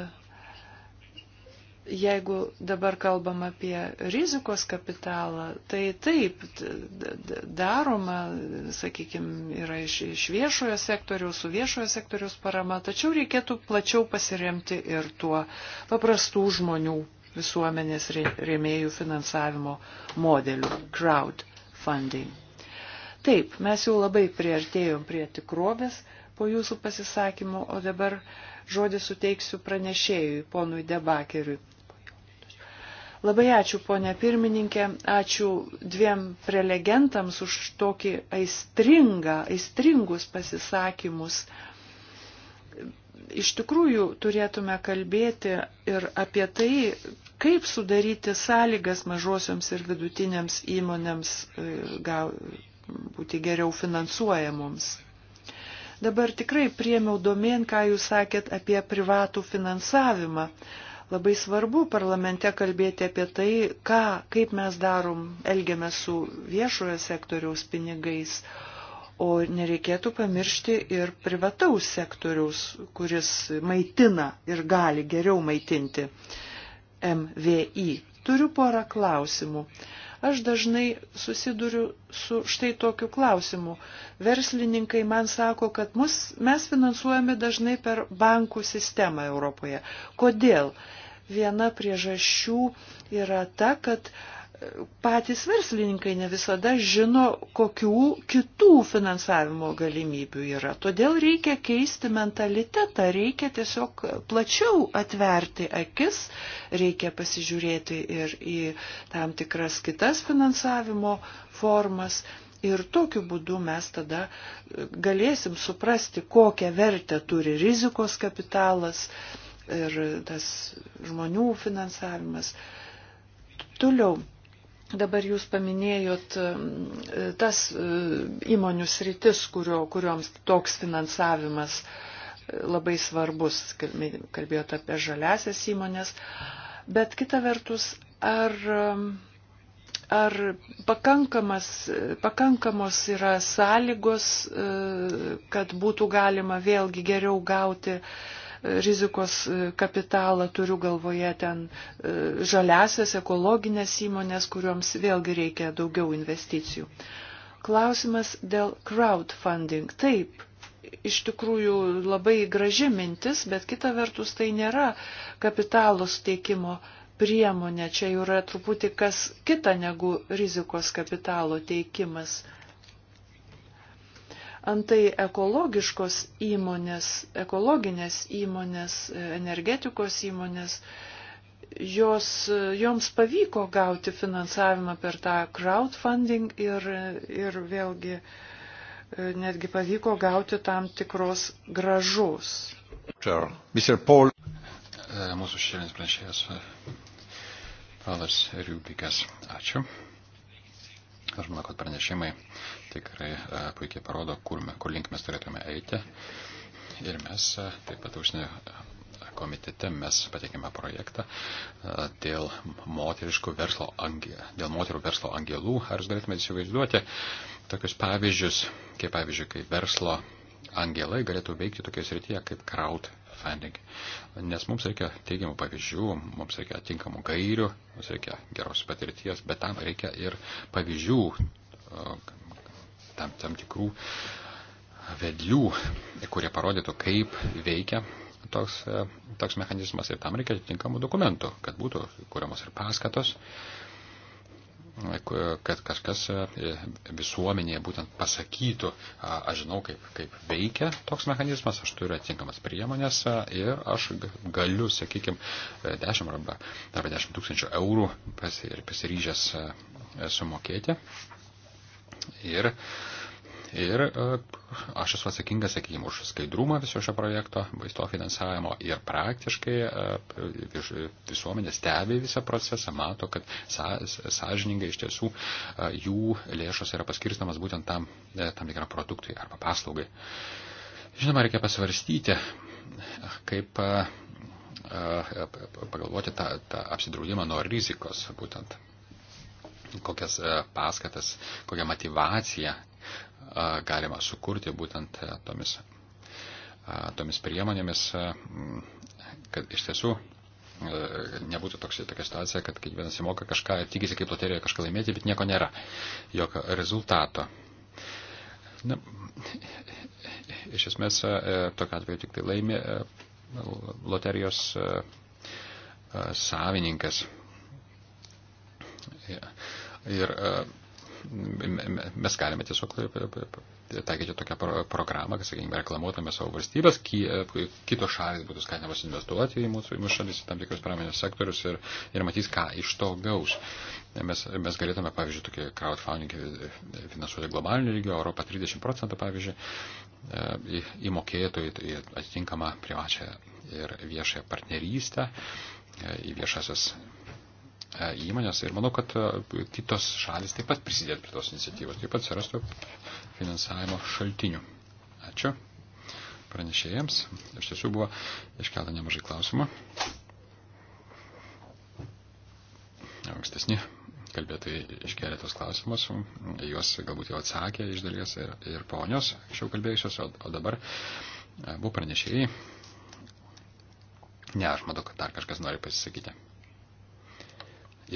jeigu dabar kalbam apie rizikos kapitalą, tai taip, daroma, sakykime, yra iš, iš viešojo sektoriaus, su viešojo sektoriaus parama, tačiau reikėtų plačiau pasiremti ir tuo paprastų žmonių visuomenės rėmėjų finansavimo modeliu - crowdfunding. Taip, mes jau labai priartėjom prie tikrovės po jūsų pasisakymo, o dabar žodį suteiksiu pranešėjui, ponui Debakeriui. Labai ačiū, ponė pirmininkė, ačiū dviem prelegentams už tokį aistringą, aistringus pasisakymus. Iš tikrųjų, turėtume kalbėti ir apie tai, kaip sudaryti sąlygas mažosioms ir vidutinėms įmonėms e, gal, būti geriau finansuojamoms. Dabar tikrai priemiau domen, ką jūs sakėt apie privatų finansavimą. Labai svarbu parlamente kalbėti apie tai, ką, kaip mes darom, elgiame su viešojo sektoriaus pinigais, o nereikėtų pamiršti ir privataus sektoriaus, kuris maitina ir gali geriau maitinti MVI. Turiu porą klausimų aš dažnai susiduriu su štai tokiu klausimu. Verslininkai man sako, kad mus, mes finansuojame dažnai per bankų sistemą Europoje. Kodėl? viena priežasčių yra ta, kad patys verslininkai ne visada žino, kokių kitų finansavimo galimybių yra. Todėl reikia keisti mentalitetą, reikia tiesiog plačiau atverti akis, reikia pasižiūrėti ir į tam tikras kitas finansavimo formas. Ir tokiu būdu mes tada galėsim suprasti, kokią vertę turi rizikos kapitalas, uh, ir tas žmonių finansavimas. Toliau, dabar jūs paminėjot um, tas uh, įmonių sritis, kurio, kurioms toks finansavimas uh, labai svarbus, kalbėjot apie žaliasias įmonės, bet kita vertus, ar um, ar pakankamas, pakankamos yra sąlygos, uh, kad būtų galima vėlgi geriau gauti rizikos e, kapitalą, turiu galvoje ten e, žaliasias ekologinės įmonės, kuriuoms vėlgi reikia daugiau investicijų. Klausimas dėl crowdfunding. Taip, iš tikrųjų labai graži mintis, bet kita vertus tai nėra kapitalo steikimo priemonė, čia yra truputį kas kita negu rizikos kapitalo teikimas. Antai ekologiškos įmonės, ekologinės įmonės, e, energetikos įmonės, jos, e, joms pavyko gauti finansavimą per tą crowdfunding ir, ir vėlgi e, netgi pavyko gauti tam tikros gražus. Paul. Mūsų šiandienis pranešėjas Palas Riubikas. Ačiū. Aš manau, kad pranešimai tikrai e, puikiai parodo, kur, kur link mes turėtume eiti. Ir mes e, taip pat užsienio e, komitete mes pateikėme projektą dėl moteriškų verslo angelų, dėl moterų verslo angelų. Ar jūs galėtumėte įsivaizduoti tokius pavyzdžius, kaip pavyzdžiui, kai verslo angelai galėtų veikti tokioje srityje kaip crowdfunding. Nes mums reikia teigiamų pavyzdžių, mums reikia tinkamų gairių, mums reikia geros patirties, bet tam reikia ir pavyzdžių, tam, tam tikrų vedlių, kurie parodytų, kaip veikia toks, toks mechanizmas ir tam reikia tinkamų dokumentų, kad būtų kuriamos ir paskatos, kad kažkas e, visuomenėje būtent pasakytų, aš žinau, kaip, kaip veikia toks mechanizmas, aš turiu atitinkamas priemonės ir aš galiu, sakykime, 10 arba, arba 10 tūkstančių eurų pasiryžęs e, sumokėti. Ir uh, Ir e, aš esu atsakingas, sakykime, už skaidrumą viso šio projekto, vaisto finansavimo ir praktiškai e, visuomenė stebi visą procesą, mato, kad sąžiningai iš tiesų e, jų lėšos yra paskirstamas būtent tam, tam tikram produktui arba paslaugai. Žinoma, reikia pasvarstyti, kaip pagalvoti tą, tą apsidraudimą nuo rizikos būtent kokias paskatas, kokią motivaciją galima sukurti būtent tomis, tomis priemonėmis, kad iš tiesų nebūtų toks, tokia situacija, kad kiekvienas įmoka kažką ir tikisi kaip loterijoje kažką laimėti, bet nieko nėra, jokio rezultato. Na, iš esmės, e, tokia atveju tik tai laimi loterijos savininkas. Ir mes galime tiesiog e, e, e, taikyti tokią programą, kad, sakykime, reklamuotume savo valstybės, kitos šalis būtų skatinamas investuoti į mūsų, į mūsų šalis, į tam tikrus pramonės sektorius ir, ir matys, ką iš to gaus. Mes, mes galėtume, pavyzdžiui, tokį crowdfunding finansuoti globaliniu lygiu, Europą 30 procentų, pavyzdžiui, įmokėtų į, į atitinkamą privačią ir viešąją partnerystę, į viešasis E, įmonės ir manau, kad e, kitos šalis taip pat prisidėtų prie tos iniciatyvos, taip pat atsirastų finansavimo šaltinių. Ačiū pranešėjams. Iš tiesų buvo iškelta nemažai klausimų. Ankstesni kalbėtojai iškėlė tos klausimus, juos galbūt jau atsakė iš dalies ir, ir ponios, anksčiau kalbėjusios, o, o dabar e, buvo pranešėjai. Ne, aš matau, kad dar kažkas nori pasisakyti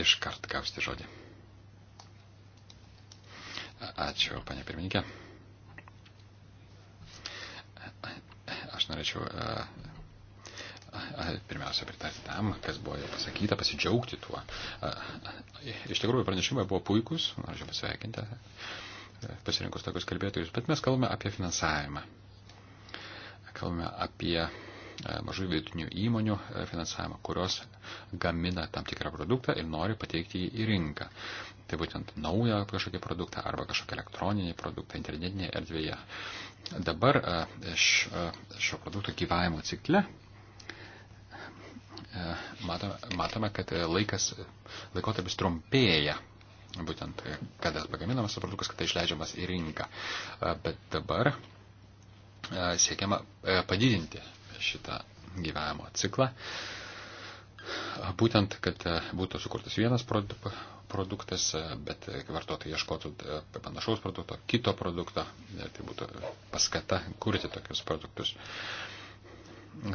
iškart gausite žodį. Ačiū, panė pirmininkė. Aš norėčiau pirmiausia pritarti tam, kas buvo jau pasakyta, pasidžiaugti tuo. Iš tikrųjų, pranešimai buvo puikūs, norėčiau pasveikinti pasirinkus tokius kalbėtojus, bet mes kalbame apie finansavimą. Kalbame apie E, mažų vietinių įmonių e, finansavimą, kurios gamina tam tikrą produktą ir nori pateikti jį į rinką. Tai būtent naują kažkokį produktą arba kažkokį elektroninį produktą internetinėje erdvėje. Dabar e, šio, šio produkto gyvavimo cikle matome, matome kad laikas, laikotarpis trumpėja būtent kada pagaminamas produktas, kada išleidžiamas į rinką. Bet dabar siekiama padidinti šitą gyvenimo ciklą. Būtent, kad e, būtų sukurtas vienas produktas, e, bet e, vartotojai ieškotų panašaus produkto, kito produkto, tai būtų paskata kurti tokius produktus.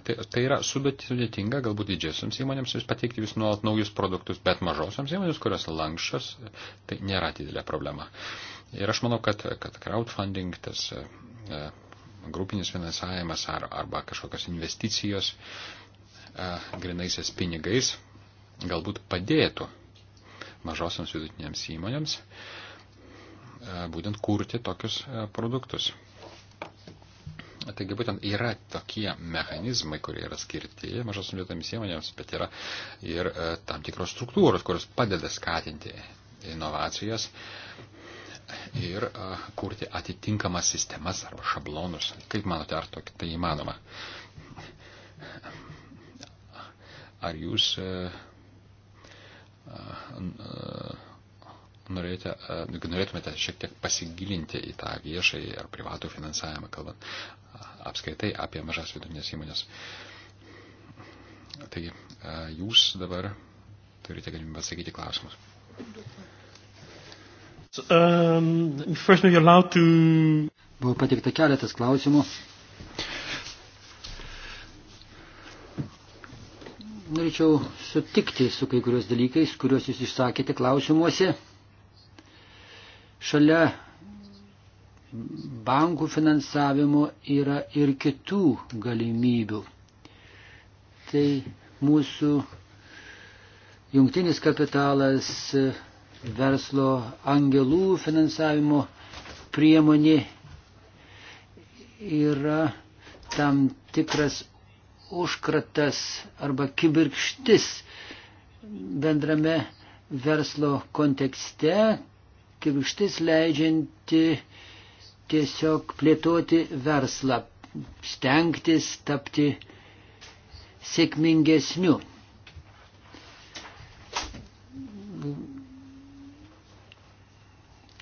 Tai, tai yra sudėtinga galbūt didžiosiams įmonėms vis pateikti vis nuolat naujus produktus, bet mažosiams įmonėms, kurios lankščios, tai nėra didelė problema. Ir aš manau, kad, kad crowdfunding, tas grupinis finansavimas ar, arba kažkokios investicijos e, grinaisiais pinigais galbūt padėtų mažosiams vidutinėms įmonėms e, būtent kurti tokius e, produktus. Taigi būtent yra tokie mechanizmai, kurie yra skirti mažos vietomis įmonėms, bet yra ir tam tikros struktūros, kurios padeda skatinti inovacijas ir kurti atitinkamas sistemas arba šablonus. Kaip manote, ar tokia tai įmanoma? Ar jūs norėjote, norėtumėte šiek tiek pasigilinti į tą viešai ar privatų finansavimą, kalbant apskaitai apie mažas vidutinės įmonės. Taigi, jūs dabar turite galimybę atsakyti klausimus. Dėkui. Um, first, to... Buvo patikta keletas klausimų. Norėčiau sutikti su kai kurios dalykais, kuriuos jūs išsakėte klausimuose. Šalia bankų finansavimo yra ir kitų galimybių. Tai mūsų jungtinis kapitalas, verslo angelų finansavimo priemonė yra tam tikras užkratas arba kibirkštis bendrame verslo kontekste, kibirkštis leidžianti tiesiog plėtoti verslą, stengtis tapti sėkmingesniu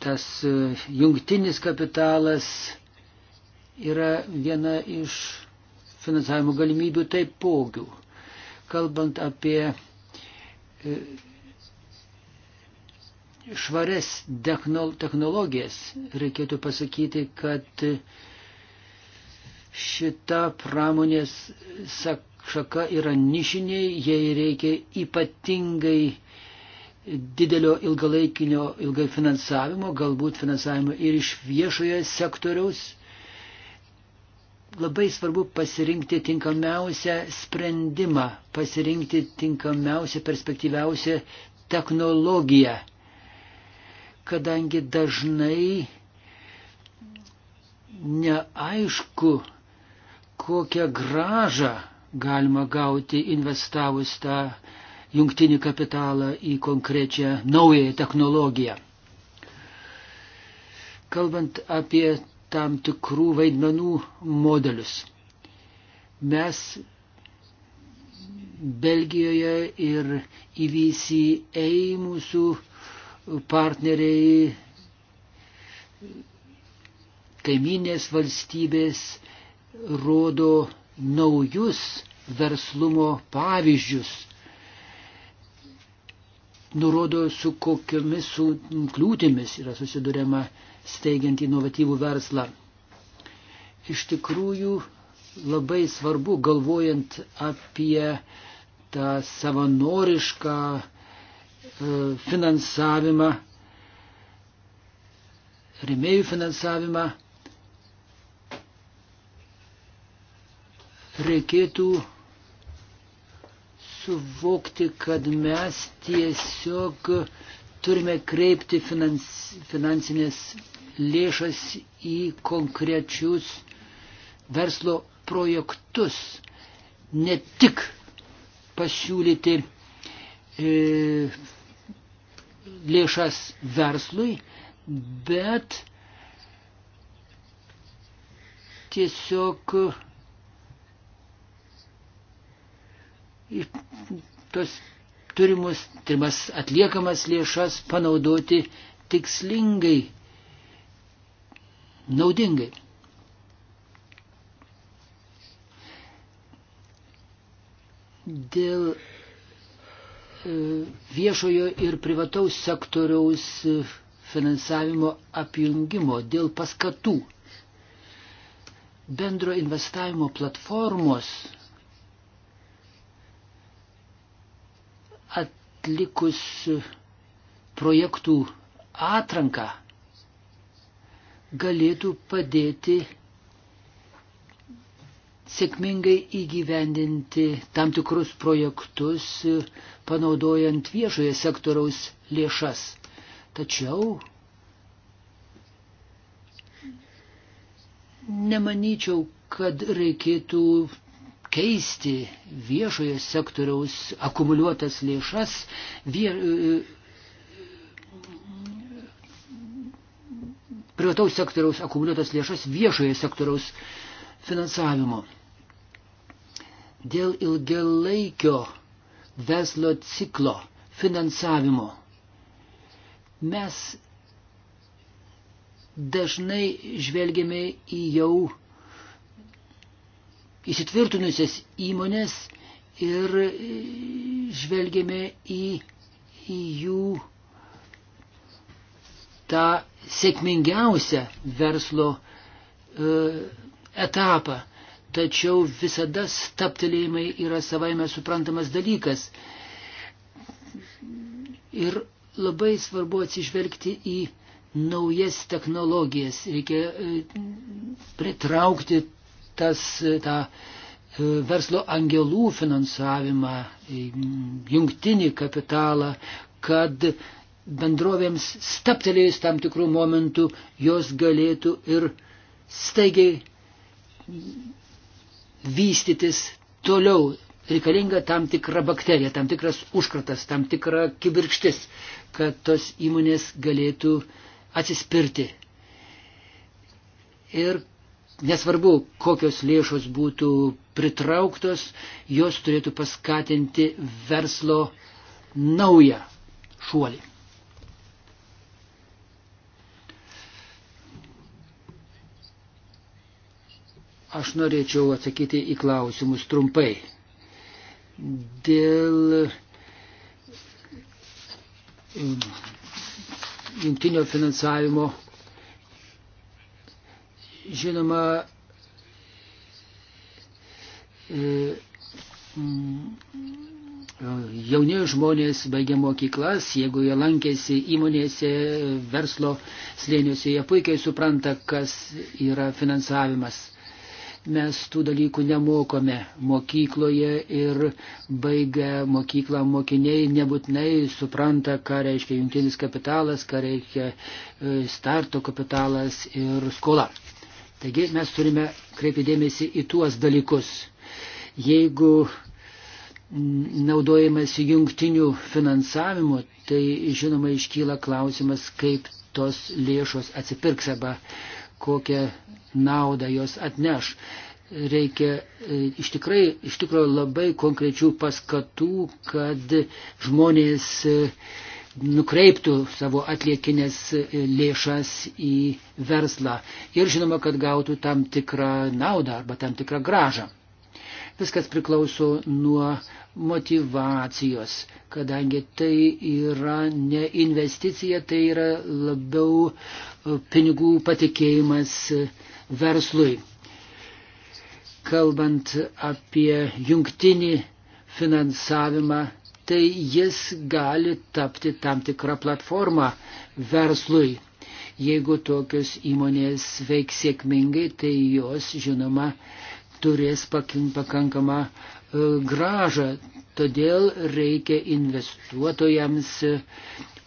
tas e, jungtinis kapitalas yra viena iš finansavimo galimybių taipogių. Kalbant apie e, švarias technologijas, reikėtų pasakyti, kad šita pramonės šaka yra nišiniai, jai reikia ypatingai didelio ilgalaikinio ilgai finansavimo, galbūt finansavimo ir iš viešojo sektoriaus. Labai svarbu pasirinkti tinkamiausią sprendimą, pasirinkti tinkamiausią, perspektyviausią technologiją, kadangi dažnai neaišku, kokią gražą galima gauti investavus tą jungtinį kapitalą į konkrečią naują technologiją. Kalbant apie tam tikrų vaidmenų modelius, mes Belgijoje ir EVCA mūsų partneriai kaiminės valstybės rodo naujus verslumo pavyzdžius nurodo, su kokiomis su kliūtimis yra susidurima steigiant inovatyvų verslą. Iš tikrųjų, labai svarbu, galvojant apie tą savanorišką e, finansavimą, remėjų finansavimą, reikėtų suvokti, kad mes tiesiog turime kreipti finans, finansinės lėšas į konkrečius verslo projektus, ne tik pasiūlyti e, lėšas verslui, bet tiesiog tos turimus, trimas atliekamas lėšas panaudoti tikslingai, naudingai. Dėl e, viešojo ir privataus sektoriaus finansavimo apjungimo, dėl paskatų. Bendro investavimo platformos atlikus projektų atranką galėtų padėti sėkmingai įgyvendinti tam tikrus projektus, panaudojant viešoje sektoriaus lėšas. Tačiau nemanyčiau, kad reikėtų keisti viešojo sektoriaus akumuliuotas lėšas vie, e, privataus sektoriaus akumuliuotas lėšas viešojo sektoriaus finansavimo. Dėl ilgelaikio veslo ciklo finansavimo mes dažnai žvelgiame į jau įsitvirtinusias įmonės ir e, žvelgėme į, į jų tą sėkmingiausią verslo e, etapą. Tačiau visada staptelėjimai yra savaime suprantamas dalykas. Ir labai svarbu atsižvelgti į naujas technologijas. Reikia e, pritraukti tas tą e, verslo angelų finansavimą, jungtinį kapitalą, kad bendrovėms staptelėjus tam tikrų momentų jos galėtų ir staigiai vystytis toliau. Reikalinga tam tikra bakterija, tam tikras užkratas, tam tikra kibirkštis, kad tos įmonės galėtų atsispirti. Ir nesvarbu, kokios lėšos būtų pritrauktos, jos turėtų paskatinti verslo naują šuolį. Aš norėčiau atsakyti į klausimus trumpai. Dėl jungtinio finansavimo Žinoma, e, mm, jauni žmonės baigia mokyklas, jeigu jie lankėsi įmonėse, verslo slėniuose, jie puikiai supranta, kas yra finansavimas. Mes tų dalykų nemokome mokykloje ir baigę mokyklą mokiniai nebūtinai supranta, ką reiškia jungtinis kapitalas, ką reiškia e, starto kapitalas ir skola. Taigi mes turime kreipti dėmesį į tuos dalykus. Jeigu naudojamas jungtinių finansavimu, tai žinoma iškyla klausimas, kaip tos lėšos atsipirks arba kokią naudą jos atneš. Reikia e, iš, tikrai, iš tikrųjų labai konkrečių paskatų, kad žmonės e, nukreiptų savo atliekinės lėšas į verslą ir žinoma, kad gautų tam tikrą naudą arba tam tikrą gražą. Viskas priklauso nuo motivacijos, kadangi tai yra ne investicija, tai yra labiau e, pinigų patikėjimas e, verslui. Kalbant apie jungtinį finansavimą, tai jis gali tapti tam tikrą platformą verslui. Jeigu tokios įmonės veiks sėkmingai, tai jos, žinoma, turės pakankamą e, gražą. Todėl reikia investuotojams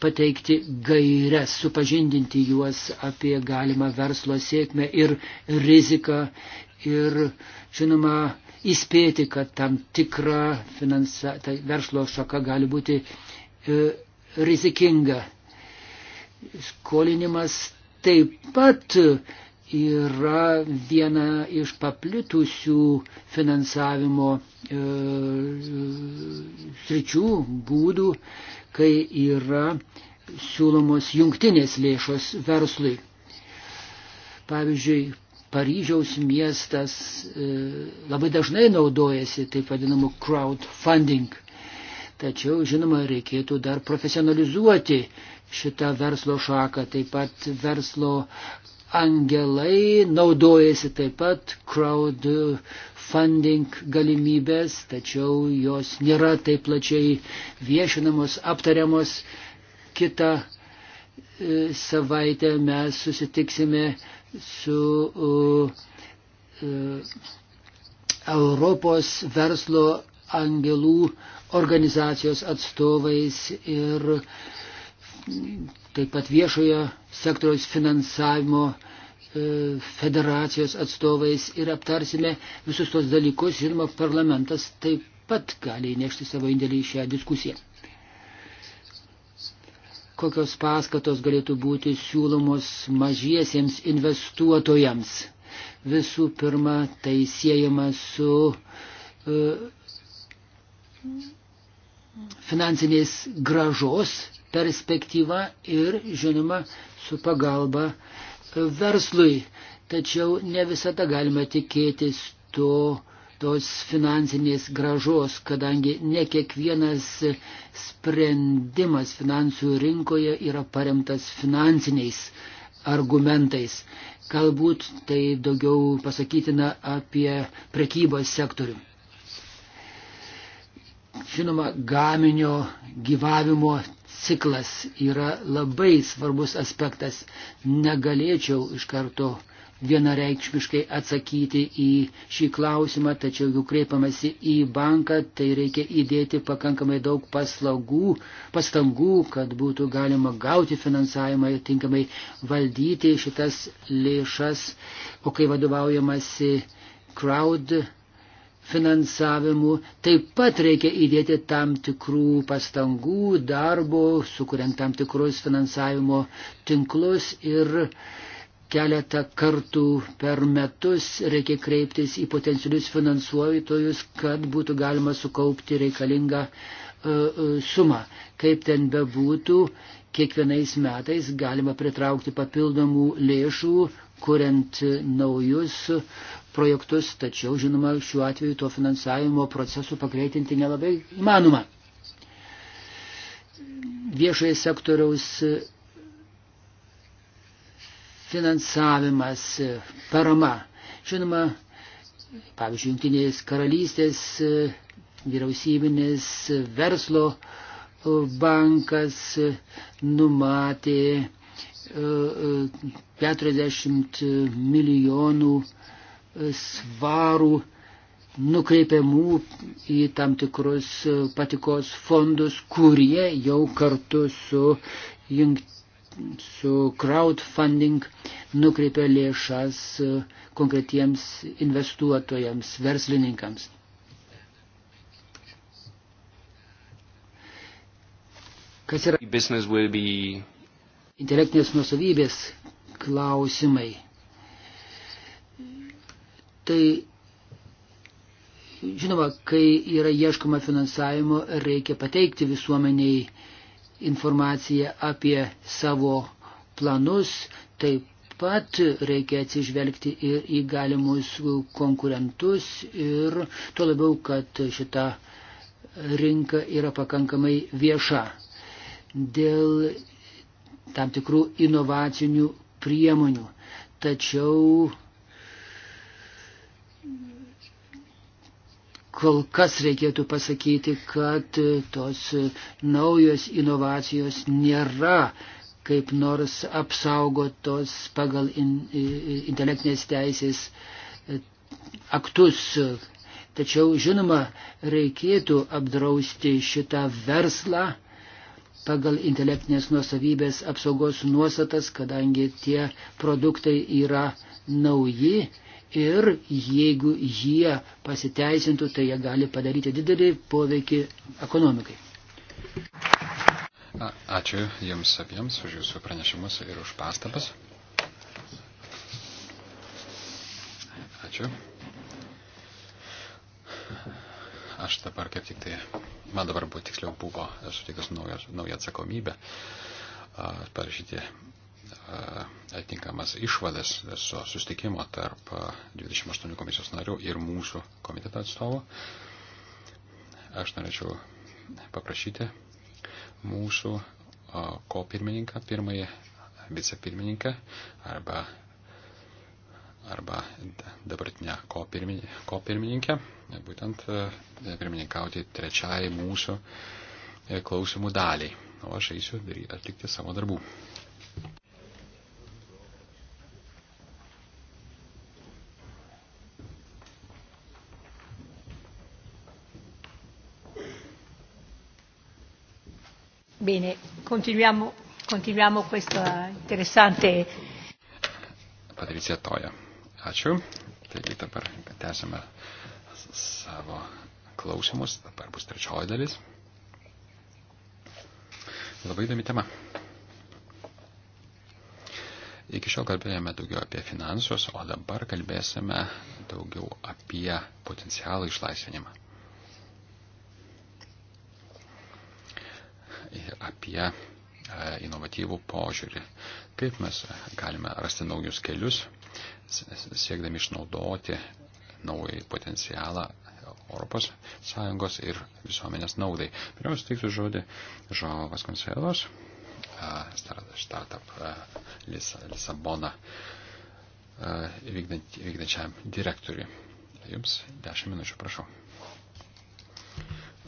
pateikti gairias, supažindinti juos apie galimą verslo sėkmę ir riziką ir, žinoma, įspėti, kad tam tikra finansa, tai verslo šaka gali būti e, rizikinga. Skolinimas taip pat yra viena iš paplitusių finansavimo e, sričių būdų, kai yra siūlomos jungtinės lėšos verslui. Pavyzdžiui, Paryžiaus miestas e, labai dažnai naudojasi taip vadinamu crowdfunding. Tačiau, žinoma, reikėtų dar profesionalizuoti šitą verslo šaką. Taip pat verslo angelai naudojasi taip pat crowdfunding galimybės, tačiau jos nėra taip plačiai viešinamos, aptariamos. Kita e, savaitę mes susitiksime su uh, uh, Europos verslo angelų organizacijos atstovais ir taip pat viešojo sektoriaus finansavimo e, federacijos atstovais ir aptarsime visus tos dalykus. Žinoma, parlamentas taip pat gali įnešti savo indėlį į šią diskusiją kokios paskatos galėtų būti siūlomos mažiesiems investuotojams. Visų pirma, tai siejama su uh, finansinės gražos perspektyva ir, žinoma, su pagalba e, verslui. Tačiau ne visada galima tikėtis to tos finansinės gražos, kadangi ne kiekvienas sprendimas finansų rinkoje yra paremtas finansiniais argumentais. Galbūt tai daugiau pasakytina apie prekybos sektorių. Žinoma, gaminio gyvavimo ciklas yra labai svarbus aspektas. Negalėčiau iš karto uh, vienareikšmiškai atsakyti į šį klausimą, tačiau jeigu kreipiamasi į banką, tai reikia įdėti pakankamai daug paslaugų, pastangų, kad būtų galima gauti finansavimą ir tinkamai valdyti šitas lėšas, o kai vadovaujamasi crowd finansavimu, taip pat reikia įdėti tam tikrų pastangų, darbo, sukuriant tam tikrus finansavimo tinklus ir keletą kartų per metus reikia kreiptis į potencialius finansuotojus, kad būtų galima sukaupti reikalingą e, e, sumą. Kaip ten bebūtų, kiekvienais metais galima pritraukti papildomų lėšų, kuriant naujus projektus, tačiau, žinoma, šiuo atveju to finansavimo procesų pagreitinti nelabai įmanoma. Viešoje sektoriaus finansavimas, e, parama. Žinoma, pavyzdžiui, Junktinės karalystės e, vyriausybinis e, verslo bankas numatė 40 milijonų svarų nukreipiamų į tam tikrus patikos fondus, kurie jau kartu su jungtinėmis su crowdfunding nukreipia lėšas e, konkretiems investuotojams, verslininkams. Kas yra be... intelektinės nusavybės klausimai? Tai žinoma, kai yra ieškoma finansavimo, reikia pateikti visuomeniai informaciją apie savo planus, taip pat reikia atsižvelgti ir į galimus konkurentus ir tuo labiau, kad šita rinka yra pakankamai vieša. Dėl tam tikrų inovacinių priemonių. Tačiau kol kas reikėtų pasakyti, kad tos naujos inovacijos nėra kaip nors apsaugotos pagal in, intelektinės teisės aktus. Tačiau, žinoma, reikėtų apdrausti šitą verslą pagal intelektinės nuosavybės apsaugos nuostatas, kadangi tie produktai yra nauji ir jeigu jie pasiteisintų, tai jie gali padaryti didelį poveikį ekonomikai. A, ačiū Jums abiems už Jūsų pranešimus ir už pastabas. Ačiū. Aš dabar kaip tik tai, man dabar buvo tiksliau buvo sutikęs nauja, nauja atsakomybė parašyti E, atitinkamas išvadas su sustikimo tarp 28 e, komisijos narių ir mūsų komiteto atstovo. Aš norėčiau paprašyti mūsų e, ko pirmininką, pirmąjį vicepirmininką arba, arba dabartinę ko, pirmin, ko pirmininkę, būtent pirmininkauti trečiai mūsų klausimų daliai. O aš eisiu atlikti savo darbų. Bene, continuiamo, continuiamo questa eh, interessante. Patricija Toja. Ačiū. Taigi dabar tęsime savo klausimus. Dabar bus trečioji dalis. Labai įdomi tema. Iki šiol kalbėjome daugiau apie finansus, o dabar kalbėsime daugiau apie potencialų išlaisvinimą. apie e, inovatyvų požiūrį. Kaip mes galime rasti naujus kelius, siekdami išnaudoti naują potencialą Europos Sąjungos ir visuomenės naudai. Pirmiausia, teiksiu žodį Žao Vaskoncelos, e, startup e, Lisabona vykdančiam direktoriui. Jums 10 minučių, prašau.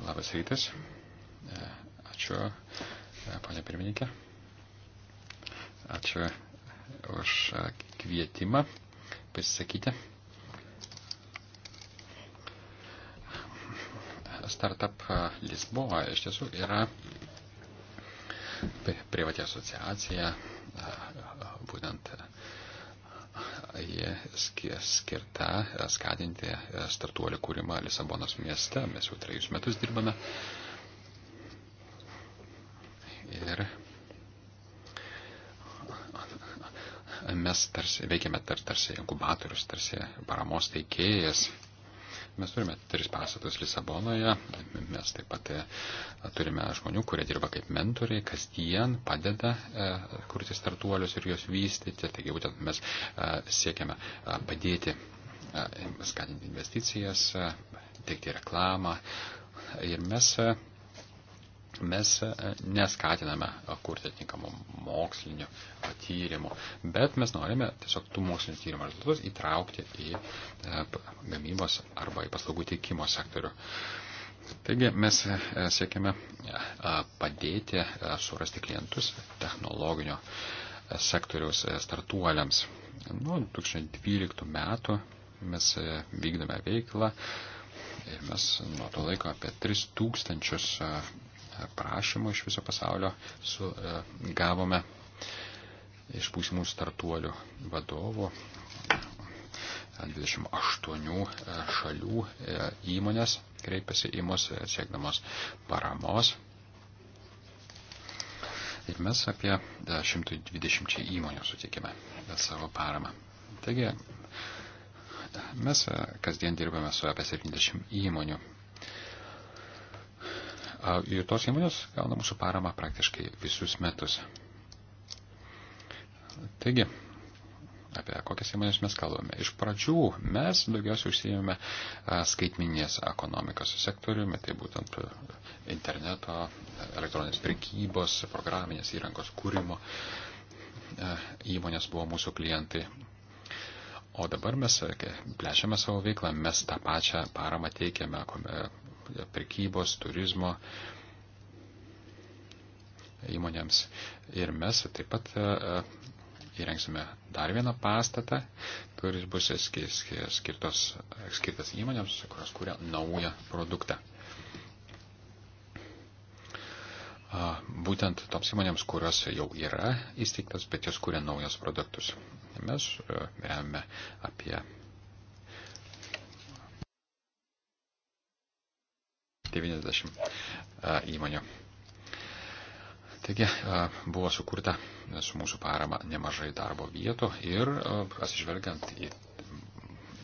Labas rytas. Ačiū, e, ponė pirmininkė. Ačiū už e, kvietimą pasisakyti. Startup e, Lisboa iš tiesų yra privati asociacija, būtent jie skirta skatinti startuolių kūrimą Lisabonos mieste. Mes jau trejus metus dirbame Ir mes tarsi, veikiame tar, tarsi inkubatorius, tarsi paramos teikėjas. Mes turime tris pastatus Lisabonoje, mes taip pat e, turime žmonių, kurie dirba kaip mentoriai, kasdien padeda e, kurti startuolius ir juos vystyti. Taigi būtent mes e, siekiame e, padėti, e, skatinti investicijas, e, teikti reklamą. Ir mes e, mes e, neskatiname e, kurti atitinkamų mokslinių e, tyrimų, bet mes norime tiesiog tų mokslinių tyrimų rezultatus įtraukti į gamybos arba į paslaugų teikimo sektorių. Taigi mes siekiame padėti surasti klientus technologinio sektoriaus startuoliams. Nuo 2012 metų mes vykdome veiklą ir mes nuo to laiko apie 3000 prašymų iš viso pasaulio su, e, gavome iš būsimų startuolių vadovų 28 e, e, šalių įmonės kreipiasi į mus siekdamos paramos. Ir mes apie 120 įmonių sutikime savo paramą. Taigi, mes kasdien dirbame su apie 70 įmonių Ir tos įmonės gauna mūsų paramą praktiškai visus metus. Taigi, apie kokias įmonės mes kalbame. Iš pradžių mes daugiausiai užsijėmėme skaitminės ekonomikos sektoriumi, tai būtent interneto, elektroninės prekybos, programinės įrangos kūrimo įmonės buvo mūsų klientai. O dabar mes plečiame savo veiklą, mes tą pačią paramą teikiame prekybos, turizmo įmonėms. Ir mes taip pat e, e, įrengsime dar vieną pastatą, kuris bus skirtos, skirtas įmonėms, kurios kūrė naują produktą. Būtent toms įmonėms, kurios jau yra įsteigtos, bet jos kūrė naujos produktus. Mes e, remiame apie 90 e, įmonių. Taigi e, buvo sukurta su mūsų parama nemažai darbo vietų ir e, atsižvelgiant į,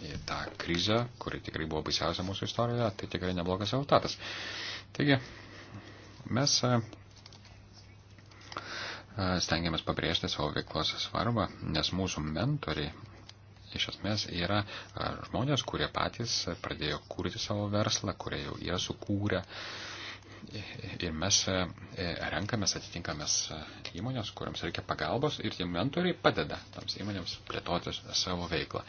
į tą krizę, kuri tikrai buvo baisiausia mūsų istorijoje, tai tikrai neblogas rezultatas. Taigi mes stengiamės pabrėžti savo veiklos svarbą, nes mūsų mentoriai iš esmės yra žmonės, kurie patys pradėjo kurti savo verslą, kurie jau yra sukūrę. Ir mes e, e, renkamės atitinkamas e, įmonės, kuriams reikia pagalbos ir tie mentoriai padeda tams įmonėms plėtoti savo veiklą.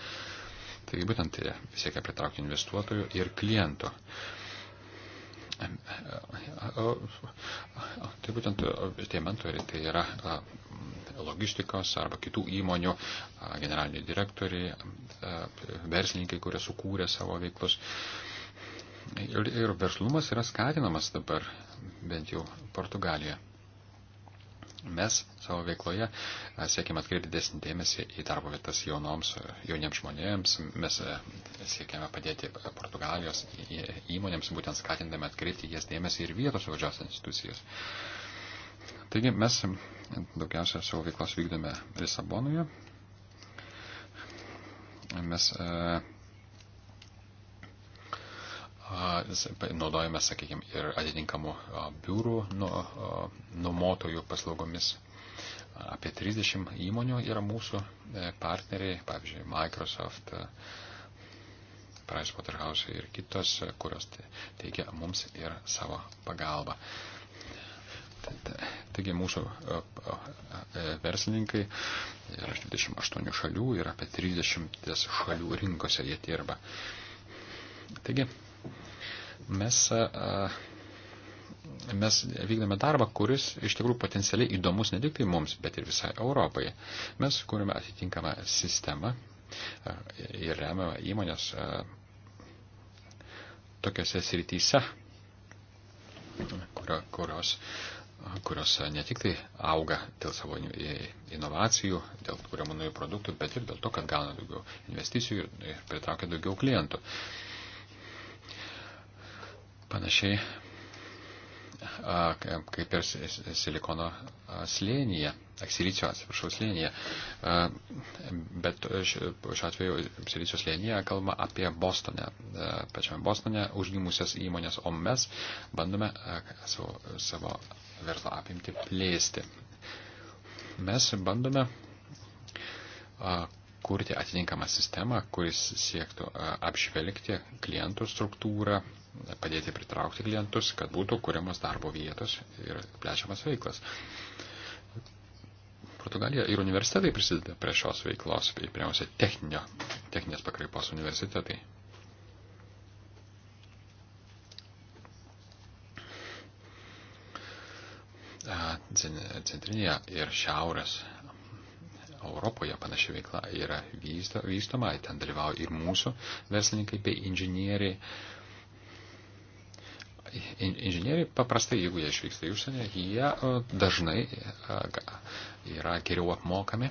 Taigi būtent tai siekia pritraukti investuotojų ir klientų. Uh, uh, uh, tai būtent tie mentoriai tai yra logistikos arba kitų įmonių generaliniai direktoriai, verslininkai, kurie sukūrė savo veiklus. Ir verslumas yra skatinamas dabar, bent jau Portugalijoje. Mes savo veikloje e, siekiame atkreipti desnį dėmesį į darbo vietas jaunoms, e, jauniems žmonėms. Mes e, siekiame padėti Portugalijos įmonėms, būtent skatindami atkreipti jas dėmesį ir vietos valdžios institucijas. Taigi mes daugiausia savo veiklos vykdome Lisabonoje. Mes uh, E, naudojame, sakykime, ir atitinkamų biurų nu, nuomotojų paslaugomis. Apie 30 įmonių yra mūsų e, partneriai, pavyzdžiui, Microsoft, e, Pricewaterhouse ir kitos, kurios teikia mums ir savo pagalbą. Taigi mūsų verslininkai yra 28 šalių ir apie 30 šalių rinkose jie dirba. Taigi mes, mes vykdome darbą, kuris iš tikrųjų potencialiai įdomus ne tik tai mums, bet ir visai Europai. Mes kūrėme atitinkamą sistemą ir remiame įmonės tokiose srityse, kurio, kurios, kurios ne tik tai auga dėl savo inovacijų, dėl kuriamų naujų produktų, bet ir dėl to, kad gauna daugiau investicijų ir pritraukia daugiau klientų. Uh, Panašiai kaip ir silikono slėnyje, aksilicio atsiprašau slėnyje. Bet šiuo atveju aksilicio slėnyje kalba apie Bostone, pačiame Bostone užgimusias įmonės, o mes bandome savo, savo verslo apimti plėsti. Mes bandome kurti atitinkamą sistemą, kuris siektų apžvelgti klientų struktūrą, padėti pritraukti klientus, kad būtų kuriamas darbo vietos ir plečiamas veiklas. Portugalija ir universitetai prisideda prie šios veiklos, pirmiausia, techninio, techninės pakraipos universitetai. Centrinėje ir šiaurės Europoje panaši veikla yra vystoma, ten dalyvauja ir mūsų verslininkai bei inžinieriai inžinieriai paprastai, jeigu jie išvyksta į užsienį, jie dažnai yra geriau apmokami,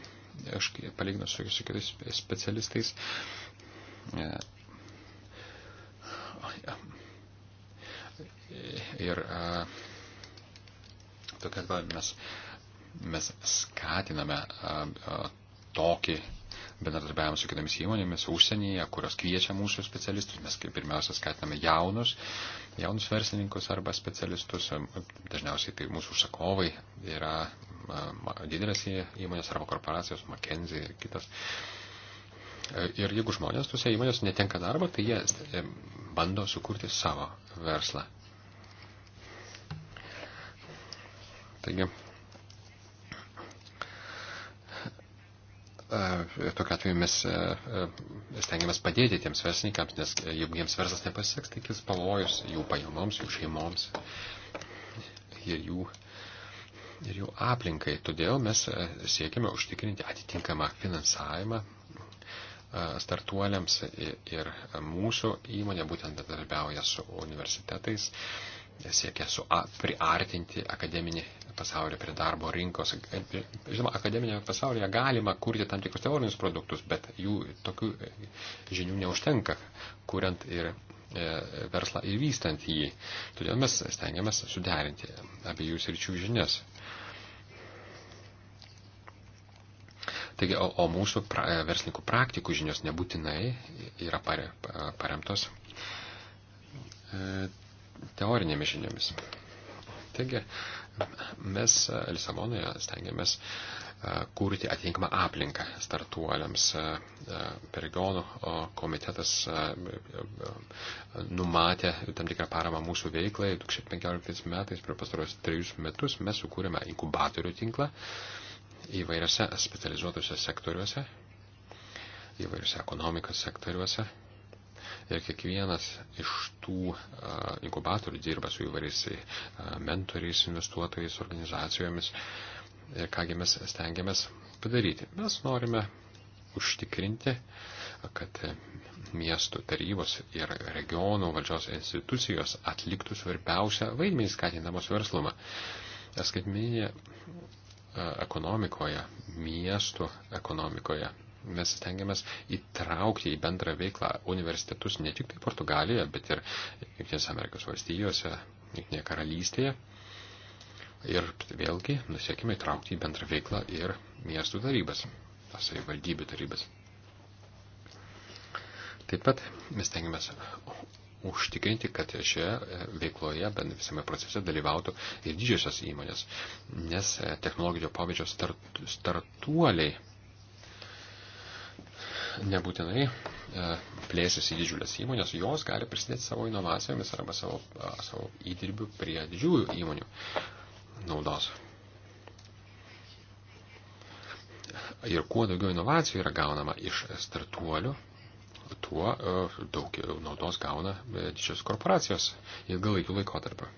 aš palyginus su, su kitais specialistais. E, Ir tokia mes, mes skatiname tokį bendradarbiavame su kitomis įmonėmis užsienyje, kurios kviečia mūsų specialistus. Mes pirmiausia skatiname jaunus, jaunus verslininkus arba specialistus. Dažniausiai tai mūsų užsakovai yra didelės įmonės arba korporacijos, McKenzie ir kitas. E, ir jeigu žmonės tuose įmonės netenka darbo, tai jie e, bando sukurti savo verslą. Taigi, E, tokia atveju mes e, e, stengiamės padėti tiems verslininkams, nes jeigu jiems verslas nepasiseks, tai kils pavojus jų pajamoms, jų šeimoms ir jų, ir jų aplinkai. Todėl mes siekime užtikrinti atitinkamą finansavimą startuoliams ir mūsų įmonė būtent bendradarbiauja su universitetais siekia su, a, priartinti akademinį pasaulį prie darbo rinkos. Žinoma, akademinėje pasaulyje galima kurti tam tikrus teorinius produktus, bet jų tokių e, žinių neužtenka, kuriant ir e, verslą ir vystant jį. Todėl mes stengiamės suderinti abiejų sričių žinias. Taigi, o, o mūsų pra, e, verslininkų praktikų žinios nebūtinai yra pare, paremtos teorinėmis žiniomis. Taigi, mes e, Lisabonoje stengiamės e, kurti atitinkamą aplinką startuoliams. E, Regionų komitetas numatė tam tikrą paramą mūsų veiklai. 2015 metais, per pastarosius trejus metus, mes sukūrėme inkubatorių tinklą įvairiose specializuotose sektoriuose, įvairiose ekonomikos sektoriuose Ir kiekvienas iš tų inkubatorių dirba su įvairiais mentoriais, investuotojais, organizacijomis. Ir kągi mes stengiamės padaryti. Mes norime užtikrinti, kad miestų tarybos ir regionų valdžios institucijos atliktų svarbiausią vaidmenį skatindamos verslumą. Skaitmeninė ekonomikoje, miestų ekonomikoje mes stengiamės įtraukti į bendrą veiklą universitetus ne tik tai Portugalijoje, bet ir Junktinės Amerikos valstijose, Junktinėje karalystėje. Ir vėlgi nusiekime įtraukti į bendrą veiklą ir miestų tarybas, savivaldybių tarybas. Taip pat mes tengiamės užtikrinti, kad šioje e, veikloje, bent visame procese dalyvautų ir didžiosios įmonės, nes e, technologinio pavyzdžio start, startuoliai nebūtinai e, plėsis į didžiulės įmonės, jos gali prisidėti savo inovacijomis arba savo, savo įdirbių prie didžiųjų įmonių naudos. Ir kuo daugiau inovacijų yra gaunama iš startuolių, tuo e, daugiau naudos gauna e, didžios korporacijos ilgalaikių laikotarpių.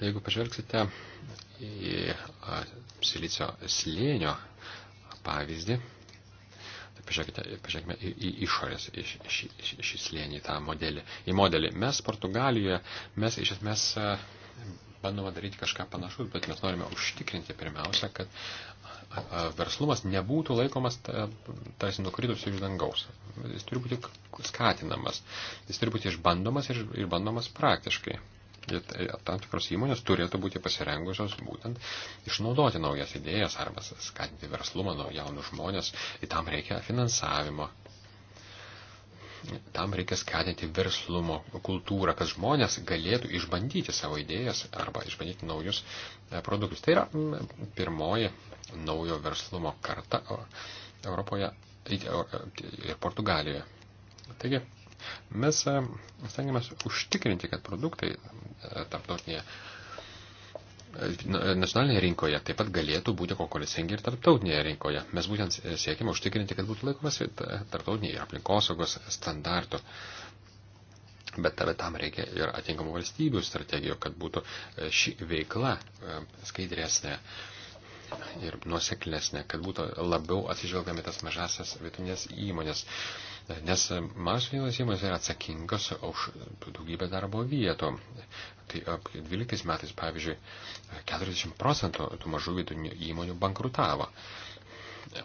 Jeigu pažvelgsite į silicio slėnio pavyzdį. Tai pažiūrėkite, pažiūrėkime į, į išorės, į šį slėnį, tą modelį. Į modelį. Mes Portugalijoje, mes iš esmės e, bandome daryti kažką panašaus, bet mes norime užtikrinti pirmiausia, kad verslumas nebūtų laikomas tarsi nukritusiu iš dangaus. Jis turi būti skatinamas, jis turi būti išbandomas ir, ir bandomas praktiškai ir tai tam tikros įmonės turėtų būti pasirengusios būtent išnaudoti naujas idėjas arba skatinti verslumą nuo jaunų žmonės. Ir tam reikia finansavimo. Tam reikia skatinti verslumo kultūrą, kad žmonės galėtų išbandyti savo idėjas arba išbandyti naujus e, produktus. Tai yra pirmoji naujo verslumo karta Europoje e, ir Portugalijoje. Taigi, Mes e, stengiamės užtikrinti, kad produktai e, tarptautinėje e, nacionalinėje rinkoje taip pat galėtų būti konkurencingi ir tarptautinėje rinkoje. Mes būtent siekime užtikrinti, kad būtų laikomas tarptautiniai ir aplinkosaugos standartų. Bet tam reikia ir atinkamų valstybių strategijų, kad būtų ši veikla skaidresnė ir nuoseklesnė, kad būtų labiau atsižvelgami tas mažasias vietinės įmonės. Nes mažas vietinės įmonės yra atsakingas už daugybę darbo vietų. Tai 12 e, metais, pavyzdžiui, 40 procentų tų mažų vidutinių įmonių bankrutavo.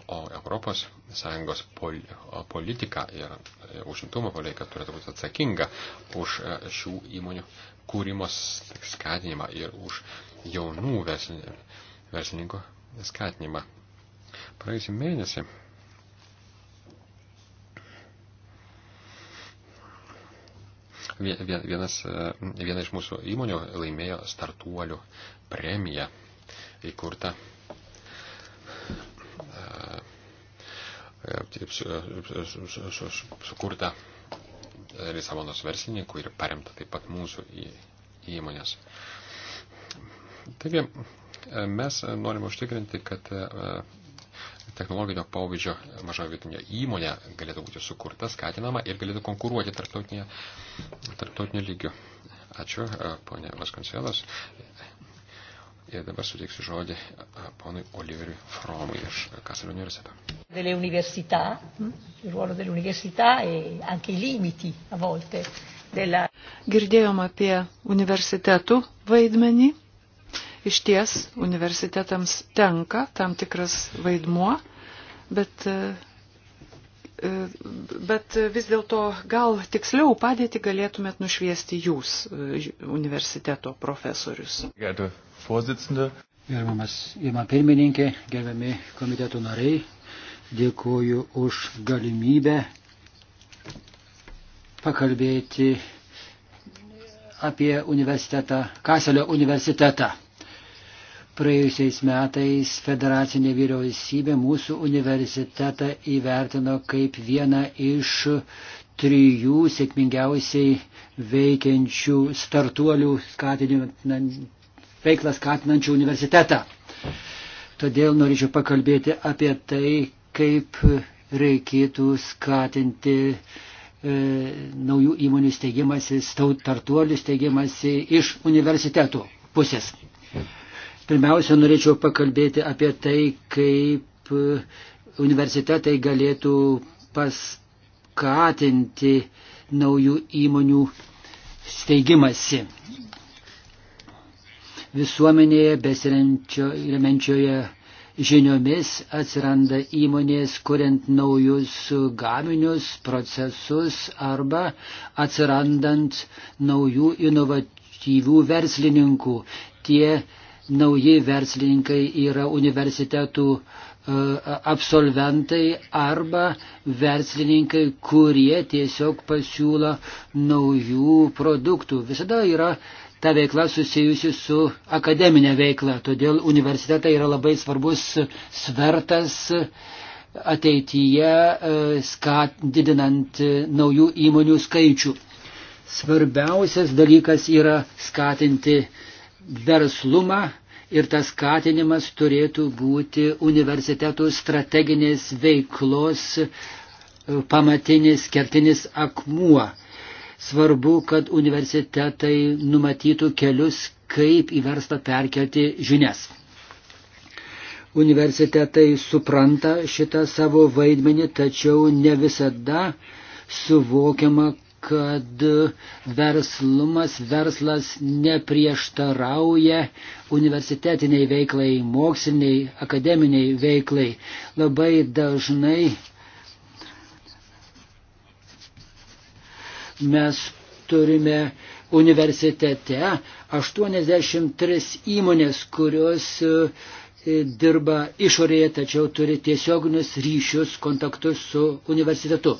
O Europos Sąjungos pol, politika ir e, užimtumo politika turėtų būti atsakinga už e, šių įmonių kūrimos skatinimą ir už jaunų verslininkų skatinimą. Praėjusį mėnesį vienas, e, viena iš mūsų įmonių laimėjo startuolių premiją įkurta e, e, sukurta Lisabonos verslininkų ir paremta taip pat mūsų įmonės. Taigi, E, mes e, norime užtikrinti, kad e, technologinio pavyzdžio mažo vidutinio įmonė galėtų būti sukurta, skatinama ir galėtų konkuruoti tarptautinio lygiu. Ačiū, ponė Vaskoncelos. Ir dabar suteiksiu žodį ponui Oliveriui Fromui iš Kasalio universiteto. Delle università, hm? il ruolo dell'università e anche i limiti a volte. Della... Girdėjom apie universitetų vaidmenį iš ties universitetams tenka tam tikras vaidmuo, bet, e, e, bet vis dėlto gal tiksliau padėti galėtumėt nušviesti jūs, e, universiteto profesorius. Gerbiamas Ima pirmininkė, gerbiami komiteto nariai, dėkuoju už galimybę pakalbėti apie universitetą, Kaselio universitetą. Praėjusiais metais federacinė vyriausybė mūsų universitetą įvertino kaip vieną iš trijų sėkmingiausiai veikiančių startuolių veiklą skatinančių universitetą. Todėl norėčiau pakalbėti apie tai, kaip reikėtų skatinti e, naujų įmonių steigimasi, startuolių steigimasi iš universitetų pusės. Pirmiausia, norėčiau pakalbėti apie tai, kaip e, universitetai galėtų paskatinti naujų įmonių steigimasi. Visuomenėje besirenčioje žiniomis atsiranda įmonės, kuriant naujus gaminius, procesus arba atsirandant naujų inovatyvių verslininkų. Tie nauji verslininkai yra universitetų e, absolventai arba verslininkai, kurie tiesiog pasiūla naujų produktų. Visada yra ta veikla susijusi su akademinė veikla, todėl universitetai yra labai svarbus svertas ateityje e, skat, didinant naujų įmonių skaičių. Svarbiausias dalykas yra skatinti uh, verslumą ir tas skatinimas turėtų būti universitetų strateginės veiklos e, pamatinis, kertinis akmuo. Svarbu, kad universitetai numatytų kelius, kaip į verslą perkelti žinias. Universitetai supranta šitą savo vaidmenį, tačiau ne visada suvokiama, kad verslumas, verslas neprieštarauja universitetiniai veiklai, moksliniai, akademiniai veiklai. Labai dažnai mes turime universitete 83 įmonės, kurios dirba išorėje, tačiau turi tiesioginius ryšius, kontaktus su universitetu.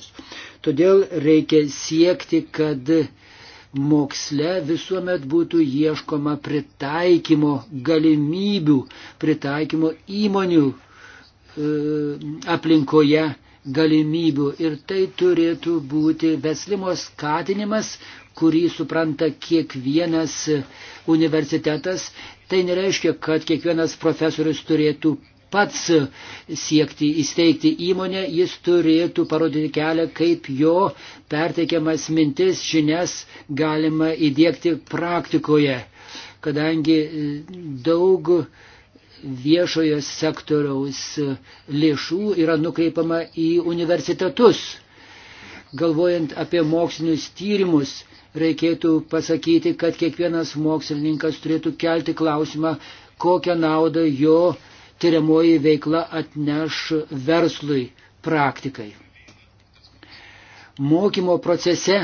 Todėl reikia siekti, kad moksle visuomet būtų ieškoma pritaikymo galimybių, pritaikymo įmonių e, aplinkoje galimybių. Ir tai turėtų būti veslimo skatinimas, kurį supranta kiekvienas universitetas Tai nereiškia, kad kiekvienas profesorius turėtų pats siekti įsteigti įmonę, jis turėtų parodyti kelią, kaip jo perteikiamas mintis, žinias galima įdėkti praktikoje, kadangi e, daug viešojo sektoriaus e, lėšų yra nukreipama į universitetus. Galvojant apie mokslinius tyrimus, reikėtų pasakyti, kad kiekvienas mokslininkas turėtų kelti klausimą, kokią naudą jo tyriamoji veikla atneš verslui praktikai. Mokymo procese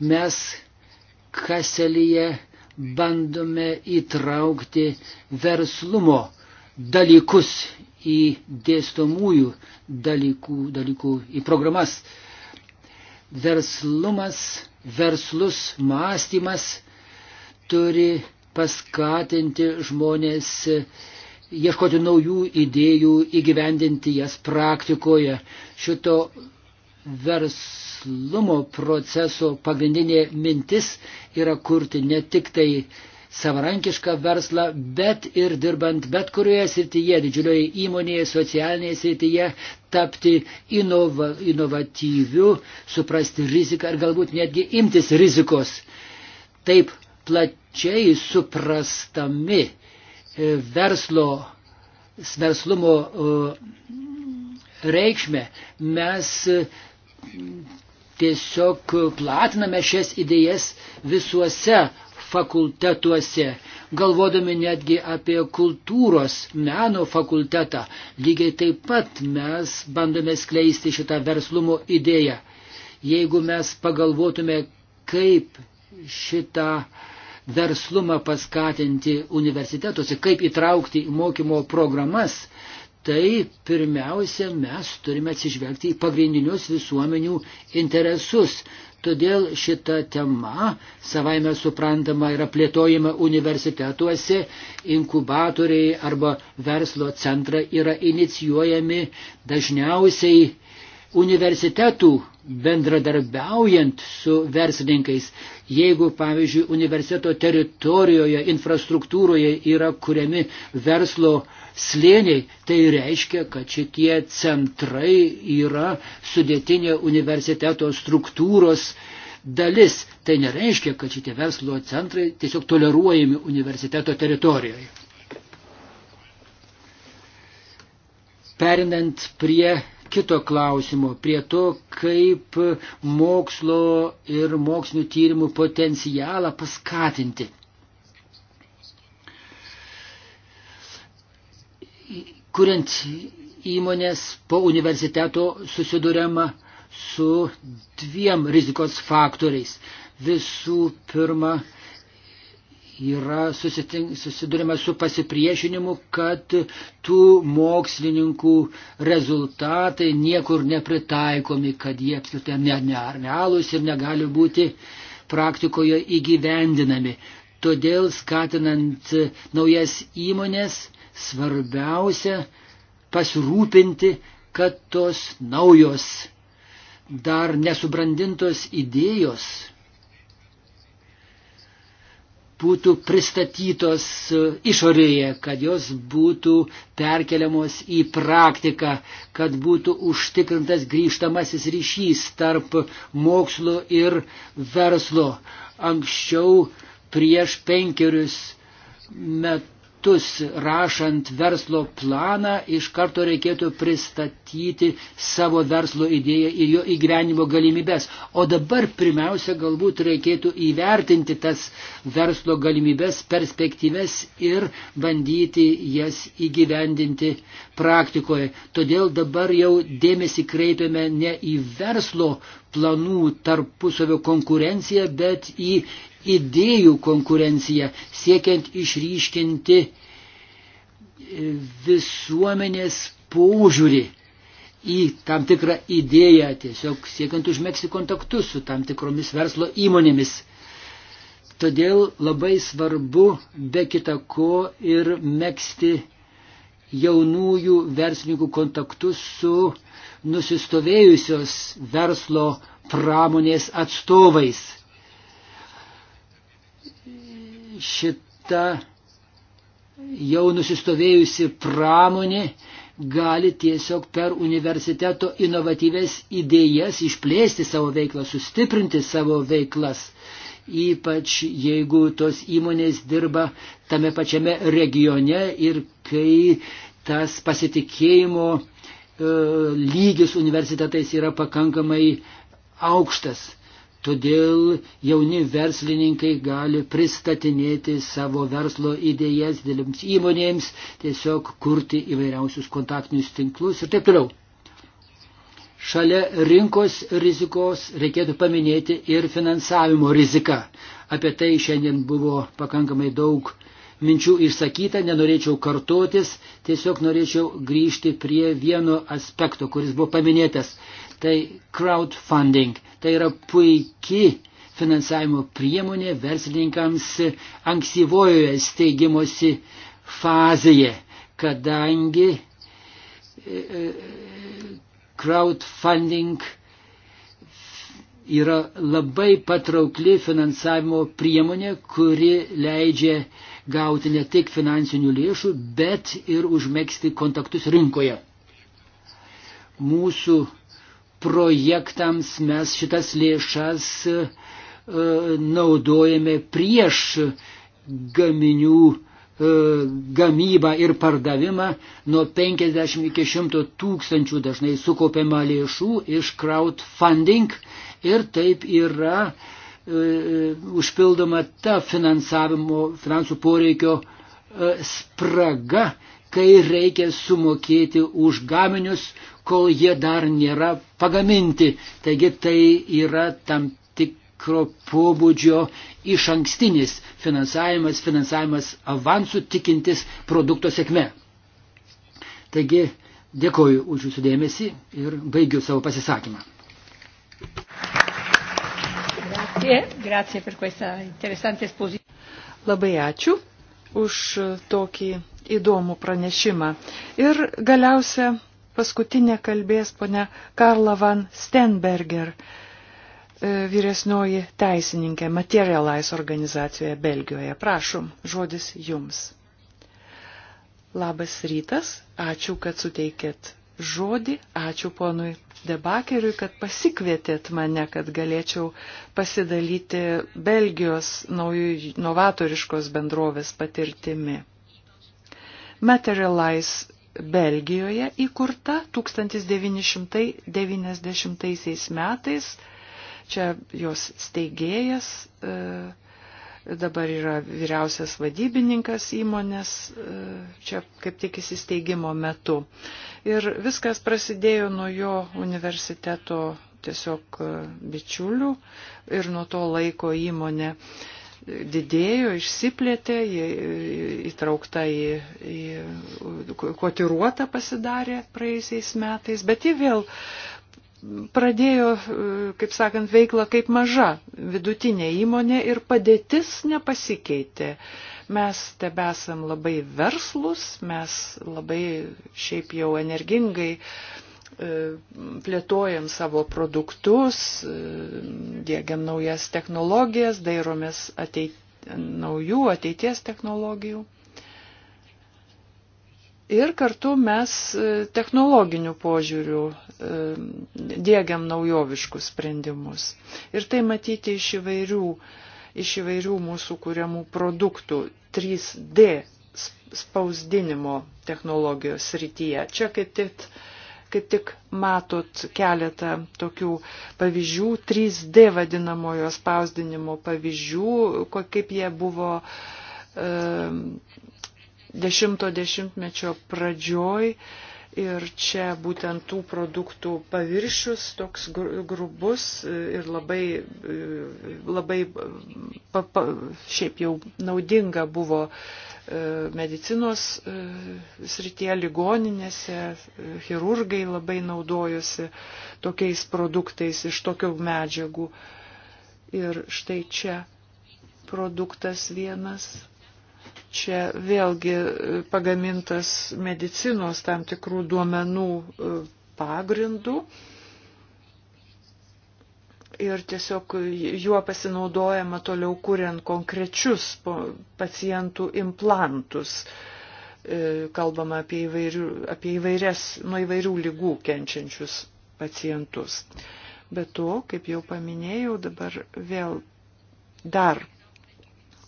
mes kaselyje bandome įtraukti verslumo dalykus į dėstomųjų dalykų, dalykų į programas. Verslumas verslus mąstymas turi paskatinti žmonės e, ieškoti naujų idėjų, įgyvendinti jas praktikoje. Šito verslumo proceso pagrindinė mintis yra kurti ne tik tai savarankišką verslą, bet ir dirbant bet kurioje srityje, didžiulioje įmonėje, socialinėje srityje, tapti inova, inovatyviu, suprasti riziką ir galbūt netgi imtis rizikos. Taip plačiai suprastami e, verslo, verslumo e, reikšmę mes e, tiesiog platiname šias idėjas visuose fakultetuose, galvodami netgi apie kultūros meno fakultetą. Lygiai taip pat mes bandome skleisti šitą verslumo idėją. Jeigu mes pagalvotume, kaip šitą verslumą paskatinti universitetuose, kaip įtraukti į mokymo programas, tai pirmiausia mes turime atsižvelgti į pagrindinius visuomenių interesus. Todėl šita tema savaime suprantama yra plėtojama universitetuose, inkubatoriai arba verslo centrai yra inicijuojami dažniausiai universitetų bendradarbiaujant su verslininkais, jeigu, pavyzdžiui, universiteto teritorijoje, infrastruktūroje yra kuriami verslo slėniai, tai reiškia, kad šitie centrai yra sudėtinė universiteto struktūros dalis. Tai nereiškia, kad šitie verslo centrai tiesiog toleruojami universiteto teritorijoje. Perinant prie kito klausimo, prie to, kaip mokslo ir mokslinių tyrimų potencialą paskatinti. Kuriant įmonės po universiteto susidurėma su dviem rizikos faktoriais. Visų pirma, yra susidurima su pasipriešinimu, kad tų mokslininkų rezultatai niekur nepritaikomi, kad jie apskritai nerealūs ne, ir negali būti praktikoje įgyvendinami. Todėl skatinant naujas įmonės svarbiausia pasirūpinti, kad tos naujos dar nesubrandintos idėjos būtų pristatytos e, išorėje, kad jos būtų perkeliamos į praktiką, kad būtų užtikrintas grįžtamasis ryšys tarp mokslo ir verslo. Anksčiau prieš penkerius metus metus rašant verslo planą iš karto reikėtų pristatyti savo verslo idėją ir jo įgyvenimo galimybės. O dabar pirmiausia galbūt reikėtų įvertinti tas verslo galimybės, perspektyves ir bandyti jas įgyvendinti praktikoje. Todėl dabar jau dėmesį kreipiame ne į verslo planų tarpusavio konkurenciją, bet į idėjų konkurencija, siekiant išryškinti e, visuomenės požiūrį į tam tikrą idėją, tiesiog siekiant užmėgsti kontaktus su tam tikromis verslo įmonėmis. Todėl labai svarbu be kita ko ir mėgsti jaunųjų verslininkų kontaktus su nusistovėjusios verslo pramonės atstovais šita jau nusistovėjusi pramonė gali tiesiog per universiteto inovatyves idėjas išplėsti savo veiklą, sustiprinti savo veiklas. Ypač jeigu tos įmonės dirba tame pačiame regione ir kai tas pasitikėjimo e, lygis universitetais yra pakankamai aukštas. Todėl jauni verslininkai gali pristatinėti savo verslo idėjas dėlėms įmonėms, tiesiog kurti įvairiausius kontaktinius tinklus ir taip toliau. Šalia rinkos rizikos reikėtų paminėti ir finansavimo riziką. Apie tai šiandien buvo pakankamai daug minčių išsakyta, nenorėčiau kartotis, tiesiog norėčiau grįžti prie vieno aspekto, kuris buvo paminėtas. Tai crowdfunding Tai yra puikiai finansavimo priemonė verslininkams ankstyvojoje steigimosi fazėje, kadangi e, e, crowdfunding yra labai patraukli finansavimo priemonė, kuri leidžia gauti ne tik finansinių lėšų, bet ir užmėgsti kontaktus rinkoje. Mūsų projektams mes šitas lėšas e, naudojame prieš gaminių e, gamybą ir pardavimą nuo 50 iki 100 tūkstančių dažnai sukaupiama lėšų iš crowdfunding ir taip yra e, užpildoma ta finansavimo, finansų poreikio e, spraga, kai reikia sumokėti už gaminius, kol jie dar nėra pagaminti. Taigi tai yra tam tikro pobūdžio iš ankstinis finansavimas, finansavimas avansų tikintis produkto sėkme. Taigi dėkoju už jūsų dėmesį ir baigiu savo pasisakymą. Labai ačiū už tokį įdomų pranešimą. Ir galiausia paskutinė kalbės ponia Karla van Stenberger, e, vyresnioji teisininkė Materialize organizacijoje Belgijoje. Prašom, žodis jums. Labas rytas, ačiū, kad suteikėt žodį, ačiū ponui Debakeriui, kad pasikvietėt mane, kad galėčiau pasidalyti Belgijos naujų novatoriškos bendrovės patirtimi. Materialize Belgijoje įkurta 1990 metais. Čia jos steigėjas e, dabar yra vyriausias vadybininkas įmonės, e, čia kaip tik įsisteigimo metu. Ir viskas prasidėjo nuo jo universiteto tiesiog e, bičiulių ir nuo to laiko įmonė didėjo, išsiplėtė, įtraukta į, į kotiruotą pasidarė praeisiais metais, bet ji vėl pradėjo, kaip sakant, veiklą kaip maža vidutinė įmonė ir padėtis nepasikeitė. Mes tebesam labai verslus, mes labai šiaip jau energingai uh, E, plėtojam savo produktus, e, dėgiam naujas technologijas, dairomės ateit, naujų ateities technologijų. Ir kartu mes e, technologiniu požiūriu dėgiam naujoviškus sprendimus. Ir tai matyti iš įvairių, iš įvairių mūsų kuriamų produktų 3D spausdinimo technologijos srityje. Čia kaip tik kaip tik matot keletą tokių pavyzdžių, 3D vadinamojo spausdinimo pavyzdžių, kaip jie buvo dešimto dešimtmečio pradžioj. E, Ir čia būtent tų produktų paviršius toks grubus ir labai, labai pa, pa, šiaip jau naudinga buvo e, medicinos e, srityje, ligoninėse, e, chirurgai labai naudojosi tokiais produktais iš tokių medžiagų. Ir štai čia produktas vienas Čia vėlgi e, pagamintas medicinos tam tikrų duomenų e, pagrindų ir tiesiog juo pasinaudojama toliau kuriant konkrečius pacientų implantus. E, kalbama apie, įvairių, apie įvairias, nuo įvairių lygų kenčiančius pacientus. Bet to, kaip jau paminėjau, dabar vėl dar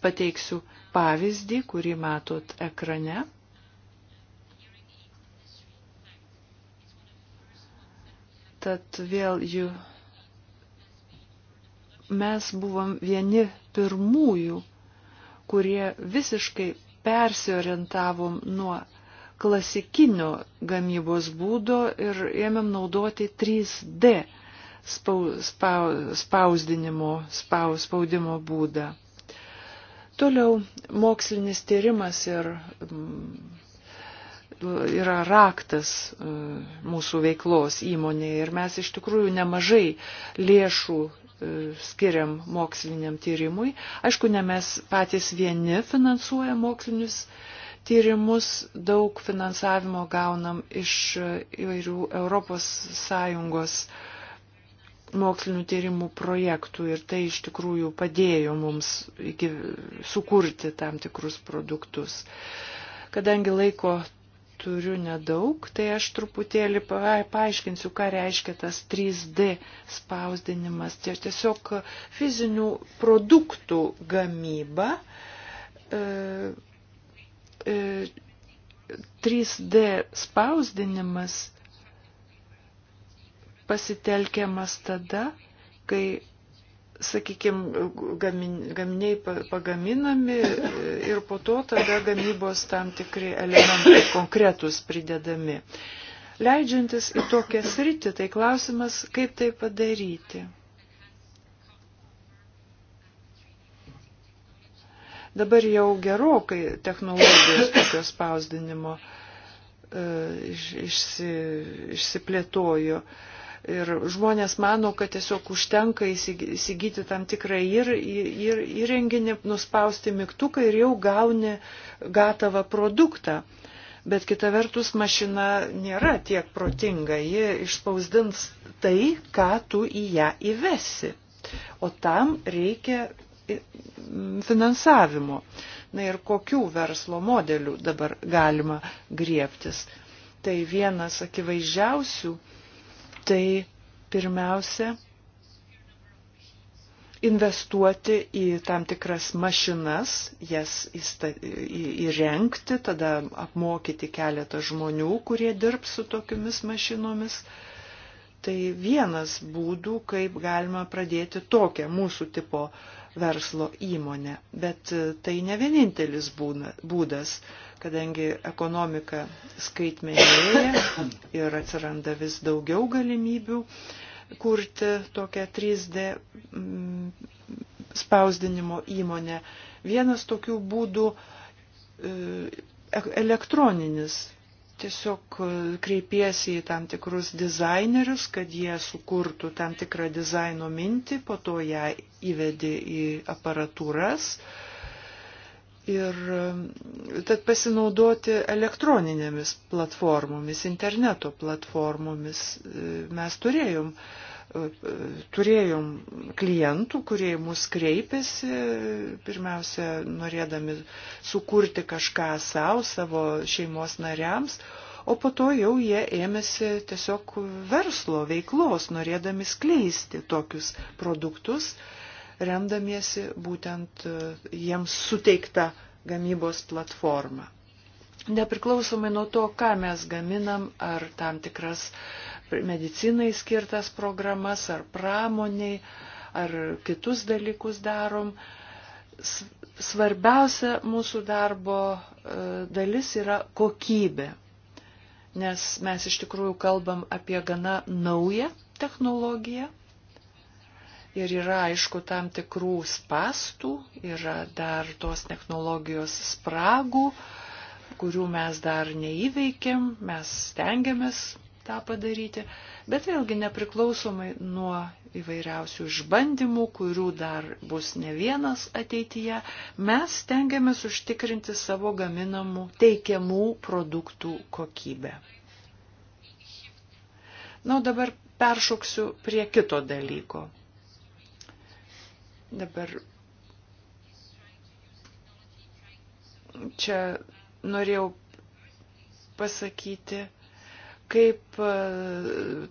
pateiksiu pavyzdį, kurį matot ekrane. Tad vėl jų mes buvom vieni pirmųjų, kurie visiškai persiorientavom nuo klasikinio gamybos būdo ir ėmėm naudoti 3D spausdinimo, spausdinimo būdą. Toliau mokslinis tyrimas ir, mm, yra raktas e, mūsų veiklos įmonėje ir mes iš tikrųjų nemažai lėšų e, skiriam moksliniam tyrimui. Aišku, ne mes patys vieni finansuoja mokslinius tyrimus, daug finansavimo gaunam iš e, įvairių Europos Sąjungos uh, mokslinių tyrimų projektų ir tai iš tikrųjų padėjo mums iki, sukurti tam tikrus produktus. Kadangi laiko turiu nedaug, tai aš truputėlį paaiškinsiu, ką reiškia tas 3D spausdinimas. Tai tiesiog fizinių produktų gamyba. E, e, 3D spausdinimas pasitelkiamas tada, kai, sakykime, gaminiai pagaminami ir po to tada gamybos tam tikri elementai konkretus pridedami. Leidžiantis į tokią sritį, tai klausimas, kaip tai padaryti. Dabar jau gerokai technologijos tokios spausdinimo e, iš, išsi, išsiplėtojo. Uh, Ir žmonės mano, kad tiesiog užtenka įsigyti tam tikrą ir, ir, įrenginį, nuspausti mygtuką ir jau gauni gatavą produktą. Bet kita vertus mašina nėra tiek protinga, ji išpausdins tai, ką tu į ją įvesi. O tam reikia finansavimo. Na ir kokių verslo modelių dabar galima griebtis. Tai vienas akivaizdžiausių tai pirmiausia investuoti į tam tikras mašinas, jas įrengti, tada apmokyti keletą žmonių, kurie dirbs su tokiomis mašinomis. Tai vienas būdų, kaip galima pradėti tokią mūsų tipo verslo įmonę. Bet tai ne vienintelis būdas kadangi ekonomika skaitmenėja ir atsiranda vis daugiau galimybių kurti tokią 3D mm, spausdinimo įmonę. Vienas tokių būdų e, elektroninis. Tiesiog e, kreipiesi į tam tikrus dizainerius, kad jie sukurtų tam tikrą dizaino mintį, po to ją įvedi į aparatūras, uh, ir um, tad pasinaudoti elektroninėmis platformomis, interneto platformomis. E, mes turėjom, e, e, turėjom klientų, kurie mus kreipėsi, pirmiausia, norėdami sukurti kažką savo, savo šeimos nariams, o po to jau jie ėmėsi tiesiog verslo veiklos, norėdami skleisti tokius produktus remdamiesi būtent e, jiems suteikta gamybos platforma. Nepriklausomai nuo to, ką mes gaminam, ar tam tikras medicinai skirtas programas, ar pramoniai, ar kitus dalykus darom, svarbiausia mūsų darbo e, dalis yra kokybė. Nes mes iš tikrųjų kalbam apie gana naują technologiją, ir yra, aišku, tam tikrų spastų, yra dar tos technologijos spragų, kurių mes dar neįveikėm, mes stengiamės tą padaryti, bet vėlgi nepriklausomai nuo įvairiausių išbandymų, kurių dar bus ne vienas ateityje, mes stengiamės užtikrinti savo gaminamų teikiamų produktų kokybę. Na, o dabar peršoksiu prie kito dalyko Dabar čia norėjau pasakyti, kaip e,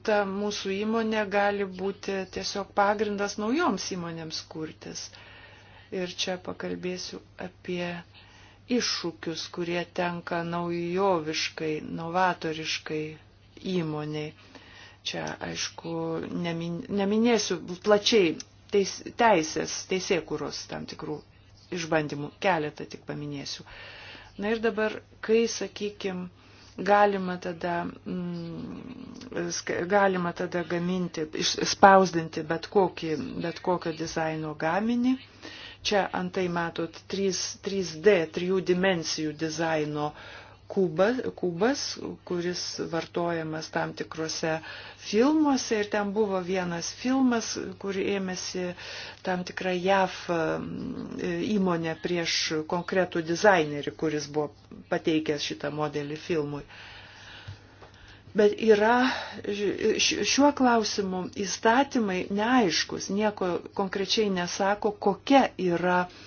ta mūsų įmonė gali būti tiesiog pagrindas naujoms įmonėms kurtis. Ir čia pakalbėsiu apie iššūkius, kurie tenka naujoviškai, novatoriškai įmoniai. Čia, aišku, nemin, neminėsiu plačiai teis, teisės, teisėkuros tam tikrų išbandymų, keletą tik paminėsiu. Na ir dabar, kai, sakykime, galima tada, mm, galima tada gaminti, spausdinti bet, kokį, bet kokio dizaino gaminį. Čia antai matot 3, 3D, trijų dimensijų dizaino uh, kubas, kubas, kuris vartojamas tam tikrose filmuose ir ten buvo vienas filmas, kur ėmėsi tam tikrą JAF įmonę prieš konkretų dizainerį, kuris buvo pateikęs šitą modelį filmui. Bet yra šiuo klausimu įstatymai neaiškus, nieko konkrečiai nesako, kokia yra uh,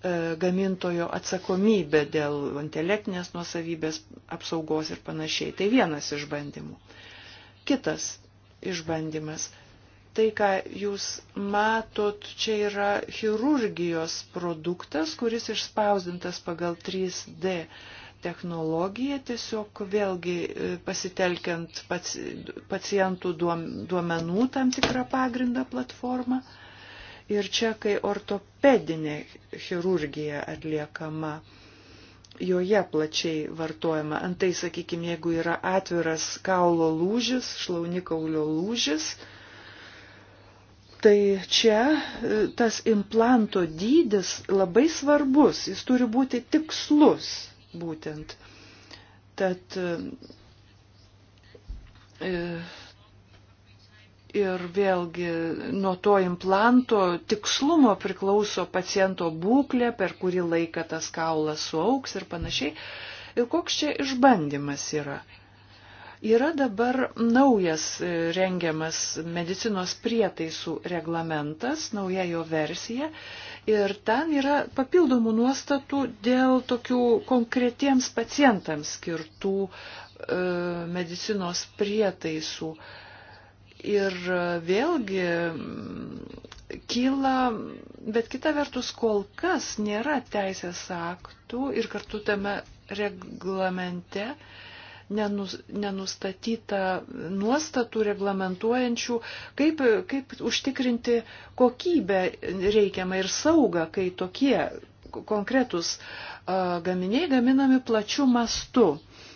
E, gamintojo atsakomybė dėl intelektinės nuosavybės apsaugos ir panašiai. Tai vienas išbandymų. Kitas išbandymas. Tai, ką jūs matot, čia yra chirurgijos produktas, kuris išspausdintas pagal 3D technologija tiesiog vėlgi e, pasitelkiant pacientų duomenų tam tikrą pagrindą platformą. Ir čia, kai ortopedinė chirurgija atliekama, joje plačiai vartojama. Antai, sakykime, jeigu yra atviras kaulo lūžis, šlaunikaulio lūžis, tai čia e, tas implanto dydis labai svarbus, jis turi būti tikslus būtent. Tad e, e, Ir vėlgi nuo to implanto tikslumo priklauso paciento būklė, per kurį laiką tas kaulas suauks ir panašiai. Ir koks čia išbandymas yra? Yra dabar naujas e, rengiamas medicinos prietaisų reglamentas, nauja jo versija, ir ten yra papildomų nuostatų dėl tokių konkretiems pacientams skirtų e, medicinos prietaisų e, Ir vėlgi mm, kyla, bet kita vertus kol kas nėra teisės aktų ir kartu tame reglamente nenus, nenustatyta nuostatų reglamentuojančių, kaip, kaip užtikrinti kokybę reikiamą ir saugą, kai tokie konkretus a, gaminiai gaminami plačių mastų.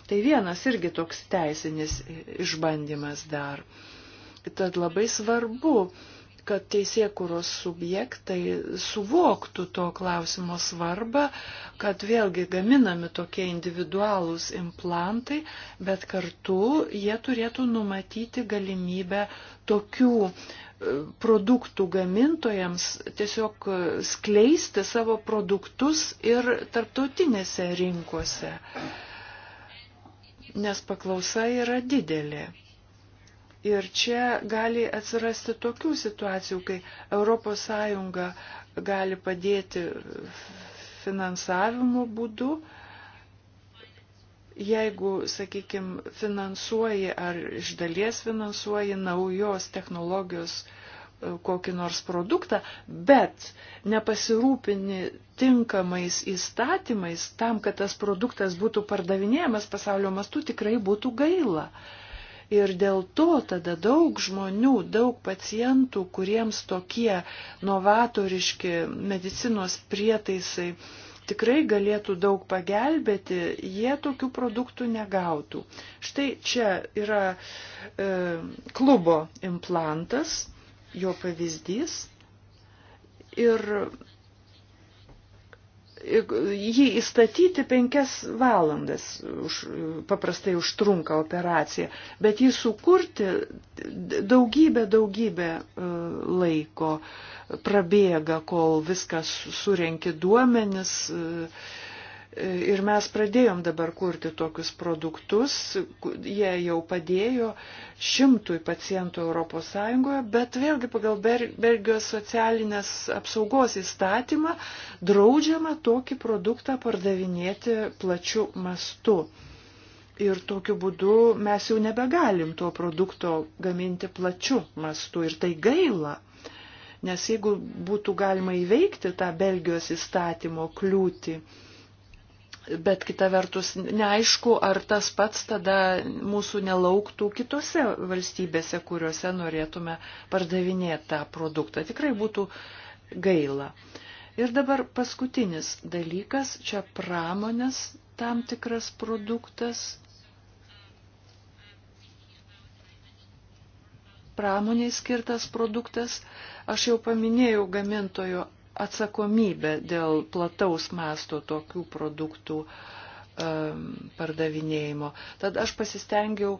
Tai vienas irgi toks teisinis išbandymas dar. A, Tad labai svarbu, kad teisėkuros subjektai suvoktų to klausimo svarbą, kad vėlgi gaminami tokie individualūs implantai, bet kartu jie turėtų numatyti galimybę tokių e, produktų gamintojams tiesiog e, skleisti savo produktus ir tarptautinėse rinkose, nes paklausa yra didelė. Ir čia gali atsirasti tokių situacijų, kai ES gali padėti finansavimo būdu, jeigu, sakykime, finansuoji ar iš dalies finansuoji naujos technologijos e, kokį nors produktą, bet nepasirūpini tinkamais įstatymais tam, kad tas produktas būtų pardavinėjamas pasaulio mastu, tikrai būtų gaila. Uh, Ir dėl to tada daug žmonių, daug pacientų, kuriems tokie novatoriški medicinos prietaisai tikrai galėtų daug pagelbėti, jie tokių produktų negautų. Štai čia yra e, klubo implantas, jo pavyzdys. Ir jį įstatyti penkias valandas už, paprastai užtrunka operacija, bet jį sukurti daugybę, daugybę e, laiko prabėga, kol viskas surenki duomenis, uh, Ir mes pradėjom dabar kurti tokius produktus, jie jau padėjo šimtui pacientų ES, bet vėlgi pagal Belgijos socialinės apsaugos įstatymą draudžiama tokį produktą pardavinėti plačiu mastu. Ir tokiu būdu mes jau nebegalim to produkto gaminti plačiu mastu ir tai gaila. Nes jeigu būtų galima įveikti tą Belgijos įstatymo kliūtį, Bet kita vertus, neaišku, ar tas pats tada mūsų nelauktų kitose valstybėse, kuriuose norėtume pardavinėti tą produktą. Tikrai būtų gaila. Ir dabar paskutinis dalykas, čia pramonės tam tikras produktas. Pramoniai skirtas produktas, aš jau paminėjau gamintojo atsakomybę dėl plataus masto tokių produktų pardavinėjimo. Tad aš pasistengiau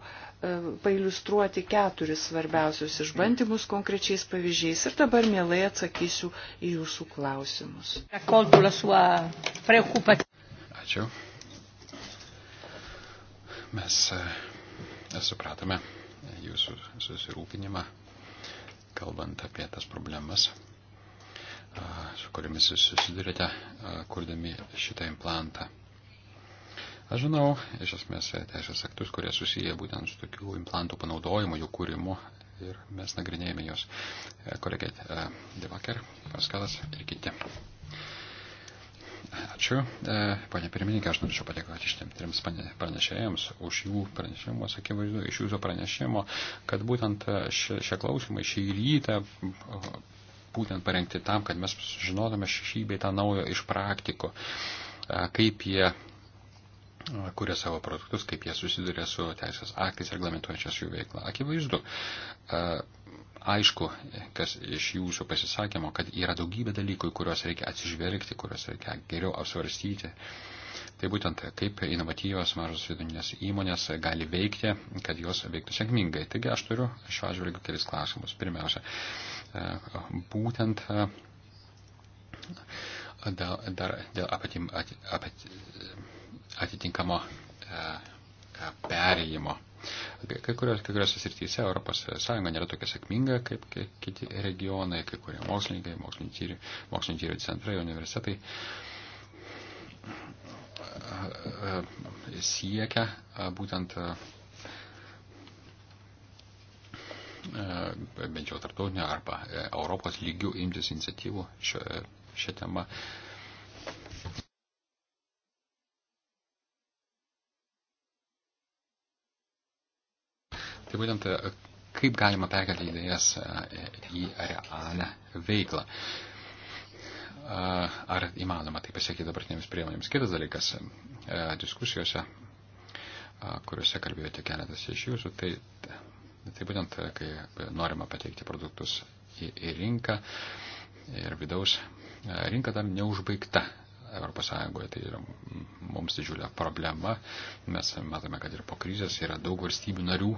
pailustruoti keturis svarbiausius išbandymus konkrečiais pavyzdžiais ir dabar mielai atsakysiu į jūsų klausimus. Ačiū. E, mes supratome jūsų susirūpinimą, kalbant apie tas problemas, su kuriamis susidurėte, kurdami šitą implantą. Aš žinau, iš esmės, teisės aktus, kurie susiję būtent su tokių implantų panaudojimu, jų kūrimu ir mes nagrinėjame jos e, kolegė e, Devaker, Paskalas ir kiti. Ačiū, e, panė pirmininkė, aš norėčiau padėkoti šitiem trims pranešėjams už jų pranešimus, akivaizdu, iš jūsų pranešimo, kad būtent šie klausimai šį rytą būtent parengti tam, kad mes žinotume šį bei tą naujo iš praktikų, kaip jie kuria savo produktus, kaip jie susiduria su teisės aktais reglamentuojančias jų veiklą. Akivaizdu, aišku, kas iš jūsų pasisakymo, kad yra daugybė dalykų, į kuriuos reikia atsižvelgti, kuriuos reikia geriau apsvarstyti. Uh, Tai būtent kaip inovatyvios mažos vidurinės įmonės gali veikti, kad jos veiktų sėkmingai. Taigi aš turiu šiuo atžvilgiu kelis klausimus. Pirmiausia, e, būtent e, dar dėl apatim, at, apat, atitinkamo e, perėjimo. Kai kurios, kai kurios srityse Europos Sąjunga nėra tokia sėkminga kaip kiti regionai, kai kurie mokslininkai, mokslinio tyrių centrai, universitetai. Uh, E, e, siekia e, būtent bent jau tarptautinio arba Europos lygių imtis iniciatyvų šią temą. Tai būtent kaip galima perkelti idėjas į realią veiklą ar įmanoma tai pasiekti dabartinėmis priemonėmis. Kitas dalykas, e, diskusijose, kuriuose kalbėjote keletas iš jūsų, tai, tai būtent, e, kai norima pateikti produktus į, į rinką ir vidaus e, rinka tam neužbaigta. ES tai yra mums didžiulė problema. Mes matome, kad ir po krizės yra daug valstybių narių,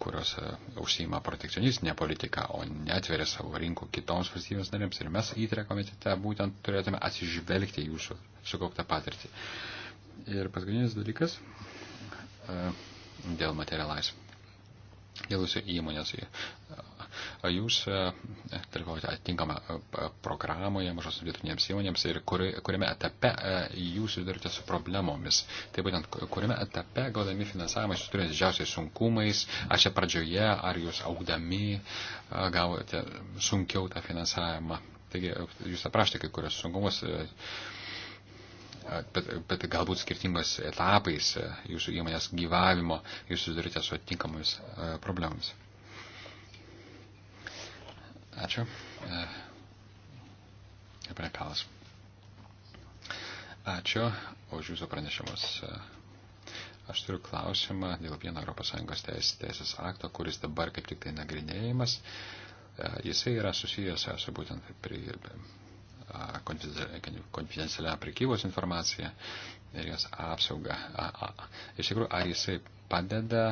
kurios užsima protekcionistinę politiką, o netveria savo rinkų kitoms valstybės narėms. Ir mes įtrė komitete būtent turėtume atsižvelgti jūsų sukauptą patirtį. Ir paskutinis dalykas e, dėl materialais. Dėl jūsų įmonės Jūs dalyvaujate e, atitinkamą e, programoje mažos vidutinėms įmonėms ir kuri, kuriame etape e, jūs susidurite su problemomis. Tai būtent, kuriame etape gaudami finansavimą jūs turite didžiausiais sunkumais, ar čia pradžioje, ar jūs augdami gavote sunkiau tą finansavimą. Taigi jūs aprašėte kai kurios sunkumus bet, bet galbūt skirtingos etapais jūsų įmonės gyvavimo jūs susidurite su atitinkamomis problemomis. Ačiū. E, Prekalas. Ačiū už Jūsų pranešimus. E, aš turiu klausimą dėl vieno ES teisės, teisės akto, kuris dabar kaip tik tai nagrinėjimas. E, jisai yra susijęs su būtent konfidencialia prekybos informacija ir jos apsauga. Iš tikrųjų, ar jisai padeda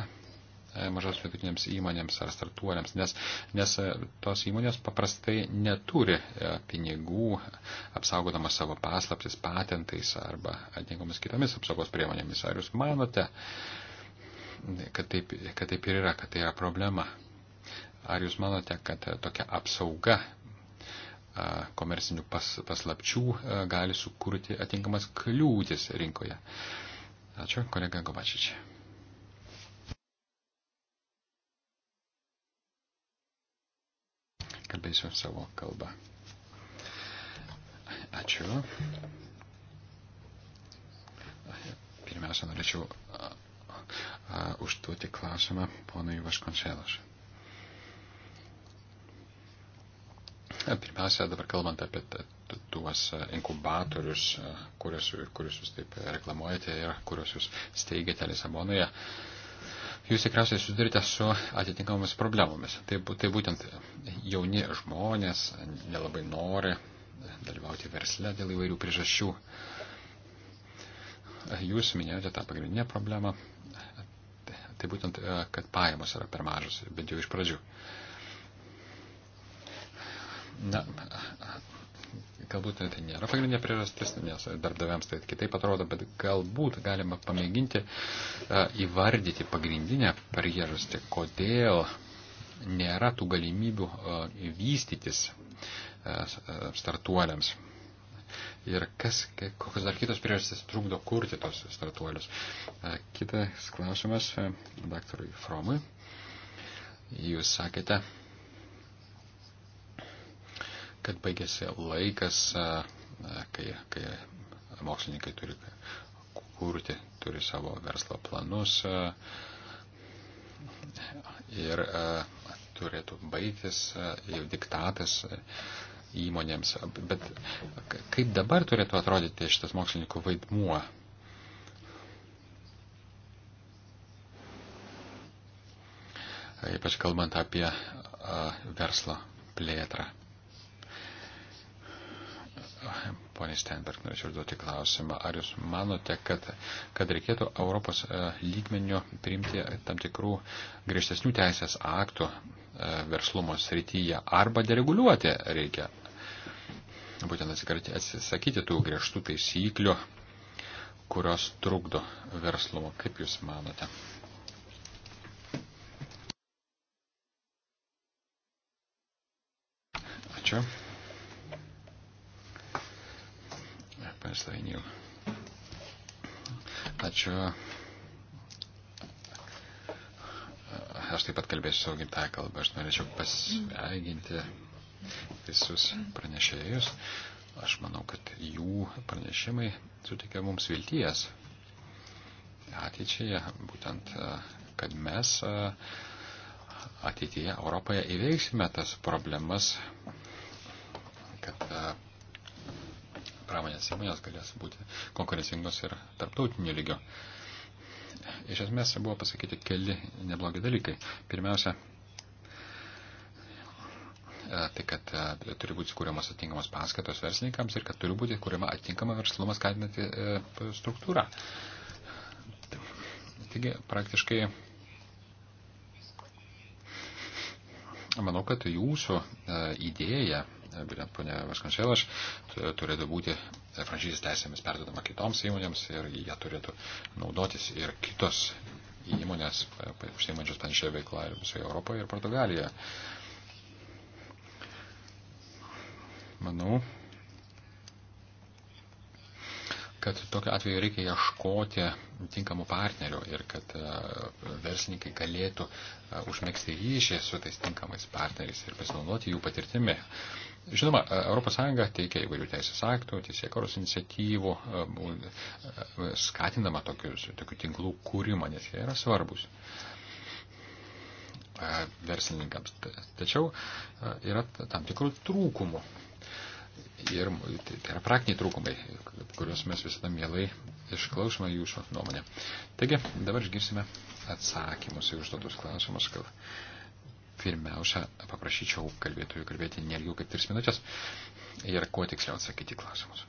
E, mažos vidutinėms įmonėms ar startuoliams, nes, nes e, tos įmonės paprastai neturi e, pinigų apsaugodama savo paslaptis patentais arba atinkamus kitomis apsaugos priemonėmis. Ar jūs manote, kad taip, kad taip ir yra, kad tai yra problema? Ar jūs manote, kad tokia apsauga komersinių pas, paslapčių gali sukurti atinkamas kliūtis rinkoje? Ačiū, kolega Gobačičiai. kalbėsiu savo kalbą. Ačiū. Pirmiausia, norėčiau užduoti klausimą ponui Vaškonselos. Pirmiausia, dabar kalbant apie tuos inkubatorius, kuriuos, kuriuos jūs taip reklamuojate ir kuriuos jūs steigiate Lisabonoje. Uh, Jūs tikriausiai susidurite su atitinkamomis problemomis. Tai, tai būtent jauni žmonės nelabai nori dalyvauti versle dėl įvairių priežasčių. Jūs minėjote tą pagrindinę problemą. Tai būtent, kad pajamos yra per mažos, bent jau iš pradžių. Na, galbūt tai nėra pagrindinė priežastis, nes darbdaviams tai kitaip atrodo, bet galbūt galima pamėginti e, įvardyti pagrindinę priežastį, kodėl nėra tų galimybių e, vystytis e, startuoliams. Ir kas, kokios dar kitos priežastys trukdo kurti tos startuolius. Kitas klausimas daktarui Fromui. Jūs sakėte, kad baigėsi laikas, kai, kai mokslininkai turi kurti, turi savo verslo planus ir turėtų baigtis jau diktatas įmonėms. Bet kaip dabar turėtų atrodyti šitas mokslininkų vaidmuo? Ypač kalbant apie verslą plėtrą. Pone Steinberg, norėčiau duoti klausimą. Ar Jūs manote, kad, kad reikėtų Europos e, lygmenio priimti tam tikrų griežtesnių teisės aktų e, verslumo srityje arba dereguliuoti reikia? Būtent atsisakyti tų griežtų taisyklių, kurios trukdo verslumo. Kaip Jūs manote? Ačiū. panas Lainijų. Ačiū. Aš taip pat kalbėsiu savo gimtąją kalbą. Aš norėčiau pasveikinti visus pranešėjus. Aš manau, kad jų pranešimai suteikia mums vilties ateičiai, būtent, kad mes ateityje Europoje įveiksime tas problemas, kad pramonės įmonės galės būti konkurencingos ir tarptautiniu lygiu. Iš esmės buvo pasakyti keli neblogi dalykai. Pirmiausia, tai kad e, turi būti skūriamas atitinkamos paskatos verslininkams ir kad turi būti kūriama atitinkama verslumą skatinanti e, struktūra. Taigi, praktiškai manau, kad jūsų e, idėja būtent ponia Vaskančelaš, turėtų būti franšizės teisėmis perdodama kitoms įmonėms ir jie turėtų naudotis ir kitos įmonės e, užsiimančios panašią veiklą ir visoje Europoje ir Portugalijoje. Manau, kad tokiu atveju reikia ieškoti tinkamų partnerių ir kad e, verslininkai galėtų e, užmėgsti ryšį su tais tinkamais partneriais ir pasinaudoti jų patirtimi. Žinoma, ES teikia įvairių teisės aktų, teisėkoros iniciatyvų, e, e, skatindama tokius, tokių tinklų kūrimą, nes jie yra svarbus e, verslininkams. Tačiau yra tam tikrų trūkumų. Ir tai, tai yra praktiniai trūkumai, kuriuos mes visada mielai išklausome jūsų nuomonę. Taigi, dabar išgirsime atsakymus į užduotus klausimus, kad Pirmiausia, paprašyčiau kalbėtojų kalbėti ne ilgiau kaip 3 minutės ir kuo tiksliau atsakyti klausimus.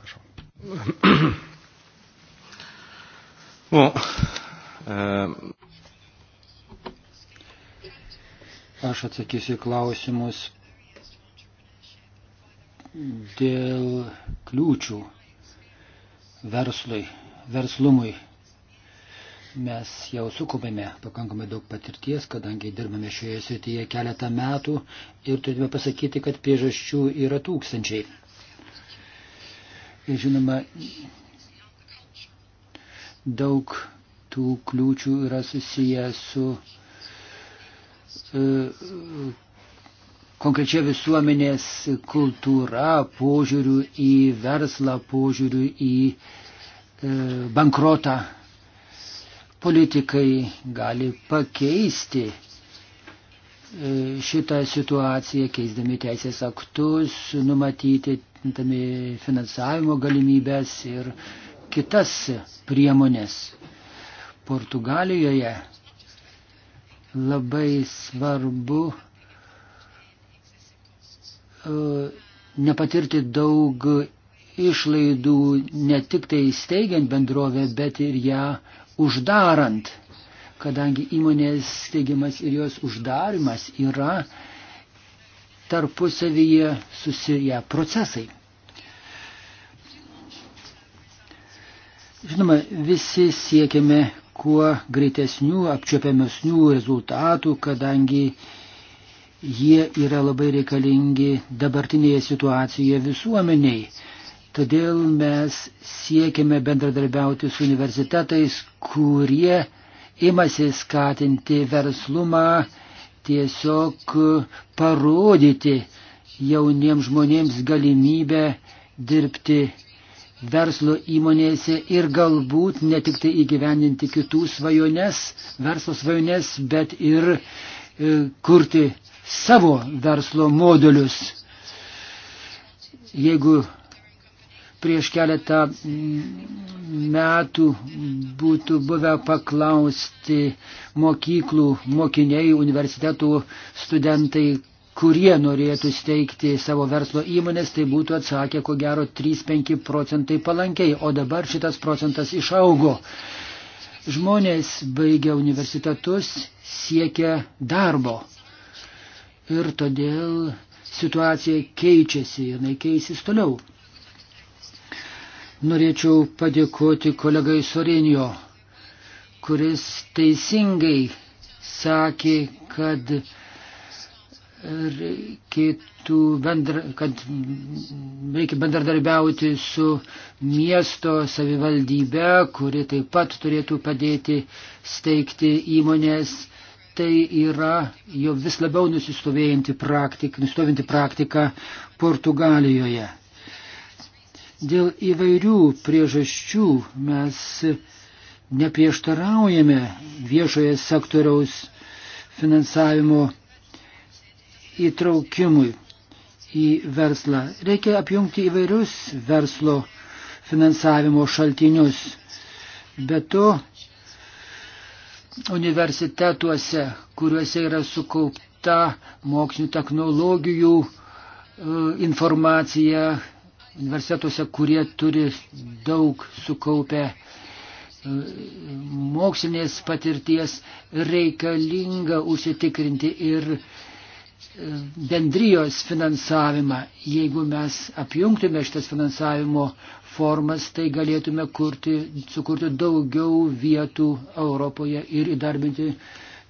Prašau. Well, um... Aš atsakysiu klausimus dėl kliūčių verslui, verslumui Mes jau sukupėme pakankamai daug patirties, kadangi dirbame šioje srityje keletą metų ir turime pasakyti, kad priežasčių yra tūkstančiai. Ir žinoma, daug tų kliūčių yra susiję su e, konkrečia visuomenės kultūra, požiūrių į verslą, požiūrių į e, bankrotą politikai gali pakeisti e, šitą situaciją, keisdami teisės aktus, numatyti finansavimo galimybės ir kitas priemonės. Portugalijoje labai svarbu e, nepatirti daug išlaidų ne tik tai steigiant bendrovę, bet ir ją uždarant, kadangi įmonės steigimas ir jos uždarimas yra tarpusavyje susiję procesai. Žinoma, visi siekiame kuo greitesnių, apčiopiamesnių rezultatų, kadangi jie yra labai reikalingi dabartinėje situacijoje visuomeniai. Todėl mes siekiame bendradarbiauti su universitetais, kurie imasi skatinti verslumą, tiesiog parodyti jauniems žmonėms galimybę dirbti verslo įmonėse ir galbūt ne tik tai įgyvendinti kitų svajones, verslo svajones, bet ir e, kurti savo verslo modulius. Jeigu prieš keletą metų būtų buvę paklausti mokyklų mokiniai, universitetų studentai, kurie norėtų steigti savo verslo įmonės, tai būtų atsakę ko gero 3-5 procentai palankiai, o dabar šitas procentas išaugo. Žmonės baigia universitetus, siekia darbo. Ir todėl situacija keičiasi ir jinai keisis toliau. Norėčiau padėkoti kolegai Sorinio, kuris teisingai sakė, kad reikėtų bendra, kad reikia bendradarbiauti su miesto savivaldybe, kuri taip pat turėtų padėti steigti įmonės. Tai yra jau vis labiau nusistovėjanti praktika, nusistovėjanti praktika Portugalijoje. Dėl įvairių priežasčių mes neprieštaraujame viešoje sektoriaus finansavimo įtraukimui į verslą. Reikia apjungti įvairius verslo finansavimo šaltinius. Be to, universitetuose, kuriuose yra sukaupta mokslinių technologijų e, informacija, universitetuose, kurie turi daug sukaupę e, mokslinės patirties, reikalinga užsitikrinti ir e, bendrijos finansavimą. Jeigu mes apjungtume šitas finansavimo formas, tai galėtume kurti, sukurti daugiau vietų Europoje ir įdarbinti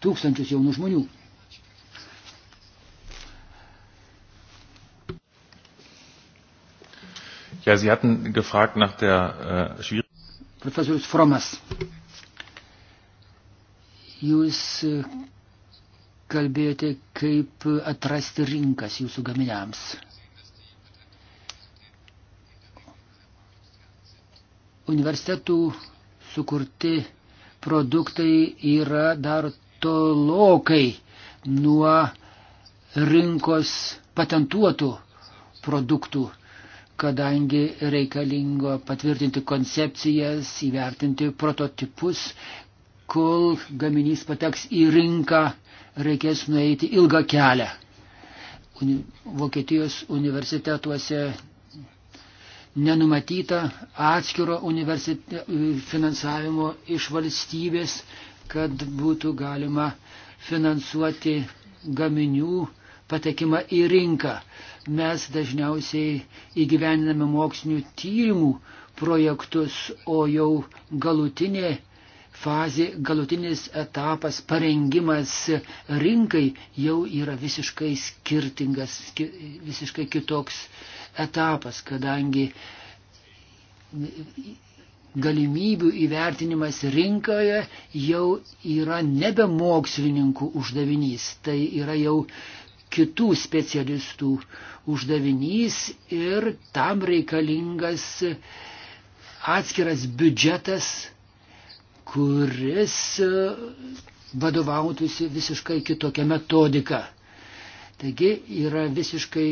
tūkstančius jaunų žmonių. Ja, Sie hatten gefragt nach der äh, Schwierigkeit. Professorius Frommas, jūs äh, kalbėjote, kaip atrasti rinkas jūsų gaminiams. Universitetų sukurti produktai yra dar tolokai nuo rinkos patentuotų produktų kadangi reikalingo patvirtinti koncepcijas, įvertinti prototipus, kol gaminys pateks į rinką, reikės nueiti ilgą kelią. Vokietijos universitetuose nenumatyta atskiro finansavimo iš valstybės, kad būtų galima finansuoti gaminių patekimą į rinką. Mes dažniausiai įgyveniname mokslinių tyrimų projektus, o jau galutinė fazė, galutinis etapas, parengimas rinkai jau yra visiškai skirtingas, visiškai kitoks etapas, kadangi galimybių įvertinimas rinkoje jau yra nebe mokslininkų uždavinys, tai yra jau kitų specialistų uždavinys ir tam reikalingas atskiras biudžetas, kuris e, vadovautųsi visiškai kitokią metodiką. Taigi yra visiškai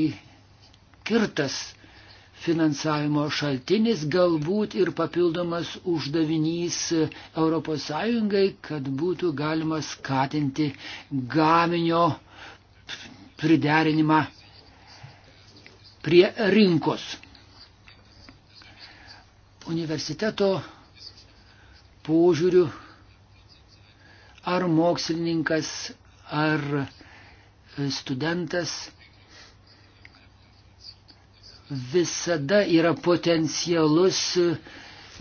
kirtas finansavimo šaltinis, galbūt ir papildomas uždavinys ES, kad būtų galima skatinti gaminio priderinimą prie rinkos. Universiteto požiūrių ar mokslininkas, ar studentas visada yra potencialus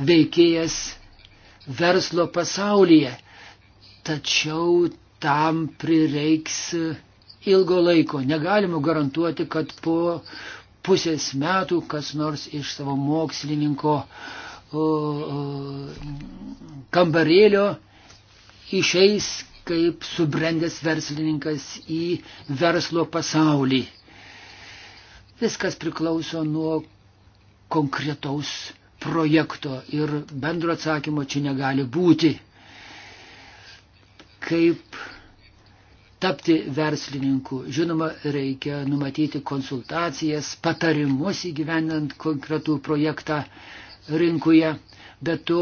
veikėjas verslo pasaulyje, tačiau tam prireiks ilgo laiko. Negalima garantuoti, kad po pusės metų kas nors iš savo mokslininko o, o, kambarėlio išeis kaip subrendęs verslininkas į verslo pasaulį. Viskas priklauso nuo konkretaus projekto ir bendro atsakymo čia negali būti. Kaip tapti verslininku. Žinoma, reikia numatyti konsultacijas, patarimus įgyvendant konkretų projektą rinkoje. Be to,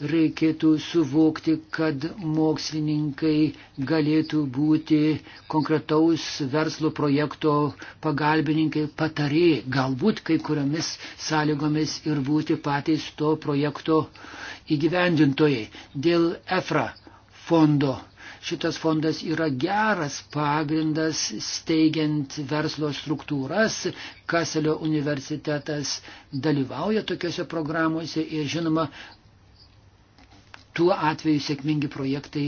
reikėtų suvokti, kad mokslininkai galėtų būti konkretaus verslo projekto pagalbininkai, patarėjai, galbūt kai kuriomis sąlygomis ir būti patys to projekto įgyvendintojai. Dėl EFRA fondo šitas fondas yra geras pagrindas steigiant verslo struktūras. Kaselio universitetas dalyvauja tokiuose programuose ir žinoma, tuo atveju sėkmingi projektai,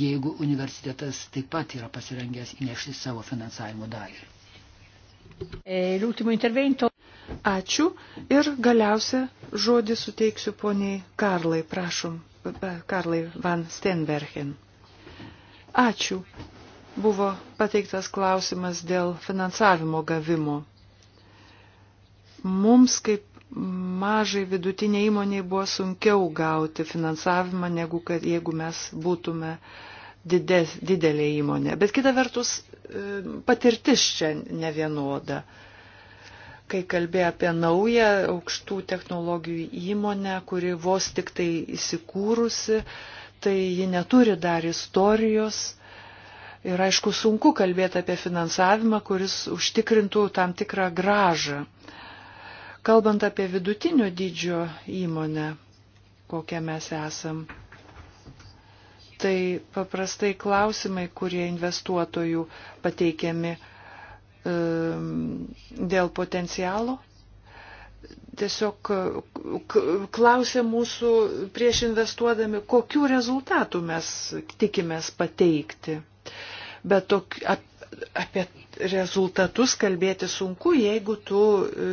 jeigu universitetas taip pat yra pasirengęs įnešti savo finansavimo dalį. E, Ačiū ir galiausia žodį suteiksiu poniai Karlai, prašom, Karlai van Stenbergen. Ačiū. Buvo pateiktas klausimas dėl finansavimo gavimo. Mums kaip mažai vidutiniai įmoniai buvo sunkiau gauti finansavimą, negu kad jeigu mes būtume dides, didelė įmonė. Bet kita vertus, e, patirtis čia nevienoda kai kalbėjo apie naują aukštų technologijų įmonę, kuri vos tik tai įsikūrusi, tai ji neturi dar istorijos. Ir aišku, sunku kalbėti apie finansavimą, kuris užtikrintų tam tikrą gražą. Kalbant apie vidutinio dydžio įmonę, kokią mes esam, tai paprastai klausimai, kurie investuotojų pateikiami ehm, dėl potencialo tiesiog e, klausė mūsų prieš investuodami, kokiu rezultatu mes tikimės pateikti. Bet tok, ap, apie rezultatus kalbėti sunku, jeigu tu e,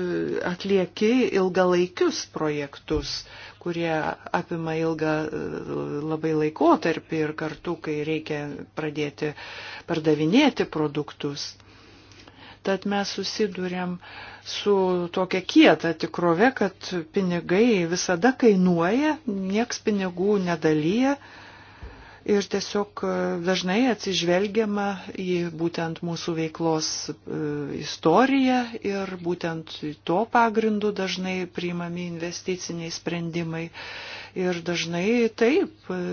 atlieki ilgalaikius projektus, kurie apima ilgą e, labai laikotarpį ir kartu, kai reikia pradėti pardavinėti produktus. Tad mes susidurėm su tokia kieta tikrove, kad pinigai visada kainuoja, nieks pinigų nedalyja ir tiesiog e, dažnai atsižvelgiama į būtent mūsų veiklos e, istoriją ir būtent to pagrindu dažnai priimami investiciniai sprendimai. Ir dažnai taip e,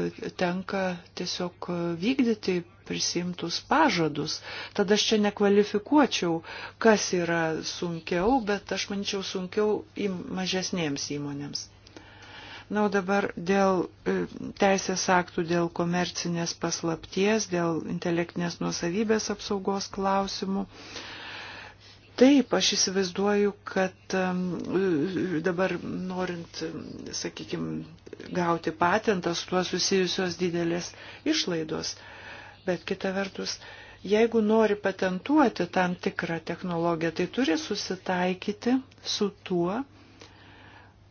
tenka tiesiog vykdyti prisimtus pažadus. Tada aš čia nekvalifikuočiau, kas yra sunkiau, bet aš manyčiau sunkiau į mažesnėms įmonėms. Na, o dabar dėl e, teisės aktų, dėl komercinės paslapties, dėl intelektinės nuosavybės apsaugos klausimų. Taip, aš įsivaizduoju, kad e, dabar norint, sakykime, gauti patentą, su tuo susijusios didelės išlaidos bet kita vertus, jeigu nori patentuoti tam tikrą technologiją, tai turi susitaikyti su tuo,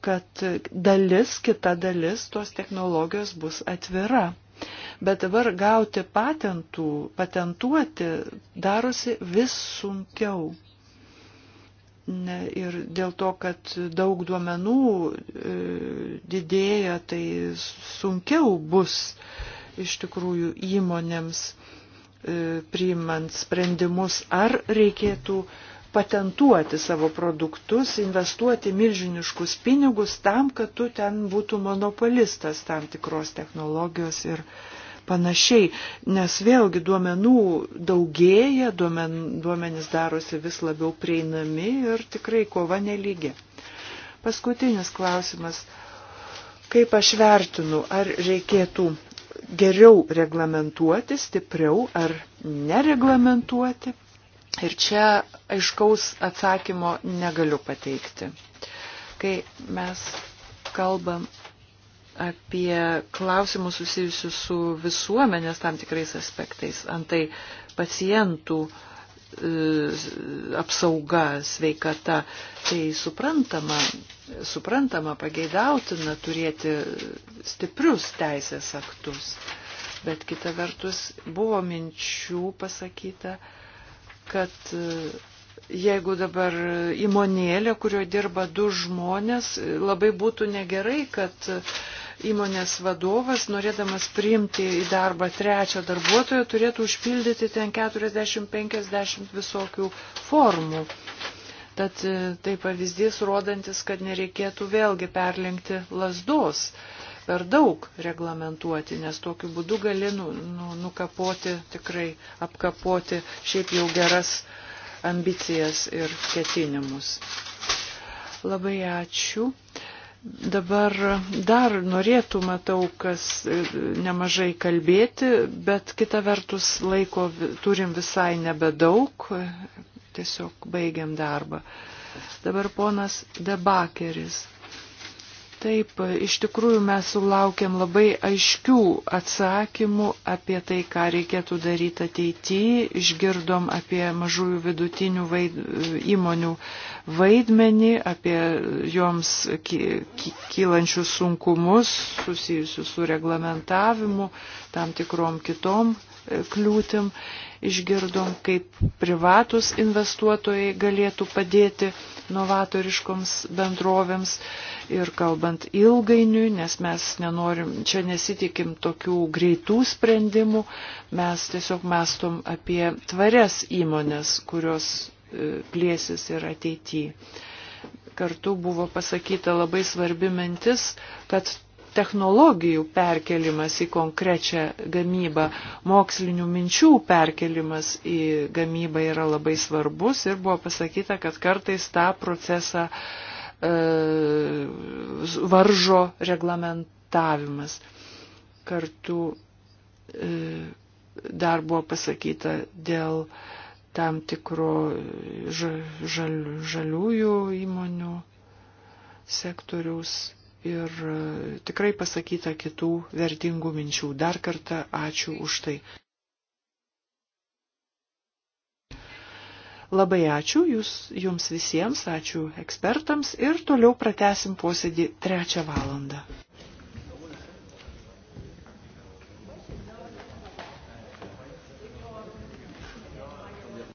kad dalis, kita dalis tos technologijos bus atvira. Bet dabar gauti patentų, patentuoti darosi vis sunkiau. Ne, ir dėl to, kad daug duomenų e, didėja, tai sunkiau bus e, iš tikrųjų įmonėms e, priimant sprendimus, ar reikėtų patentuoti savo produktus, investuoti milžiniškus pinigus tam, kad tu ten būtų monopolistas tam tikros technologijos ir panašiai. Nes vėlgi duomenų daugėja, duomen, duomenys darosi vis labiau prieinami ir tikrai kova nelygi. Paskutinis klausimas. Kaip aš vertinu, ar reikėtų geriau reglamentuoti, stipriau ar nereglamentuoti. Ir čia aiškaus atsakymo negaliu pateikti. Kai mes kalbam apie klausimus susijusius su visuomenės tam tikrais aspektais, antai pacientų uh, E, apsauga, sveikata. Tai suprantama, suprantama, pageidautina turėti stiprius teisės aktus. Bet kita vertus buvo minčių pasakyta, kad e, jeigu dabar įmonėlė, kurioje dirba du žmonės, e, labai būtų negerai, kad uh, įmonės vadovas, norėdamas priimti į darbą trečią darbuotoją, turėtų užpildyti ten 40-50 visokių formų. Tad e, tai pavyzdys rodantis, kad nereikėtų vėlgi perlenkti lasdos per daug reglamentuoti, nes tokiu būdu gali nu, nu, nukapoti, tikrai apkapoti šiaip jau geras ambicijas ir ketinimus. Labai ačiū. Dabar dar norėtų, matau, kas e, nemažai kalbėti, bet kita vertus laiko turim visai nebedaug, e, tiesiog baigiam darbą. Dabar ponas Debakeris. Taip, iš tikrųjų mes sulaukėm labai aiškių atsakymų apie tai, ką reikėtų daryti ateityje. Išgirdom apie mažųjų vidutinių vaid, įmonių vaidmenį, apie joms kylančius sunkumus susijusius su reglamentavimu, tam tikrom kitom kliūtim, išgirdom, kaip privatus investuotojai galėtų padėti novatoriškoms bendrovėms ir kalbant ilgainiui, nes mes nenorim, čia nesitikim tokių greitų sprendimų, mes tiesiog mestom apie tvarias įmonės, kurios e, plėsis ir ateityje kartu buvo pasakyta labai svarbi mintis, kad technologijų perkelimas į konkrečią gamybą, mokslinių minčių perkelimas į gamybą yra labai svarbus ir buvo pasakyta, kad kartais tą procesą e, varžo reglamentavimas. Kartu e, dar buvo pasakyta dėl tam tikro žal, žal, žaliųjų įmonių sektoriaus ir e, tikrai pasakyta kitų vertingų minčių. Dar kartą ačiū už tai. Labai ačiū jūs, jums visiems, ačiū ekspertams ir toliau pratesim posėdį trečią valandą.